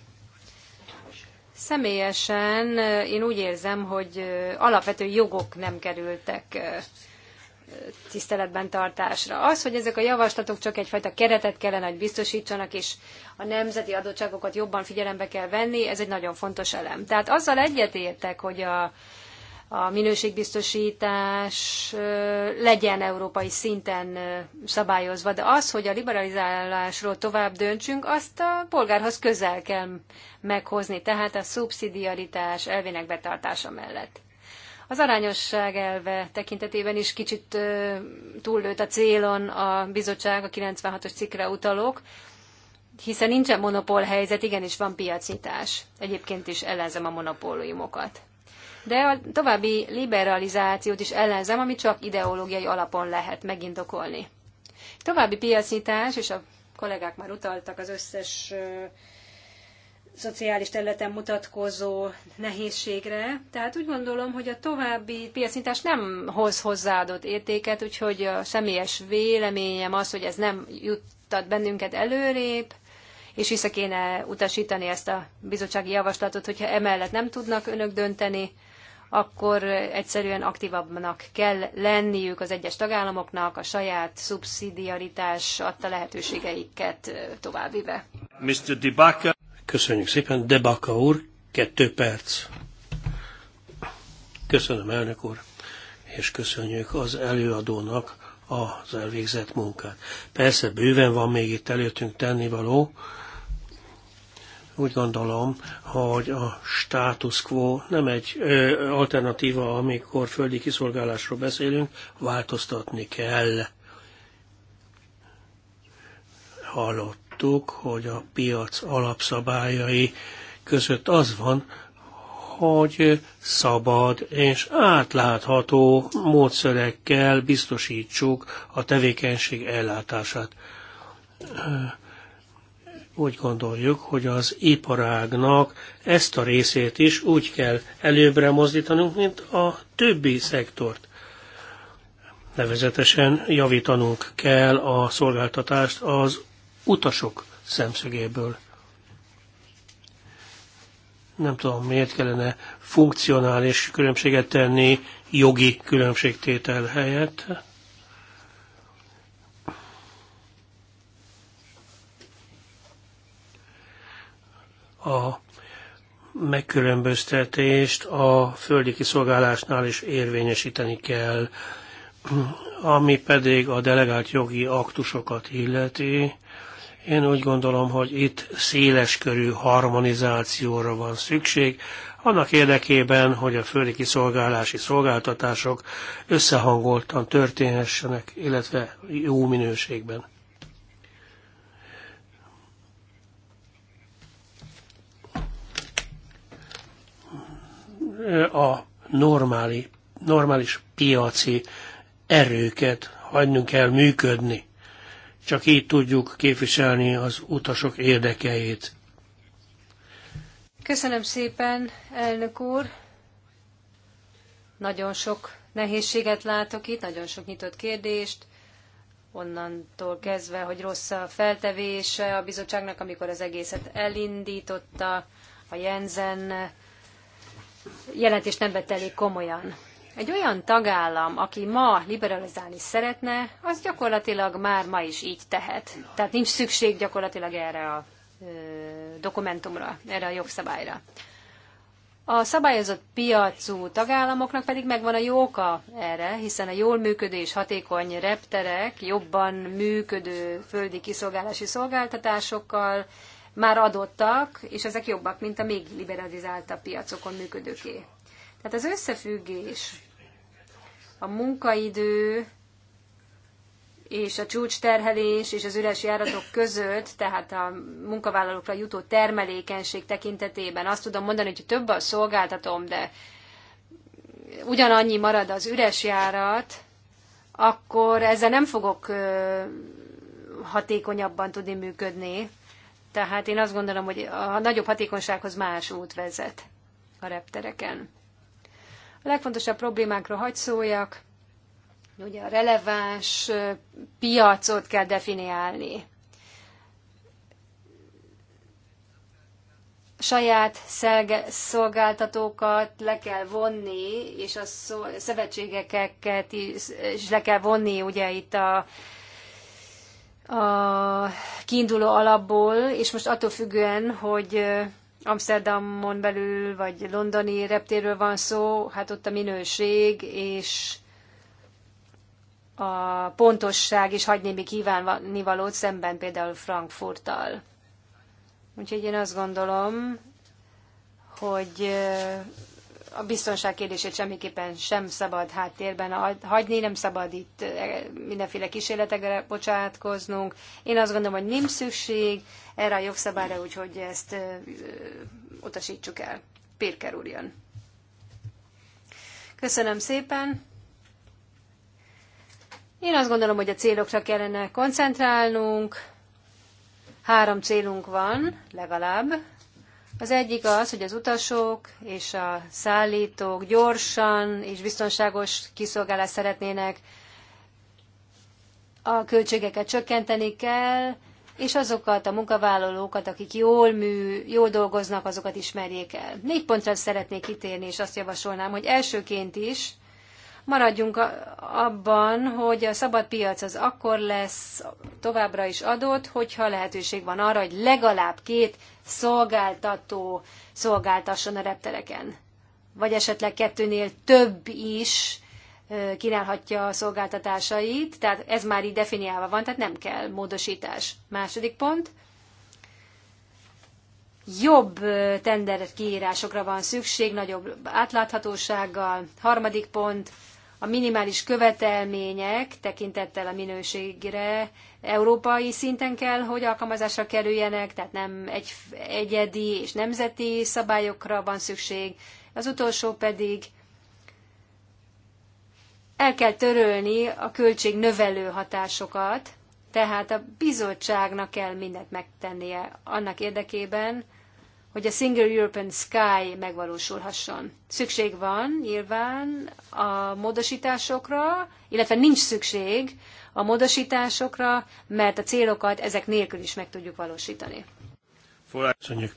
Személyesen én úgy érzem, hogy alapvető jogok nem kerültek tiszteletben tartásra. Az, hogy ezek a javaslatok csak egyfajta keretet kellene, hogy biztosítsanak, és a nemzeti adottságokat jobban figyelembe kell venni, ez egy nagyon fontos elem. Tehát azzal egyetértek, hogy a, a minőségbiztosítás legyen európai szinten szabályozva, de az, hogy a liberalizálásról tovább döntsünk, azt a polgárhoz közel kell meghozni, tehát a szubszidiaritás elvének betartása mellett. Az arányosság elve tekintetében is kicsit túllőtt a célon a bizottság, a 96-os cikkre utalok, hiszen nincsen monopól helyzet, igenis van piacnyitás. Egyébként is ellenzem a monopóliumokat. De a további liberalizációt is ellenzem, ami csak ideológiai alapon lehet megindokolni. További piacnyitás, és a kollégák már utaltak az összes szociális területen mutatkozó nehézségre. Tehát úgy gondolom, hogy a további piacnyitás nem hoz hozzáadott értéket, úgyhogy a személyes véleményem az, hogy ez nem juttat bennünket előrébb, és vissza kéne utasítani ezt a bizottsági javaslatot, hogyha emellett nem tudnak önök dönteni, akkor egyszerűen aktívabbnak kell lenniük az egyes tagállamoknak a saját szubszidiaritás adta lehetőségeiket továbbvive. Mr. Köszönjük szépen. Debaka úr, kettő perc. Köszönöm, elnök úr, és köszönjük az előadónak az elvégzett munkát. Persze bőven van még itt előttünk tennivaló. Úgy gondolom, hogy a status quo nem egy ö, alternatíva, amikor földi kiszolgálásról beszélünk, változtatni kell. Hallott tudtuk, hogy a piac alapszabályai között az van, hogy szabad és átlátható módszerekkel biztosítsuk a tevékenység ellátását. Úgy gondoljuk, hogy az iparágnak ezt a részét is úgy kell előbbre mozdítanunk, mint a többi szektort. Nevezetesen javítanunk kell a szolgáltatást az utasok szemszögéből. Nem tudom, miért kellene funkcionális különbséget tenni jogi különbségtétel helyett. a megkülönböztetést a földi kiszolgálásnál is érvényesíteni kell, ami pedig a delegált jogi aktusokat illeti. Én úgy gondolom, hogy itt széles körű harmonizációra van szükség, annak érdekében, hogy a földi kiszolgálási szolgáltatások összehangoltan történhessenek, illetve jó minőségben. A normális, normális piaci erőket hagynunk kell működni. Csak így tudjuk képviselni az utasok érdekeit. Köszönöm szépen, elnök úr. Nagyon sok nehézséget látok itt, nagyon sok nyitott kérdést onnantól kezdve, hogy rossz a feltevése a bizottságnak, amikor az egészet elindította, a Jensen jelentést nem vett elég komolyan. Egy olyan tagállam, aki ma liberalizálni szeretne, az gyakorlatilag már ma is így tehet. Tehát nincs szükség gyakorlatilag erre a dokumentumra, erre a jogszabályra. A szabályozott piacú tagállamoknak pedig megvan a jóka erre, hiszen a jól működő és hatékony repterek jobban működő földi kiszolgálási szolgáltatásokkal már adottak, és ezek jobbak, mint a még liberalizáltabb piacokon működőké. Tehát az összefüggés a munkaidő és a csúcsterhelés és az üres járatok között, tehát a munkavállalókra jutó termelékenység tekintetében azt tudom mondani, hogy több a szolgáltatom, de ugyanannyi marad az üres járat, akkor ezzel nem fogok hatékonyabban tudni működni. Tehát én azt gondolom, hogy a nagyobb hatékonysághoz más út vezet a reptereken. A legfontosabb problémákra hagy szóljak. Ugye a releváns piacot kell definiálni. saját szolgáltatókat le kell vonni, és a szövetségeket is le kell vonni, ugye itt a, a kiinduló alapból, és most attól függően, hogy Amsterdamon belül, vagy londoni reptéről van szó, hát ott a minőség és a pontosság is hagy némi kívánnivalót szemben például Frankfurttal. Úgyhogy én azt gondolom, hogy a biztonság kérdését semmiképpen sem szabad háttérben hagyni, nem szabad itt e, mindenféle kísérletekre bocsátkoznunk. Én azt gondolom, hogy nincs szükség erre a jogszabályra, úgyhogy ezt e, utasítsuk el. Pirker úr jön. Köszönöm szépen. Én azt gondolom, hogy a célokra kellene koncentrálnunk. Három célunk van, legalább. Az egyik az, hogy az utasok és a szállítók gyorsan és biztonságos kiszolgálást szeretnének, a költségeket csökkenteni kell, és azokat a munkavállalókat, akik jól mű, jól dolgoznak, azokat ismerjék el. Négy pontra szeretnék kitérni, és azt javasolnám, hogy elsőként is maradjunk abban, hogy a szabad piac az akkor lesz továbbra is adott, hogyha lehetőség van arra, hogy legalább két szolgáltató szolgáltasson a reptereken. Vagy esetleg kettőnél több is kínálhatja a szolgáltatásait, tehát ez már így definiálva van, tehát nem kell módosítás. Második pont jobb tender kiírásokra van szükség, nagyobb átláthatósággal. Harmadik pont, a minimális követelmények tekintettel a minőségre európai szinten kell, hogy alkalmazásra kerüljenek, tehát nem egy, egyedi és nemzeti szabályokra van szükség. Az utolsó pedig el kell törölni a költség növelő hatásokat, tehát a bizottságnak kell mindent megtennie annak érdekében, hogy a Single European Sky megvalósulhasson. Szükség van nyilván a módosításokra, illetve nincs szükség a módosításokra, mert a célokat ezek nélkül is meg tudjuk valósítani. Köszönjük,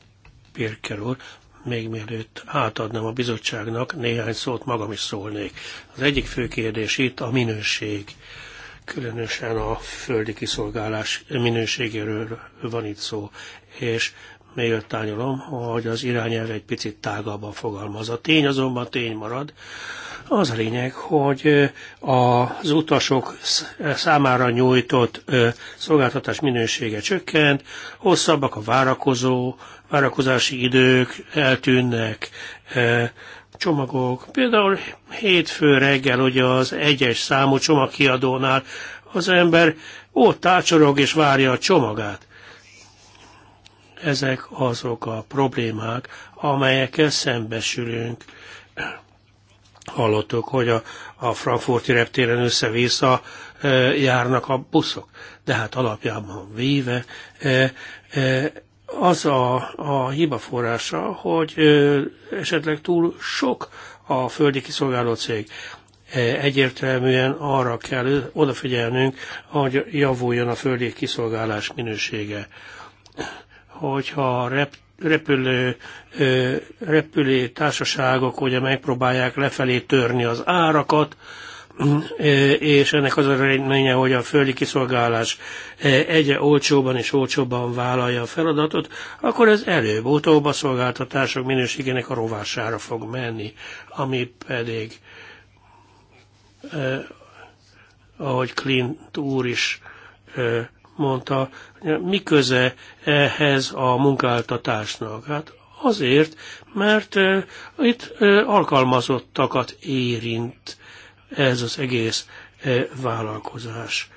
Pirker úr. Még mielőtt átadnám a bizottságnak, néhány szót magam is szólnék. Az egyik fő kérdés itt a minőség. Különösen a földi kiszolgálás minőségéről van itt szó, és méltányolom, hogy az irányelv egy picit tágabban fogalmaz. A tény azonban tény marad. Az a lényeg, hogy az utasok számára nyújtott szolgáltatás minősége csökkent, hosszabbak a várakozó, várakozási idők, eltűnnek csomagok. Például hétfő reggel ugye az egyes számú csomagkiadónál az ember ott tácsorog és várja a csomagát ezek azok a problémák, amelyekkel szembesülünk. Hallottuk, hogy a, a frankfurti reptéren össze-vissza e, járnak a buszok, de hát alapjában véve e, e, az a, a hiba forrása, hogy esetleg túl sok a földi kiszolgáló cég egyértelműen arra kell odafigyelnünk, hogy javuljon a földi kiszolgálás minősége hogyha a repülő, repülő társaságok ugye megpróbálják lefelé törni az árakat, és ennek az a reménye, hogy a földi kiszolgálás egyre olcsóban és olcsóban vállalja a feladatot, akkor ez előbb-utóbb a szolgáltatások minőségének a rovására fog menni, ami pedig, eh, ahogy Clint úr is eh, mondta, mi köze ehhez a munkáltatásnak? Hát azért, mert itt alkalmazottakat érint ez az egész vállalkozás.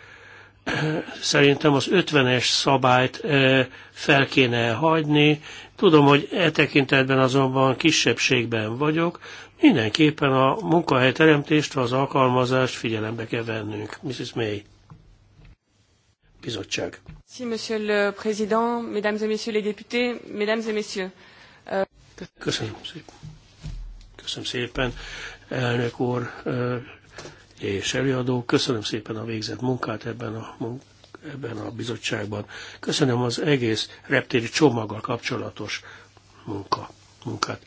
Szerintem az 50-es szabályt fel kéne hagyni. Tudom, hogy e tekintetben azonban kisebbségben vagyok. Mindenképpen a munkahelyteremtést, az alkalmazást figyelembe kell vennünk. Mrs. May bizottság. Köszönöm szépen. Köszönöm szépen, elnök úr és előadó. Köszönöm szépen a végzett munkát ebben a ebben a bizottságban. Köszönöm az egész reptéri csomaggal kapcsolatos munka, munkát.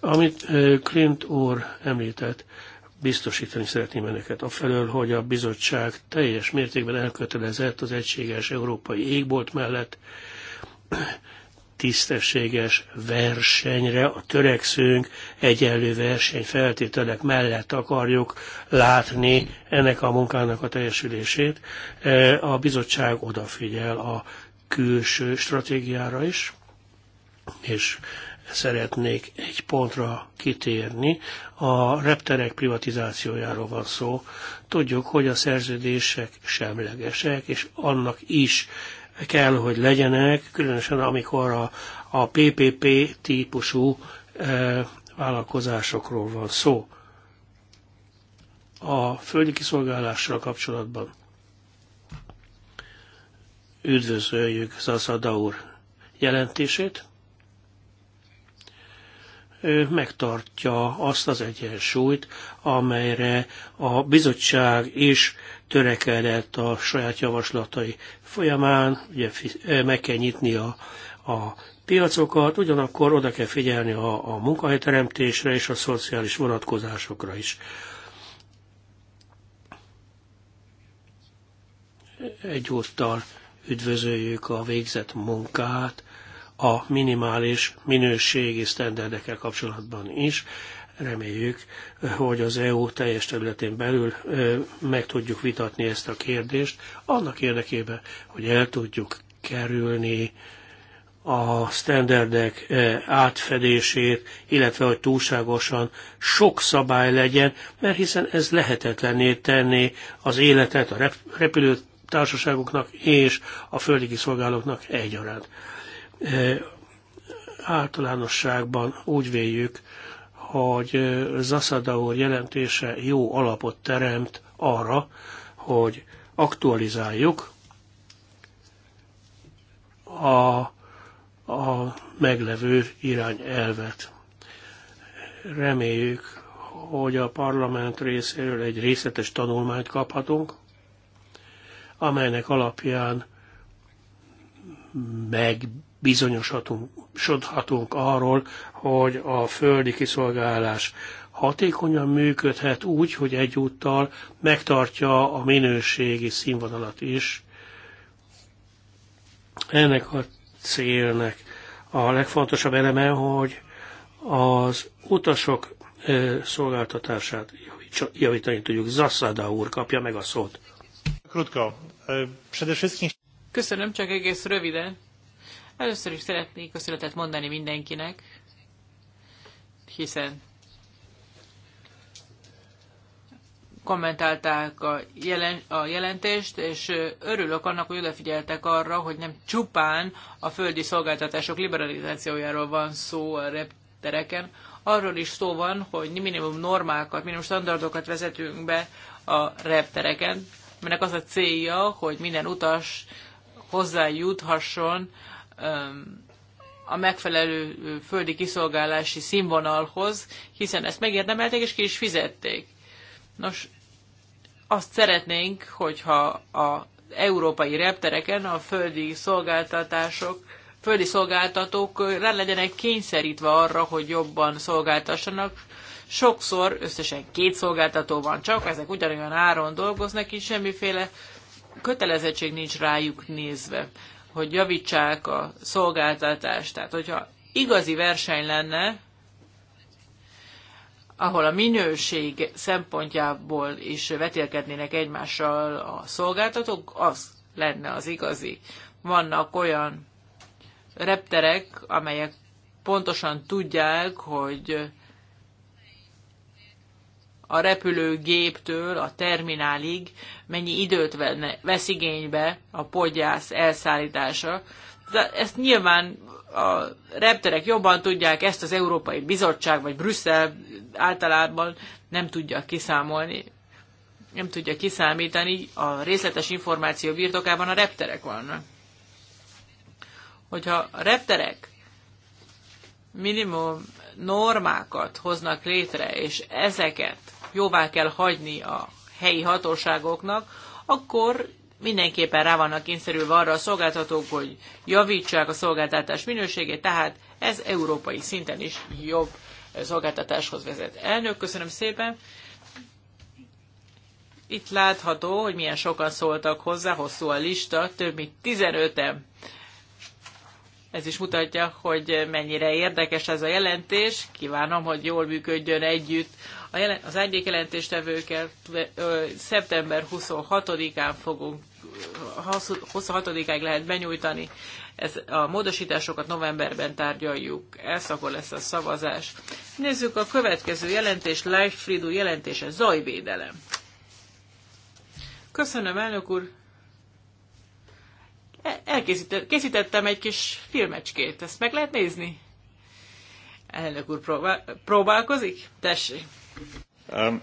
Amit Clint úr említett, biztosítani szeretném önöket afelől, hogy a bizottság teljes mértékben elkötelezett az egységes európai égbolt mellett tisztességes versenyre, a törekszünk egyenlő feltételek mellett akarjuk látni ennek a munkának a teljesülését. E, a bizottság odafigyel a külső stratégiára is, és szeretnék egy pontra kitérni. A repterek privatizációjáról van szó. Tudjuk, hogy a szerződések semlegesek, és annak is kell, hogy legyenek, különösen amikor a, a PPP típusú e, vállalkozásokról van szó. A földi kiszolgálással kapcsolatban üdvözöljük Zaszada úr jelentését, megtartja azt az egyensúlyt, amelyre a bizottság is törekedett a saját javaslatai folyamán, ugye meg kell nyitni a, a piacokat, ugyanakkor oda kell figyelni a, a munkahelyteremtésre és a szociális vonatkozásokra is. Egyúttal üdvözöljük a végzett munkát, a minimális minőségi sztenderdekkel kapcsolatban is. Reméljük, hogy az EU teljes területén belül meg tudjuk vitatni ezt a kérdést, annak érdekében, hogy el tudjuk kerülni a sztenderdek átfedését, illetve hogy túlságosan sok szabály legyen, mert hiszen ez lehetetlenné tenni az életet a repülőtársaságoknak és a földi szolgálóknak egyaránt. E, általánosságban úgy véljük, hogy e, Zaszada úr jelentése jó alapot teremt arra, hogy aktualizáljuk a, a meglevő irányelvet. Reméljük, hogy a parlament részéről egy részletes tanulmányt kaphatunk, amelynek alapján meg, bizonyosodhatunk arról, hogy a földi kiszolgálás hatékonyan működhet úgy, hogy egyúttal megtartja a minőségi színvonalat is. Ennek a célnek a legfontosabb eleme, hogy az utasok szolgáltatását javítani tudjuk. Zaszada úr kapja meg a szót. Krótko. Köszönöm, csak egész röviden. Először is szeretnék köszönetet mondani mindenkinek, hiszen kommentálták a, jelen, a jelentést, és örülök annak, hogy odafigyeltek arra, hogy nem csupán a földi szolgáltatások liberalizációjáról van szó a reptereken, arról is szó van, hogy minimum normákat, minimum standardokat vezetünk be a reptereken, aminek az a célja, hogy minden utas hozzájuthasson a megfelelő földi kiszolgálási színvonalhoz, hiszen ezt megérdemelték és ki is fizették. Nos, azt szeretnénk, hogyha az európai reptereken a földi szolgáltatások, földi szolgáltatók rá legyenek kényszerítve arra, hogy jobban szolgáltassanak. Sokszor összesen két szolgáltató van csak, ezek ugyanolyan áron dolgoznak, így semmiféle kötelezettség nincs rájuk nézve hogy javítsák a szolgáltatást. Tehát, hogyha igazi verseny lenne, ahol a minőség szempontjából is vetélkednének egymással a szolgáltatók, az lenne az igazi. Vannak olyan repterek, amelyek pontosan tudják, hogy a repülőgéptől a terminálig mennyi időt venne, vesz igénybe a podgyász elszállítása. De ezt nyilván a repterek jobban tudják, ezt az Európai Bizottság vagy Brüsszel általában nem tudja kiszámolni, nem tudja kiszámítani, a részletes információ birtokában a repterek vannak. Hogyha a repterek minimum normákat hoznak létre, és ezeket jóvá kell hagyni a helyi hatóságoknak, akkor mindenképpen rá vannak kényszerülve arra a szolgáltatók, hogy javítsák a szolgáltatás minőségét, tehát ez európai szinten is jobb szolgáltatáshoz vezet. Elnök, köszönöm szépen! Itt látható, hogy milyen sokan szóltak hozzá, hosszú a lista, több mint 15-en. Ez is mutatja, hogy mennyire érdekes ez a jelentés. Kívánom, hogy jól működjön együtt a jelen, az egyik jelentéstevőkkel szeptember 26-án fogunk 26 ig lehet benyújtani. Ez, a módosításokat novemberben tárgyaljuk. Ez akkor lesz a szavazás. Nézzük a következő jelentés, Leichfriedu jelentése, zajvédelem. Köszönöm, elnök úr. E, Elkészítettem egy kis filmecskét, ezt meg lehet nézni? Elnök úr próbál, próbálkozik? Tessék. Um.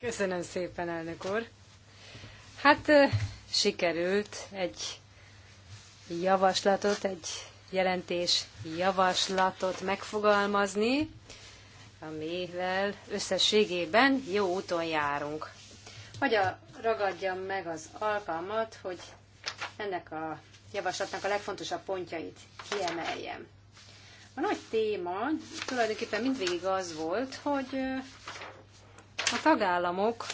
Köszönöm szépen, elnök úr. Hát sikerült egy javaslatot, egy jelentés javaslatot megfogalmazni, amivel összességében jó úton járunk. Hogy a, ragadjam meg az alkalmat, hogy ennek a javaslatnak a legfontosabb pontjait kiemeljem. A nagy téma tulajdonképpen mindvégig az volt, hogy a tagállamok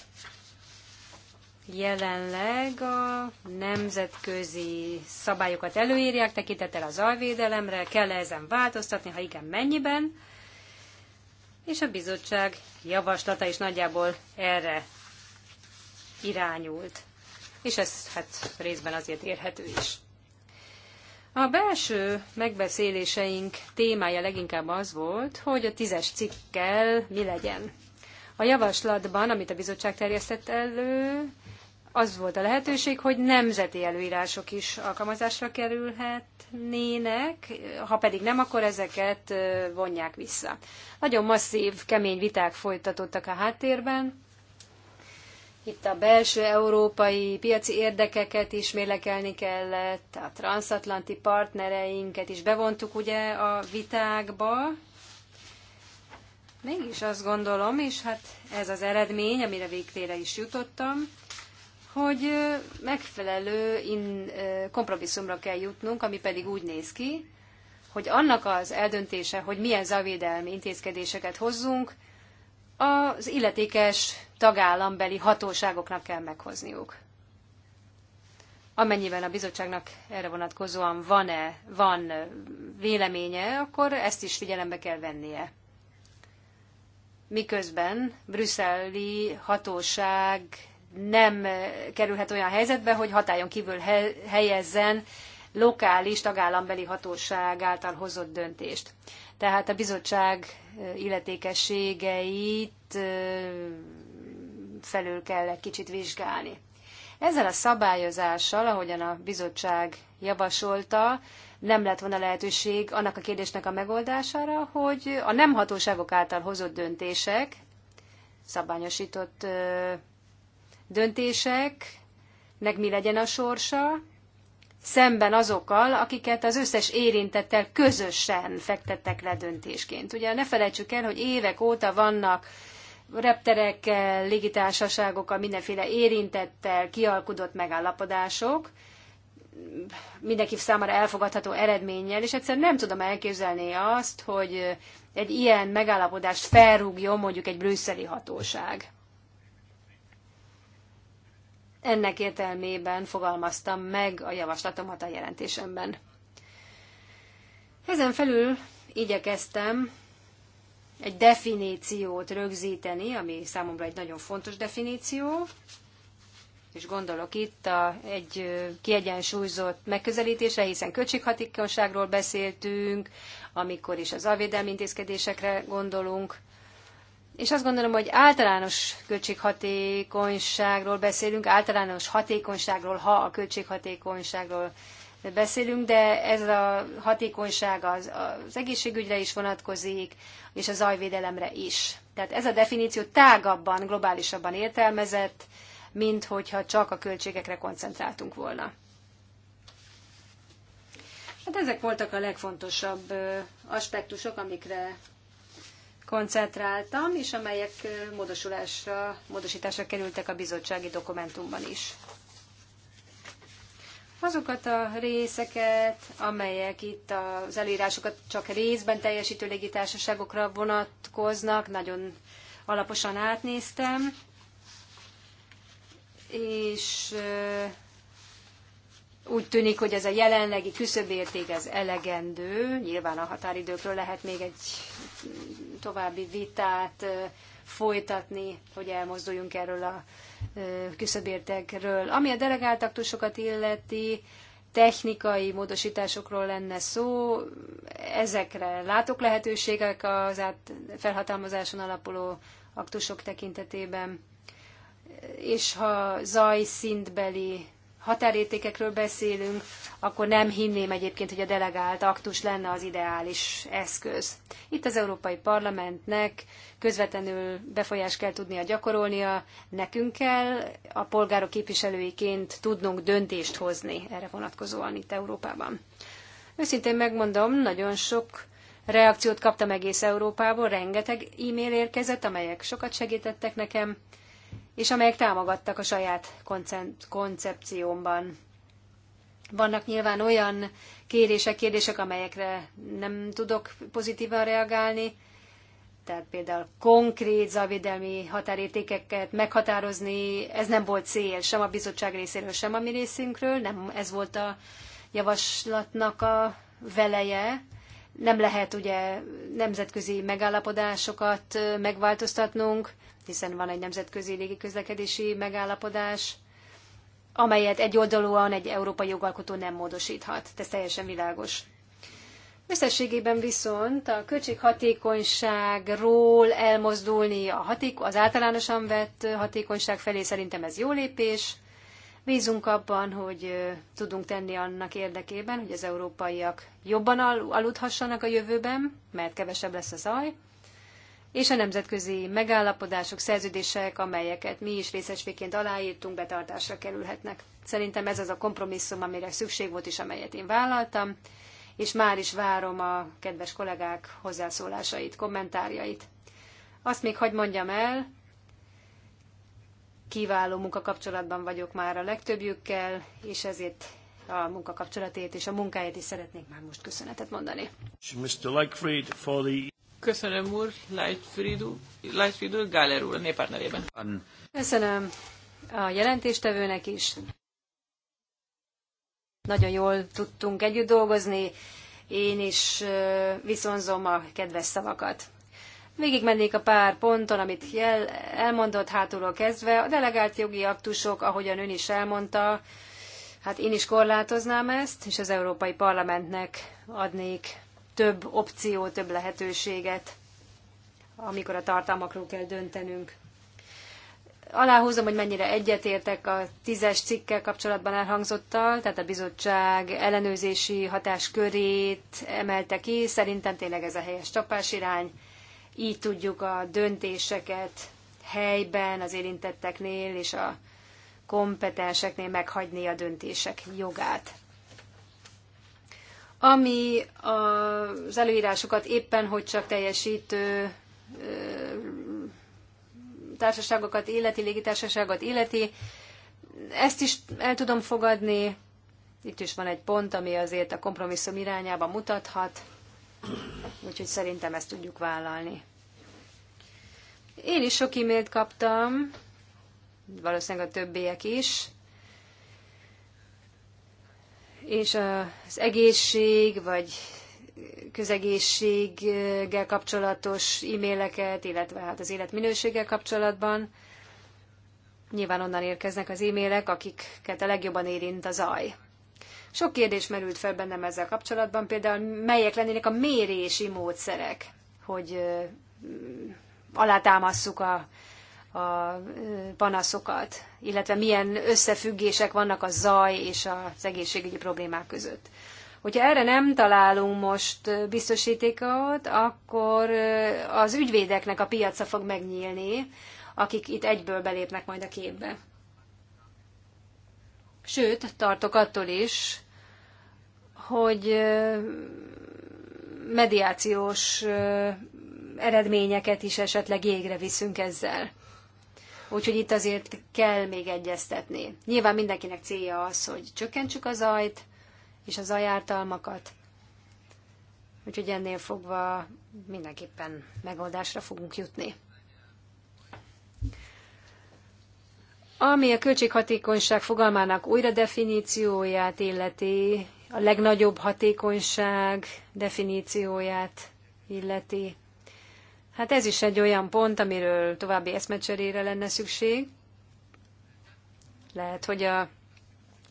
jelenleg a nemzetközi szabályokat előírják, tekintettel az alvédelemre, kell -e ezen változtatni, ha igen, mennyiben, és a bizottság javaslata is nagyjából erre irányult. És ez hát részben azért érhető is. A belső megbeszéléseink témája leginkább az volt, hogy a tízes cikkkel mi legyen. A javaslatban, amit a bizottság terjesztett elő, az volt a lehetőség, hogy nemzeti előírások is alkalmazásra kerülhetnének, ha pedig nem, akkor ezeket vonják vissza. Nagyon masszív, kemény viták folytatottak a háttérben, itt a belső európai piaci érdekeket is mérlekelni kellett, a transatlanti partnereinket is bevontuk ugye a vitákba. Mégis azt gondolom, és hát ez az eredmény, amire végtére is jutottam, hogy megfelelő in, kompromisszumra kell jutnunk, ami pedig úgy néz ki, hogy annak az eldöntése, hogy milyen zavédelmi intézkedéseket hozzunk, az illetékes tagállambeli hatóságoknak kell meghozniuk. Amennyiben a bizottságnak erre vonatkozóan van-e, van véleménye, akkor ezt is figyelembe kell vennie. Miközben brüsszeli hatóság nem kerülhet olyan helyzetbe, hogy hatályon kívül helyezzen lokális tagállambeli hatóság által hozott döntést. Tehát a bizottság illetékességeit felül kell egy kicsit vizsgálni. Ezzel a szabályozással, ahogyan a bizottság javasolta, nem lett volna lehetőség annak a kérdésnek a megoldására, hogy a nem hatóságok által hozott döntések, szabályosított döntéseknek mi legyen a sorsa, szemben azokkal, akiket az összes érintettel közösen fektettek le döntésként. Ugye ne felejtsük el, hogy évek óta vannak repterekkel, légitársaságokkal, mindenféle érintettel kialkudott megállapodások, mindenki számára elfogadható eredménnyel, és egyszerűen nem tudom elképzelni azt, hogy egy ilyen megállapodást felrúgjon mondjuk egy brüsszeli hatóság. Ennek értelmében fogalmaztam meg a javaslatomat a jelentésemben. Ezen felül igyekeztem egy definíciót rögzíteni, ami számomra egy nagyon fontos definíció, és gondolok itt a, egy kiegyensúlyozott megközelítésre, hiszen költséghatékonyságról beszéltünk, amikor is az avédelmi intézkedésekre gondolunk, és azt gondolom, hogy általános költséghatékonyságról beszélünk, általános hatékonyságról, ha a költséghatékonyságról beszélünk, de ez a hatékonyság az, az egészségügyre is vonatkozik, és a zajvédelemre is. Tehát ez a definíció tágabban, globálisabban értelmezett, mint hogyha csak a költségekre koncentráltunk volna. Hát ezek voltak a legfontosabb aspektusok, amikre koncentráltam, és amelyek módosulásra, módosításra kerültek a bizottsági dokumentumban is azokat a részeket, amelyek itt az előírásokat csak részben teljesítő légitársaságokra vonatkoznak, nagyon alaposan átnéztem, és úgy tűnik, hogy ez a jelenlegi küszöbérték ez elegendő, nyilván a határidőkről lehet még egy további vitát folytatni, hogy elmozduljunk erről a küszöbértekről. Ami a delegáltaktusokat illeti, technikai módosításokról lenne szó, ezekre látok lehetőségek az át felhatalmazáson alapuló aktusok tekintetében, és ha zajszintbeli határértékekről beszélünk, akkor nem hinném egyébként, hogy a delegált aktus lenne az ideális eszköz. Itt az Európai Parlamentnek közvetlenül befolyást kell tudnia gyakorolnia, nekünk kell a polgárok képviselőiként tudnunk döntést hozni erre vonatkozóan itt Európában. Őszintén megmondom, nagyon sok reakciót kaptam egész Európából, rengeteg e-mail érkezett, amelyek sokat segítettek nekem, és amelyek támogattak a saját koncepciómban. Vannak nyilván olyan kérések, kérdések, amelyekre nem tudok pozitívan reagálni, tehát például konkrét zavédelmi határértékeket meghatározni, ez nem volt cél sem a bizottság részéről, sem a mi részünkről, nem ez volt a javaslatnak a veleje. Nem lehet ugye nemzetközi megállapodásokat megváltoztatnunk, hiszen van egy nemzetközi légi közlekedési megállapodás, amelyet egyoldalúan egy európai jogalkotó nem módosíthat. Ez teljesen világos. Összességében viszont a költséghatékonyságról elmozdulni a haték, az általánosan vett hatékonyság felé szerintem ez jó lépés. Bízunk abban, hogy tudunk tenni annak érdekében, hogy az európaiak jobban aludhassanak a jövőben, mert kevesebb lesz a zaj, és a nemzetközi megállapodások, szerződések, amelyeket mi is részesvéként aláírtunk, betartásra kerülhetnek. Szerintem ez az a kompromisszum, amire szükség volt és amelyet én vállaltam, és már is várom a kedves kollégák hozzászólásait, kommentárjait. Azt még hagy mondjam el, kiváló munkakapcsolatban vagyok már a legtöbbjükkel, és ezért a munkakapcsolatét és a munkáját is szeretnék már most köszönetet mondani. Mr. for the Köszönöm úr, Lightfried úr, Gáler úr, a néppárt nevében. Köszönöm a jelentéstevőnek is. Nagyon jól tudtunk együtt dolgozni, én is viszonzom a kedves szavakat. mennék a pár ponton, amit jel, elmondott hátulról kezdve. A delegált jogi aktusok, ahogyan ön is elmondta, hát én is korlátoznám ezt, és az Európai Parlamentnek adnék több opció, több lehetőséget, amikor a tartalmakról kell döntenünk. Aláhúzom, hogy mennyire egyetértek a tízes cikkel kapcsolatban elhangzottal, tehát a bizottság ellenőrzési hatáskörét emelte ki, szerintem tényleg ez a helyes csapásirány. Így tudjuk a döntéseket helyben, az érintetteknél és a kompetenseknél meghagyni a döntések jogát ami az előírásokat éppen hogy csak teljesítő társaságokat illeti, légitársaságot illeti, ezt is el tudom fogadni. Itt is van egy pont, ami azért a kompromisszum irányába mutathat, úgyhogy szerintem ezt tudjuk vállalni. Én is sok e-mailt kaptam, valószínűleg a többiek is, és az egészség vagy közegészséggel kapcsolatos e-maileket, illetve hát az életminőséggel kapcsolatban. Nyilván onnan érkeznek az e-mailek, akiket a legjobban érint a zaj. Sok kérdés merült fel bennem ezzel kapcsolatban, például melyek lennének a mérési módszerek, hogy alátámasszuk a a panaszokat, illetve milyen összefüggések vannak a zaj és az egészségügyi problémák között. Hogyha erre nem találunk most biztosítékot, akkor az ügyvédeknek a piaca fog megnyílni, akik itt egyből belépnek majd a képbe. Sőt, tartok attól is, hogy mediációs eredményeket is esetleg égre viszünk ezzel. Úgyhogy itt azért kell még egyeztetni. Nyilván mindenkinek célja az, hogy csökkentsük a zajt és a zajártalmakat. Úgyhogy ennél fogva mindenképpen megoldásra fogunk jutni. Ami a költséghatékonyság fogalmának újra definícióját illeti, a legnagyobb hatékonyság definícióját illeti, Hát ez is egy olyan pont, amiről további eszmecserére lenne szükség. Lehet, hogy a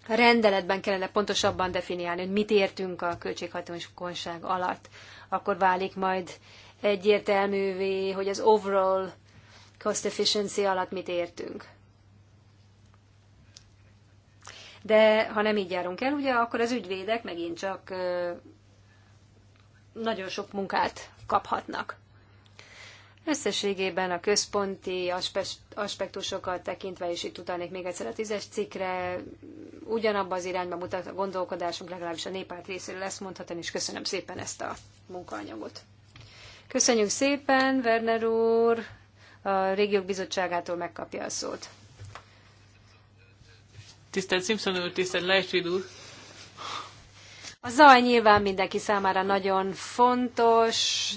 rendeletben kellene pontosabban definiálni, hogy mit értünk a költséghatókonyság alatt. Akkor válik majd egyértelművé, hogy az overall cost efficiency alatt mit értünk. De ha nem így járunk el, ugye, akkor az ügyvédek megint csak nagyon sok munkát kaphatnak. Összességében a központi aspektusokat tekintve, és itt utalnék még egyszer a tízes cikkre, ugyanabba az irányba mutat a gondolkodásunk, legalábbis a néppárt részéről lesz mondhatom, és köszönöm szépen ezt a munkaanyagot. Köszönjük szépen, Werner úr, a Régiók Bizottságától megkapja a szót. Tisztelt Simpson úr, tisztelt Leitrid úr! A zaj nyilván mindenki számára nagyon fontos,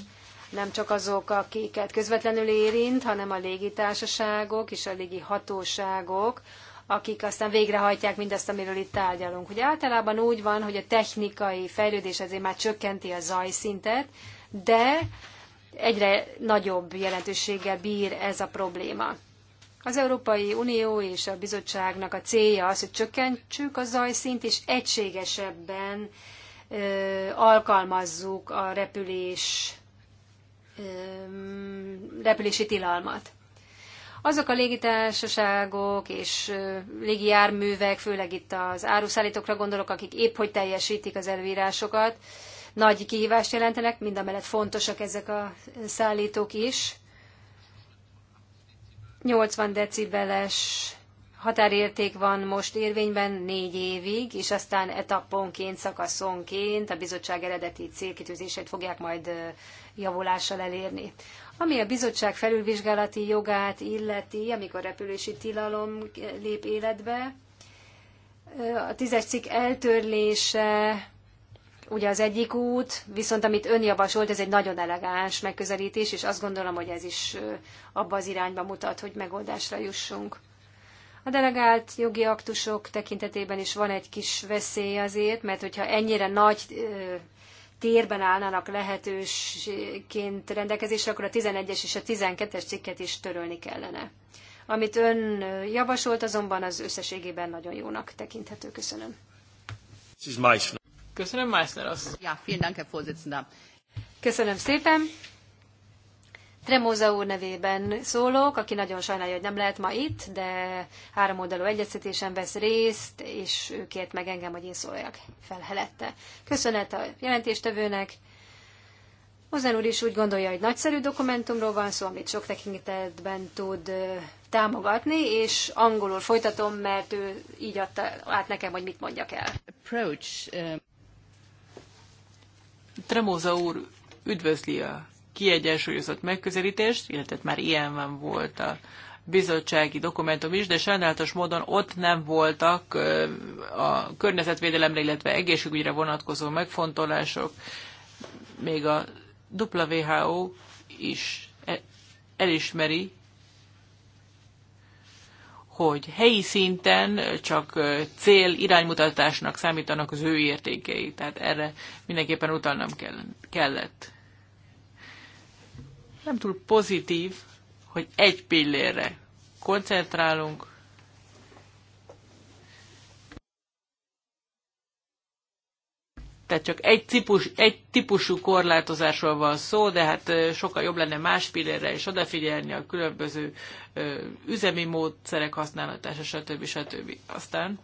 nem csak azok, akiket közvetlenül érint, hanem a légitársaságok és a légi hatóságok, akik aztán végrehajtják mindazt, amiről itt tárgyalunk. Ugye általában úgy van, hogy a technikai fejlődés azért már csökkenti a zajszintet, de egyre nagyobb jelentőséggel bír ez a probléma. Az Európai Unió és a bizottságnak a célja az, hogy csökkentsük a zajszint, és egységesebben ö, alkalmazzuk a repülés repülési tilalmat. Azok a légitársaságok és légijárművek, főleg itt az áruszállítókra gondolok, akik épp hogy teljesítik az előírásokat, nagy kihívást jelentenek, mind mellett fontosak ezek a szállítók is. 80 decibeles határérték van most érvényben négy évig, és aztán etapponként, szakaszonként a bizottság eredeti célkitűzését fogják majd javulással elérni. Ami a bizottság felülvizsgálati jogát illeti, amikor repülési tilalom lép életbe, a tízes cikk eltörlése ugye az egyik út, viszont amit ön javasolt, ez egy nagyon elegáns megközelítés, és azt gondolom, hogy ez is abba az irányba mutat, hogy megoldásra jussunk. A delegált jogi aktusok tekintetében is van egy kis veszély azért, mert hogyha ennyire nagy térben állnának lehetőségként rendelkezésre, akkor a 11-es és a 12-es cikket is törölni kellene. Amit ön javasolt, azonban az összességében nagyon jónak tekinthető. Köszönöm. Köszönöm, Meissner azt. Ja, vielen Dank, Herr Vorsitzender. Köszönöm szépen. Tremóza úr nevében szólok, aki nagyon sajnálja, hogy nem lehet ma itt, de három oldalú egyeztetésen vesz részt, és ő kért meg engem, hogy én szóljak fel helette. Köszönet a jelentéstevőnek. Ozen úr is úgy gondolja, hogy nagyszerű dokumentumról van szó, amit sok tekintetben tud támogatni, és angolul folytatom, mert ő így adta át nekem, hogy mit mondjak el. Approach. Tremóza úr üdvözli a kiegyensúlyozott megközelítést, illetve már ilyen van volt a bizottsági dokumentum is, de sajnálatos módon ott nem voltak a környezetvédelemre, illetve egészségügyre vonatkozó megfontolások, még a WHO is e- elismeri, hogy helyi szinten csak cél iránymutatásnak számítanak az ő értékei, tehát erre mindenképpen utalnom kellett nem túl pozitív, hogy egy pillérre koncentrálunk, tehát csak egy, típus, egy típusú korlátozásról van szó, de hát sokkal jobb lenne más pillérre is odafigyelni a különböző üzemi módszerek használatása, stb. stb. Aztán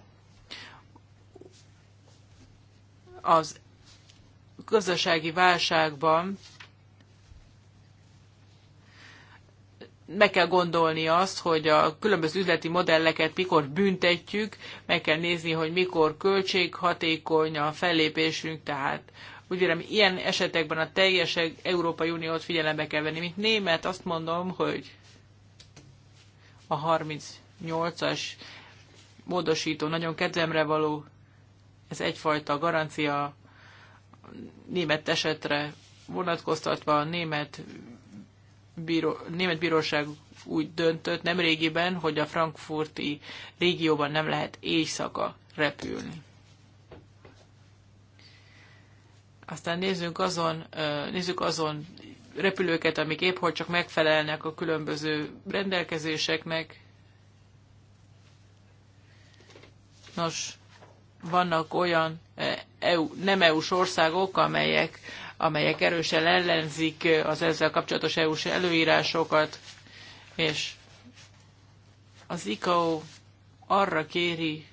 az gazdasági válságban meg kell gondolni azt, hogy a különböző üzleti modelleket mikor büntetjük, meg kell nézni, hogy mikor költséghatékony a fellépésünk, tehát úgy vélem, ilyen esetekben a teljes e- Európai Uniót figyelembe kell venni. Mint német azt mondom, hogy a 38-as módosító nagyon kedvemre való, ez egyfajta garancia német esetre vonatkoztatva a német bíró, német bíróság úgy döntött nem régiben, hogy a frankfurti régióban nem lehet éjszaka repülni. Aztán nézzünk azon, nézzük azon repülőket, amik épp hogy csak megfelelnek a különböző rendelkezéseknek. Nos, vannak olyan EU, nem EU-s országok, amelyek amelyek erősen ellenzik az ezzel kapcsolatos EU-s előírásokat, és az ICAO arra kéri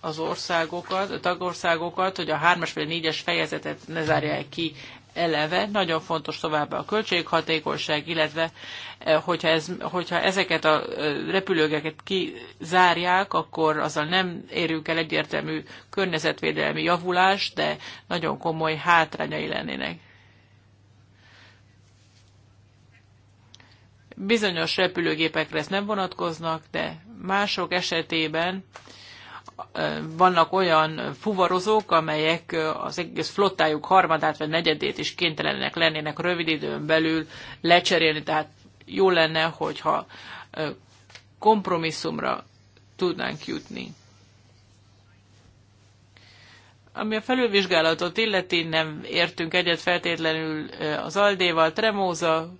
az országokat, a tagországokat, hogy a 3-as vagy a négyes fejezetet ne zárják ki eleve nagyon fontos továbbá a költséghatékonyság, illetve eh, hogyha, ez, hogyha ezeket a eh, repülőgeket kizárják, akkor azzal nem érünk el egyértelmű környezetvédelmi javulást, de nagyon komoly hátrányai lennének. Bizonyos repülőgépekre ez nem vonatkoznak, de mások esetében vannak olyan fuvarozók, amelyek az egész flottájuk harmadát vagy negyedét is kénytelenek lennének rövid időn belül lecserélni, tehát jó lenne, hogyha kompromisszumra tudnánk jutni. Ami a felülvizsgálatot illeti, nem értünk egyet feltétlenül az Aldéval, Tremóza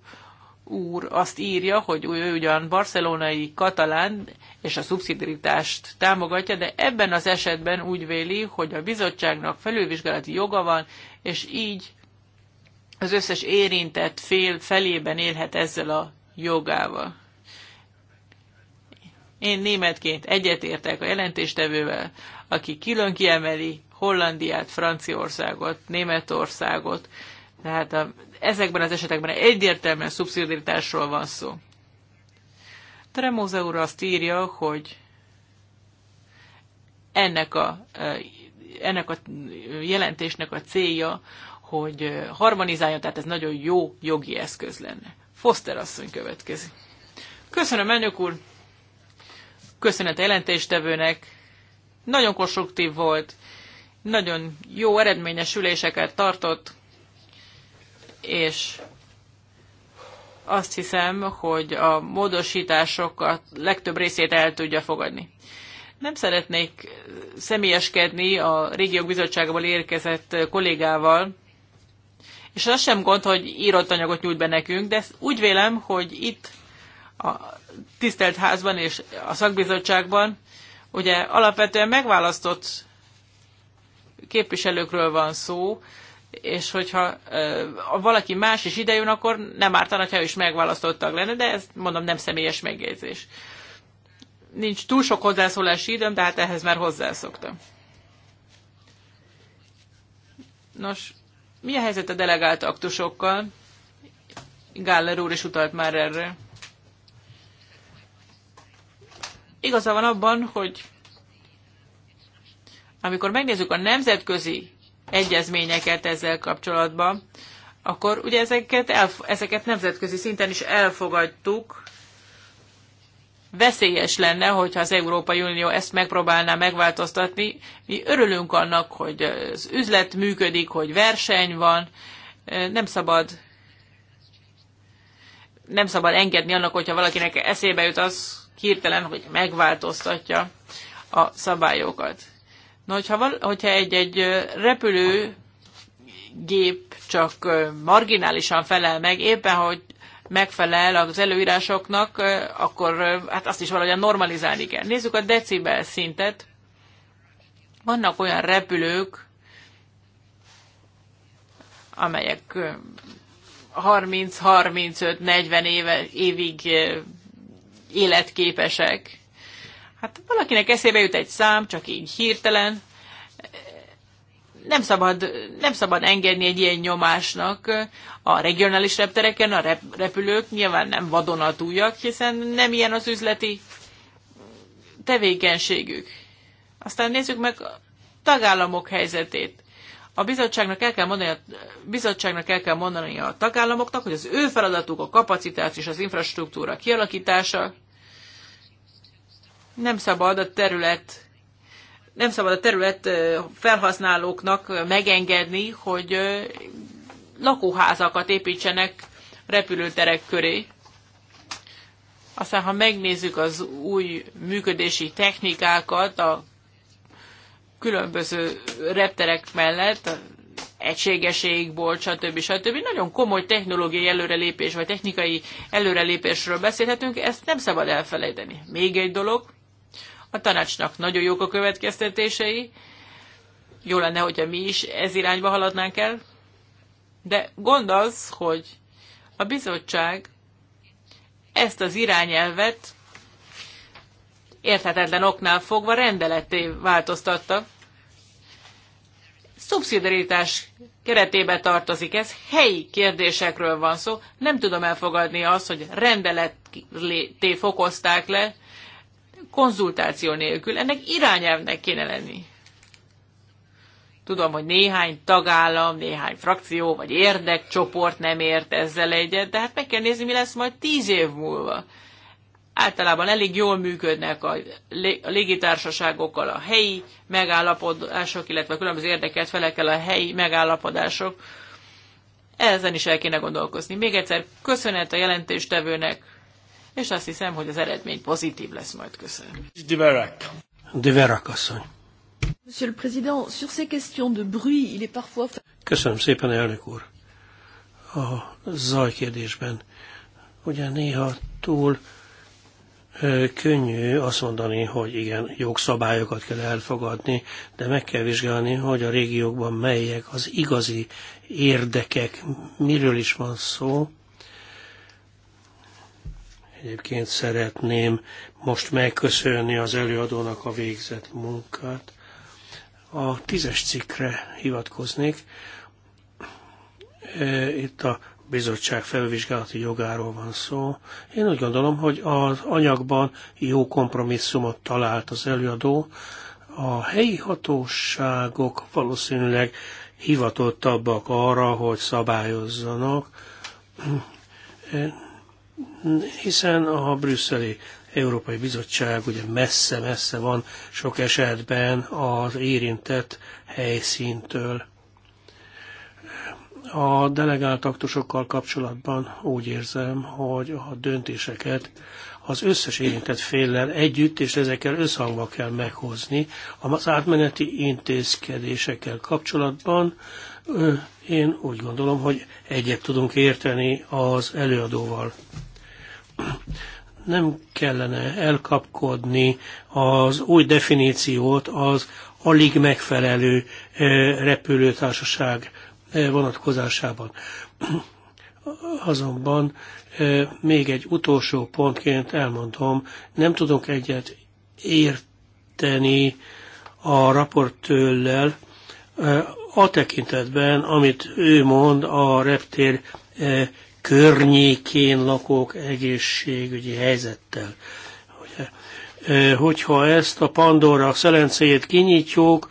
úr azt írja, hogy ő ugyan barcelonai katalán és a szubszidiritást támogatja, de ebben az esetben úgy véli, hogy a bizottságnak felülvizsgálati joga van, és így az összes érintett fél felében élhet ezzel a jogával. Én németként egyetértek a jelentéstevővel, aki külön kiemeli Hollandiát, Franciaországot, Németországot, tehát a ezekben az esetekben egyértelműen szubszidiaritásról van szó. Tremóze úr azt írja, hogy ennek a, e, ennek a jelentésnek a célja, hogy harmonizálja, tehát ez nagyon jó jogi eszköz lenne. Foster asszony következik. Köszönöm, elnök úr! Köszönet a jelentéstevőnek! Nagyon konstruktív volt, nagyon jó eredményes üléseket tartott, és azt hiszem, hogy a módosításokat legtöbb részét el tudja fogadni. Nem szeretnék személyeskedni a régiók bizottságából érkezett kollégával, és az sem gond, hogy írott anyagot nyújt be nekünk, de úgy vélem, hogy itt a tisztelt házban és a szakbizottságban ugye alapvetően megválasztott képviselőkről van szó, és hogyha ha valaki más is idejön, akkor nem ártana, ha is megválasztottak lenne, de ez mondom, nem személyes megjegyzés. Nincs túl sok hozzászólási időm, de hát ehhez már hozzászoktam. Nos, mi a helyzet a delegált aktusokkal? Gáller úr is utalt már erre. Igaza van abban, hogy amikor megnézzük a nemzetközi egyezményeket ezzel kapcsolatban, akkor ugye ezeket, elf- ezeket nemzetközi szinten is elfogadtuk. Veszélyes lenne, hogyha az Európai Unió ezt megpróbálná megváltoztatni. Mi örülünk annak, hogy az üzlet működik, hogy verseny van, nem szabad nem szabad engedni annak, hogyha valakinek eszébe jut az hirtelen, hogy megváltoztatja a szabályokat. Na, hogyha, val- hogyha egy-egy repülő gép csak marginálisan felel meg, éppen hogy megfelel az előírásoknak, akkor hát azt is valahogyan normalizálni kell. Nézzük a decibel szintet. Vannak olyan repülők, amelyek 30-35-40 éve, évig életképesek. Hát valakinek eszébe jut egy szám, csak így hirtelen. Nem szabad, nem szabad engedni egy ilyen nyomásnak a regionális reptereken, a rep- repülők nyilván nem vadonatújak, hiszen nem ilyen az üzleti tevékenységük. Aztán nézzük meg a tagállamok helyzetét. A bizottságnak el kell mondani, a bizottságnak el kell mondani a tagállamoknak, hogy az ő feladatuk a kapacitás és az infrastruktúra kialakítása, nem szabad a terület nem szabad a terület felhasználóknak megengedni, hogy lakóházakat építsenek repülőterek köré. Aztán, ha megnézzük az új működési technikákat a különböző repterek mellett, egységeségból, stb. stb. Nagyon komoly technológiai előrelépés, vagy technikai előrelépésről beszélhetünk, ezt nem szabad elfelejteni. Még egy dolog, a tanácsnak nagyon jók a következtetései. Jó lenne, hogyha mi is ez irányba haladnánk el. De gond az, hogy a bizottság ezt az irányelvet érthetetlen oknál fogva rendeleté változtatta. Szubszidaritás keretébe tartozik ez, helyi kérdésekről van szó. Nem tudom elfogadni azt, hogy rendeleté fokozták le konzultáció nélkül. Ennek irányelvnek kéne lenni. Tudom, hogy néhány tagállam, néhány frakció vagy érdekcsoport nem ért ezzel egyet, de hát meg kell nézni, mi lesz majd tíz év múlva. Általában elég jól működnek a légitársaságokkal a helyi megállapodások, illetve különböző érdeket felekkel a helyi megállapodások. Ezen is el kéne gondolkozni. Még egyszer köszönet a jelentéstevőnek, és azt hiszem, hogy az eredmény pozitív lesz majd. Köszönöm. Diverak. Diverak asszony. Monsieur le Président, sur ces questions de bruit, il est parfois... Köszönöm szépen, elnök úr. A zaj kérdésben ugye néha túl ö, könnyű azt mondani, hogy igen, jogszabályokat kell elfogadni, de meg kell vizsgálni, hogy a régiókban melyek az igazi érdekek, miről is van szó, Egyébként szeretném most megköszönni az előadónak a végzett munkát. A tízes cikkre hivatkoznék. E, itt a bizottság felvizsgálati jogáról van szó. Én úgy gondolom, hogy az anyagban jó kompromisszumot talált az előadó. A helyi hatóságok valószínűleg hivatottabbak arra, hogy szabályozzanak. E, hiszen a brüsszeli Európai Bizottság ugye messze-messze van sok esetben az érintett helyszíntől. A delegált aktusokkal kapcsolatban úgy érzem, hogy a döntéseket az összes érintett féllel együtt és ezekkel összhangba kell meghozni. Az átmeneti intézkedésekkel kapcsolatban én úgy gondolom, hogy egyet tudunk érteni az előadóval. Nem kellene elkapkodni az új definíciót az alig megfelelő repülőtársaság vonatkozásában. Azonban még egy utolsó pontként elmondom, nem tudunk egyet érteni a raportőllel a tekintetben, amit ő mond a reptér eh, környékén lakók egészségügyi helyzettel. Eh, hogyha ezt a Pandora szelencéjét kinyitjuk,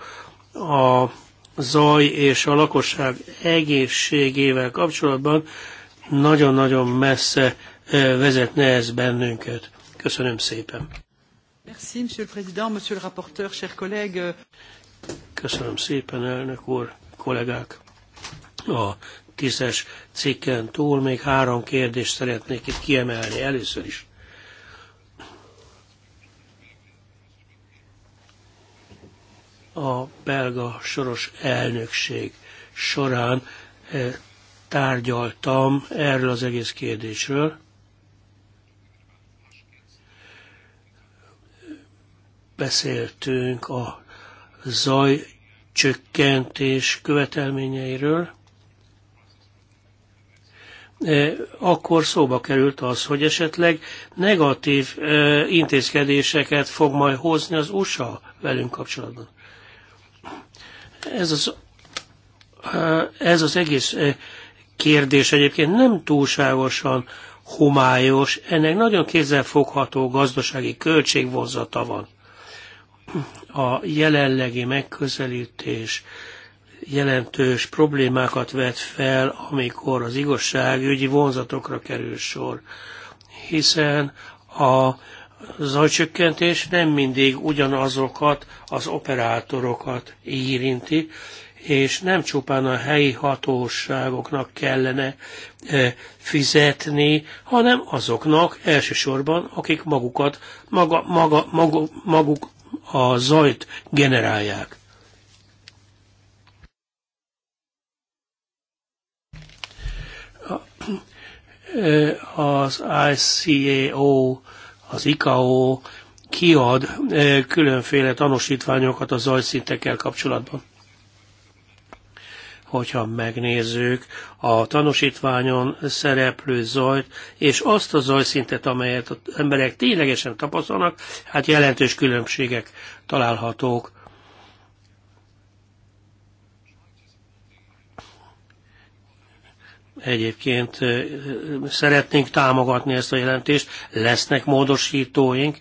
a zaj és a lakosság egészségével kapcsolatban nagyon-nagyon messze eh, vezetne ez bennünket. Köszönöm szépen. Merci, Monsieur le Président, Monsieur le Rapporteur, chers collègues. Köszönöm szépen, elnök úr, kollégák. A tízes cikken túl még három kérdést szeretnék itt kiemelni először is. A belga soros elnökség során eh, tárgyaltam erről az egész kérdésről. Beszéltünk a zajcsökkentés csökkentés követelményeiről, e, akkor szóba került az, hogy esetleg negatív e, intézkedéseket fog majd hozni az USA velünk kapcsolatban. Ez az, e, ez az egész kérdés egyébként nem túlságosan homályos, ennek nagyon kézzelfogható gazdasági költségvonzata van a jelenlegi megközelítés jelentős problémákat vet fel, amikor az igazságügyi vonzatokra kerül sor, hiszen a zajcsökkentés nem mindig ugyanazokat az operátorokat érinti, és nem csupán a helyi hatóságoknak kellene e, fizetni, hanem azoknak elsősorban, akik magukat, maga, maga, maga, maguk a zajt generálják. Az ICAO, az ICAO kiad eh, különféle tanúsítványokat a zajszintekkel kapcsolatban hogyha megnézzük a tanúsítványon szereplő zajt, és azt a zajszintet, amelyet az emberek ténylegesen tapasztalnak, hát jelentős különbségek találhatók. Egyébként szeretnénk támogatni ezt a jelentést, lesznek módosítóink.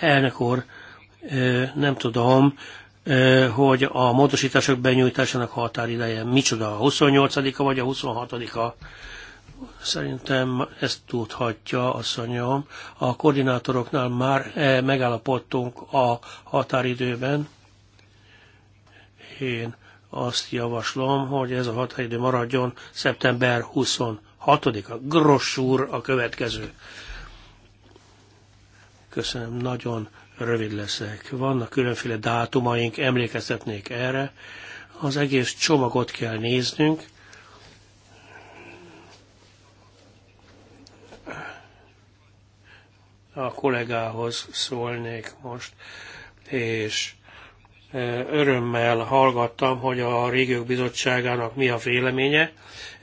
Elnök úr, nem tudom, hogy a módosítások benyújtásának határideje micsoda, a 28-a vagy a 26-a? Szerintem ezt tudhatja, asszonyom. A koordinátoroknál már e, megállapodtunk a határidőben. Én azt javaslom, hogy ez a határidő maradjon szeptember 26-a. Grossúr a következő. Köszönöm nagyon rövid leszek. Vannak különféle dátumaink, emlékeztetnék erre. Az egész csomagot kell néznünk. A kollégához szólnék most, és e, örömmel hallgattam, hogy a régiók bizottságának mi a véleménye.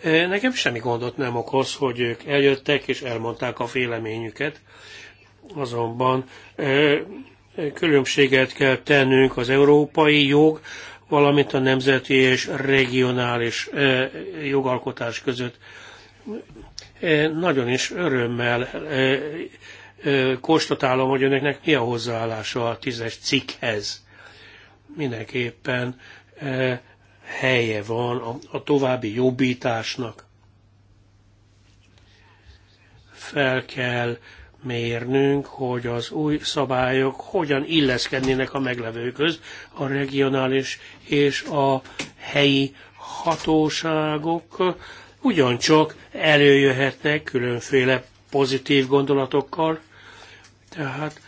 E, nekem semmi gondot nem okoz, hogy ők eljöttek és elmondták a véleményüket. Azonban különbséget kell tennünk az európai jog, valamint a nemzeti és regionális jogalkotás között. Nagyon is örömmel konstatálom, hogy önöknek mi a hozzáállása a tízes cikkhez. Mindenképpen helye van a további jobbításnak. Fel kell mérnünk, hogy az új szabályok hogyan illeszkednének a meglevőköz a regionális és a helyi hatóságok ugyancsak előjöhetnek különféle pozitív gondolatokkal, tehát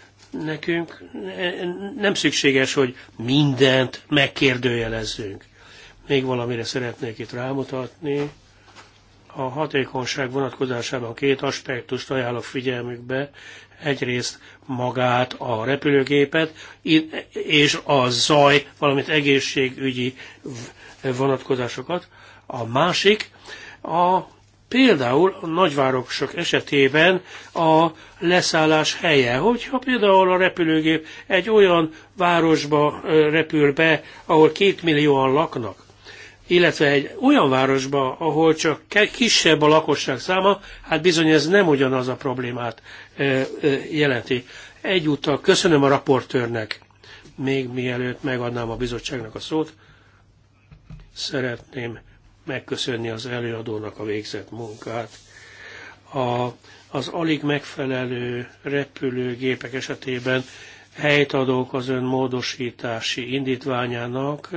nekünk e, nem szükséges, hogy mindent megkérdőjelezzünk. Még valamire szeretnék itt rámutatni. A hatékonyság vonatkozásában két aspektust ajánlok figyelmükbe. Egyrészt magát, a repülőgépet, és a zaj, valamint egészségügyi vonatkozásokat. A másik a például a nagyvárosok esetében a leszállás helye. Hogyha például a repülőgép egy olyan városba repül be, ahol két millióan laknak, illetve egy olyan városba, ahol csak kisebb a lakosság száma, hát bizony ez nem ugyanaz a problémát jelenti. Egyúttal köszönöm a raportőrnek, még mielőtt megadnám a bizottságnak a szót, szeretném megköszönni az előadónak a végzett munkát. A, az alig megfelelő repülőgépek esetében helyt adok az ön módosítási indítványának,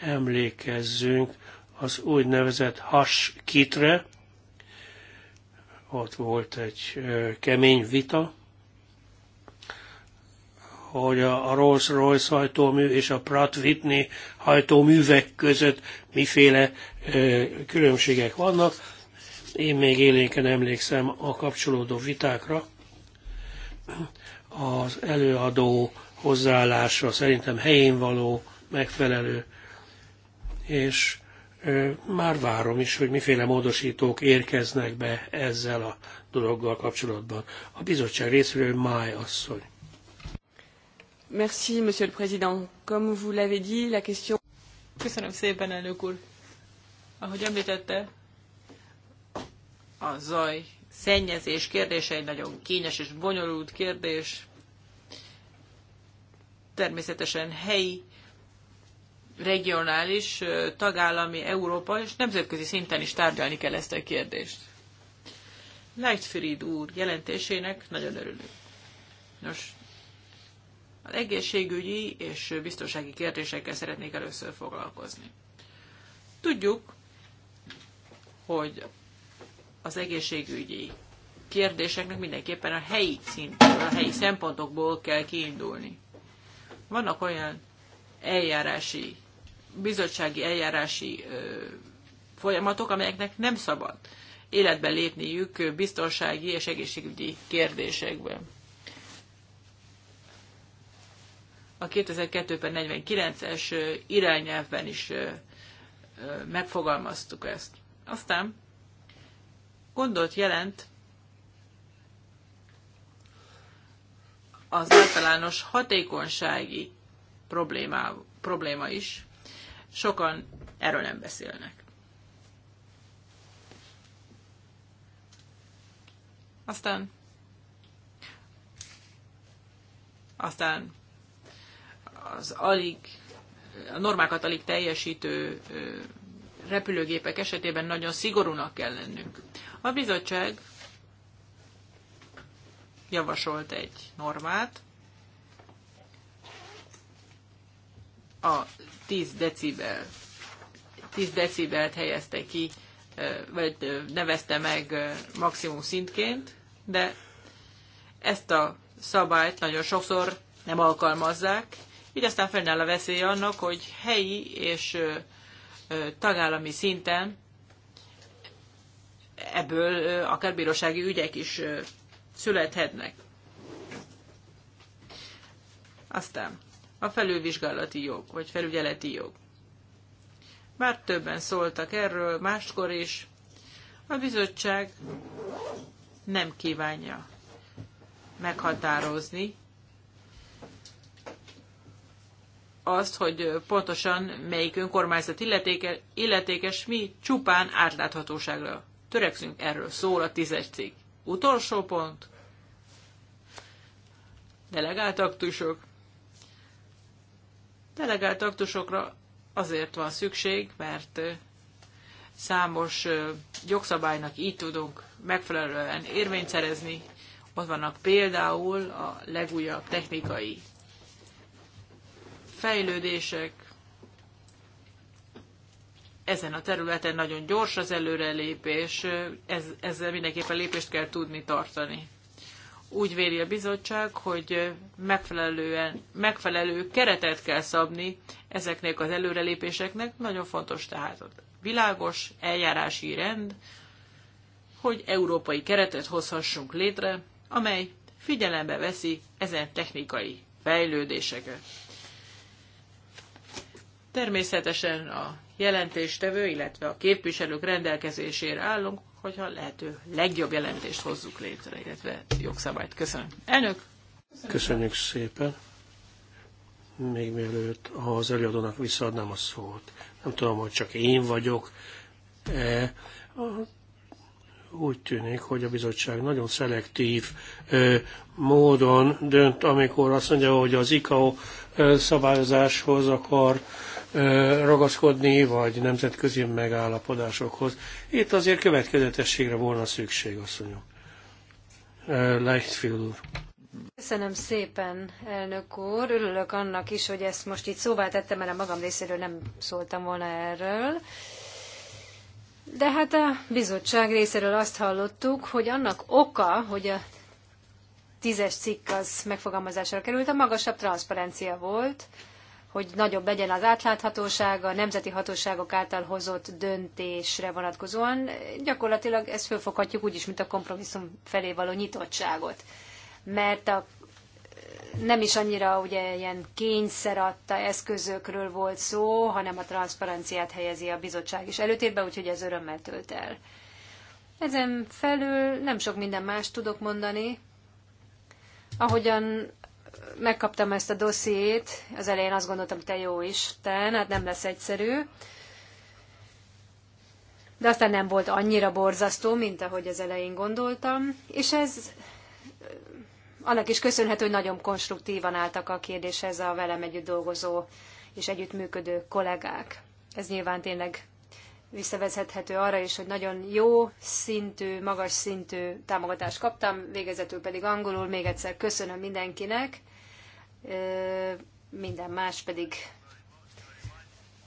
emlékezzünk az úgynevezett has kitre. Ott volt egy kemény vita, hogy a Rolls-Royce hajtómű és a Pratt Whitney hajtóművek között miféle különbségek vannak. Én még élénken emlékszem a kapcsolódó vitákra. Az előadó hozzáállása szerintem helyén való, megfelelő és már várom is, hogy miféle módosítók érkeznek be ezzel a dologgal kapcsolatban. A bizottság részéről Máj asszony. Merci, Monsieur le Président. Comme vous l'avez dit, la question... Köszönöm szépen, elnök úr. Ahogy említette, a zaj szennyezés kérdése egy nagyon kényes és bonyolult kérdés. Természetesen helyi regionális, tagállami, Európa és nemzetközi szinten is tárgyalni kell ezt a kérdést. Lightfried úr jelentésének nagyon örülünk. Nos, az egészségügyi és biztonsági kérdésekkel szeretnék először foglalkozni. Tudjuk, hogy az egészségügyi kérdéseknek mindenképpen a helyi szint, a helyi szempontokból kell kiindulni. Vannak olyan eljárási bizottsági eljárási folyamatok, amelyeknek nem szabad életbe lépniük biztonsági és egészségügyi kérdésekben. A 2002-ben 49-es irányelvben is megfogalmaztuk ezt. Aztán gondot jelent az általános hatékonysági probléma, probléma is. Sokan erről nem beszélnek. Aztán aztán az alig, a normákat alig teljesítő repülőgépek esetében nagyon szigorúnak kell lennünk. A bizottság javasolt egy normát, a 10 decibel, 10 decibelt helyezte ki, vagy nevezte meg maximum szintként, de ezt a szabályt nagyon sokszor nem alkalmazzák, így aztán fennáll a veszély annak, hogy helyi és tagállami szinten ebből akár bírósági ügyek is születhetnek. Aztán a felülvizsgálati jog, vagy felügyeleti jog. Már többen szóltak erről máskor is. A bizottság nem kívánja meghatározni azt, hogy pontosan melyik önkormányzat illetéke, illetékes, mi csupán átláthatóságra törekszünk, erről szól a tízes cikk. Utolsó pont. Delegált aktusok. Delegált aktusokra azért van szükség, mert számos jogszabálynak így tudunk megfelelően érvényt szerezni. Ott vannak például a legújabb technikai fejlődések. Ezen a területen nagyon gyors az előrelépés, ez, ezzel mindenképpen lépést kell tudni tartani. Úgy véli a bizottság, hogy megfelelően, megfelelő keretet kell szabni ezeknek az előrelépéseknek. Nagyon fontos tehát a világos eljárási rend, hogy európai keretet hozhassunk létre, amely figyelembe veszi ezen technikai fejlődéseket. Természetesen a jelentéstevő, illetve a képviselők rendelkezésére állunk, hogyha lehető legjobb jelentést hozzuk létre, illetve jogszabályt. Köszönöm. Elnök! Köszönjük, Köszönjük szépen! Még mielőtt az előadónak visszaadnám a szót, nem tudom, hogy csak én vagyok, e, úgy tűnik, hogy a bizottság nagyon szelektív e, módon dönt, amikor azt mondja, hogy az ICAO szabályozáshoz akar ragaszkodni, vagy nemzetközi megállapodásokhoz. Itt azért következetességre volna szükség, asszonyom. Leichtfield úr. Köszönöm szépen, elnök úr. Örülök annak is, hogy ezt most itt szóvá tettem, mert a magam részéről nem szóltam volna erről. De hát a bizottság részéről azt hallottuk, hogy annak oka, hogy a tízes cikk az megfogalmazásra került, a magasabb transzparencia volt, hogy nagyobb legyen az átláthatósága a nemzeti hatóságok által hozott döntésre vonatkozóan. Gyakorlatilag ezt fölfoghatjuk úgy is, mint a kompromisszum felé való nyitottságot. Mert a, nem is annyira ugye ilyen kényszer adta eszközökről volt szó, hanem a transzparenciát helyezi a bizottság is előtérbe, úgyhogy ez örömmel tölt el. Ezen felül nem sok minden más tudok mondani. Ahogyan megkaptam ezt a dossziét, az elején azt gondoltam, te jó Isten, hát nem lesz egyszerű. De aztán nem volt annyira borzasztó, mint ahogy az elején gondoltam, és ez annak is köszönhető, hogy nagyon konstruktívan álltak a kérdéshez a velem együtt dolgozó és együttműködő kollégák. Ez nyilván tényleg visszavezethető arra is, hogy nagyon jó szintű, magas szintű támogatást kaptam, végezetül pedig angolul még egyszer köszönöm mindenkinek, minden más pedig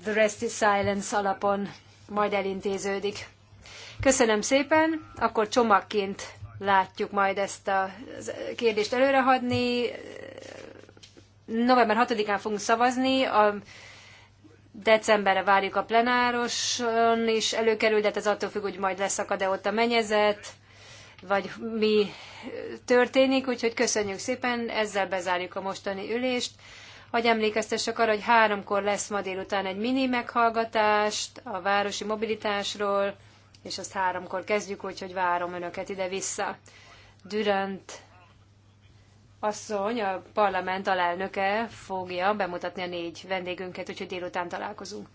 the rest is silence alapon majd elintéződik. Köszönöm szépen, akkor csomagként látjuk majd ezt a kérdést előrehadni. November 6-án fogunk szavazni. A Decemberre várjuk a plenároson is előkerül, de ez attól függ, hogy majd leszakad-e ott a menyezet, vagy mi történik, úgyhogy köszönjük szépen, ezzel bezárjuk a mostani ülést. Hogy emlékeztessek arra, hogy háromkor lesz ma délután egy mini meghallgatást a városi mobilitásról, és azt háromkor kezdjük, úgyhogy várom Önöket ide-vissza. Dürant asszony, a parlament alelnöke fogja bemutatni a négy vendégünket, úgyhogy délután találkozunk.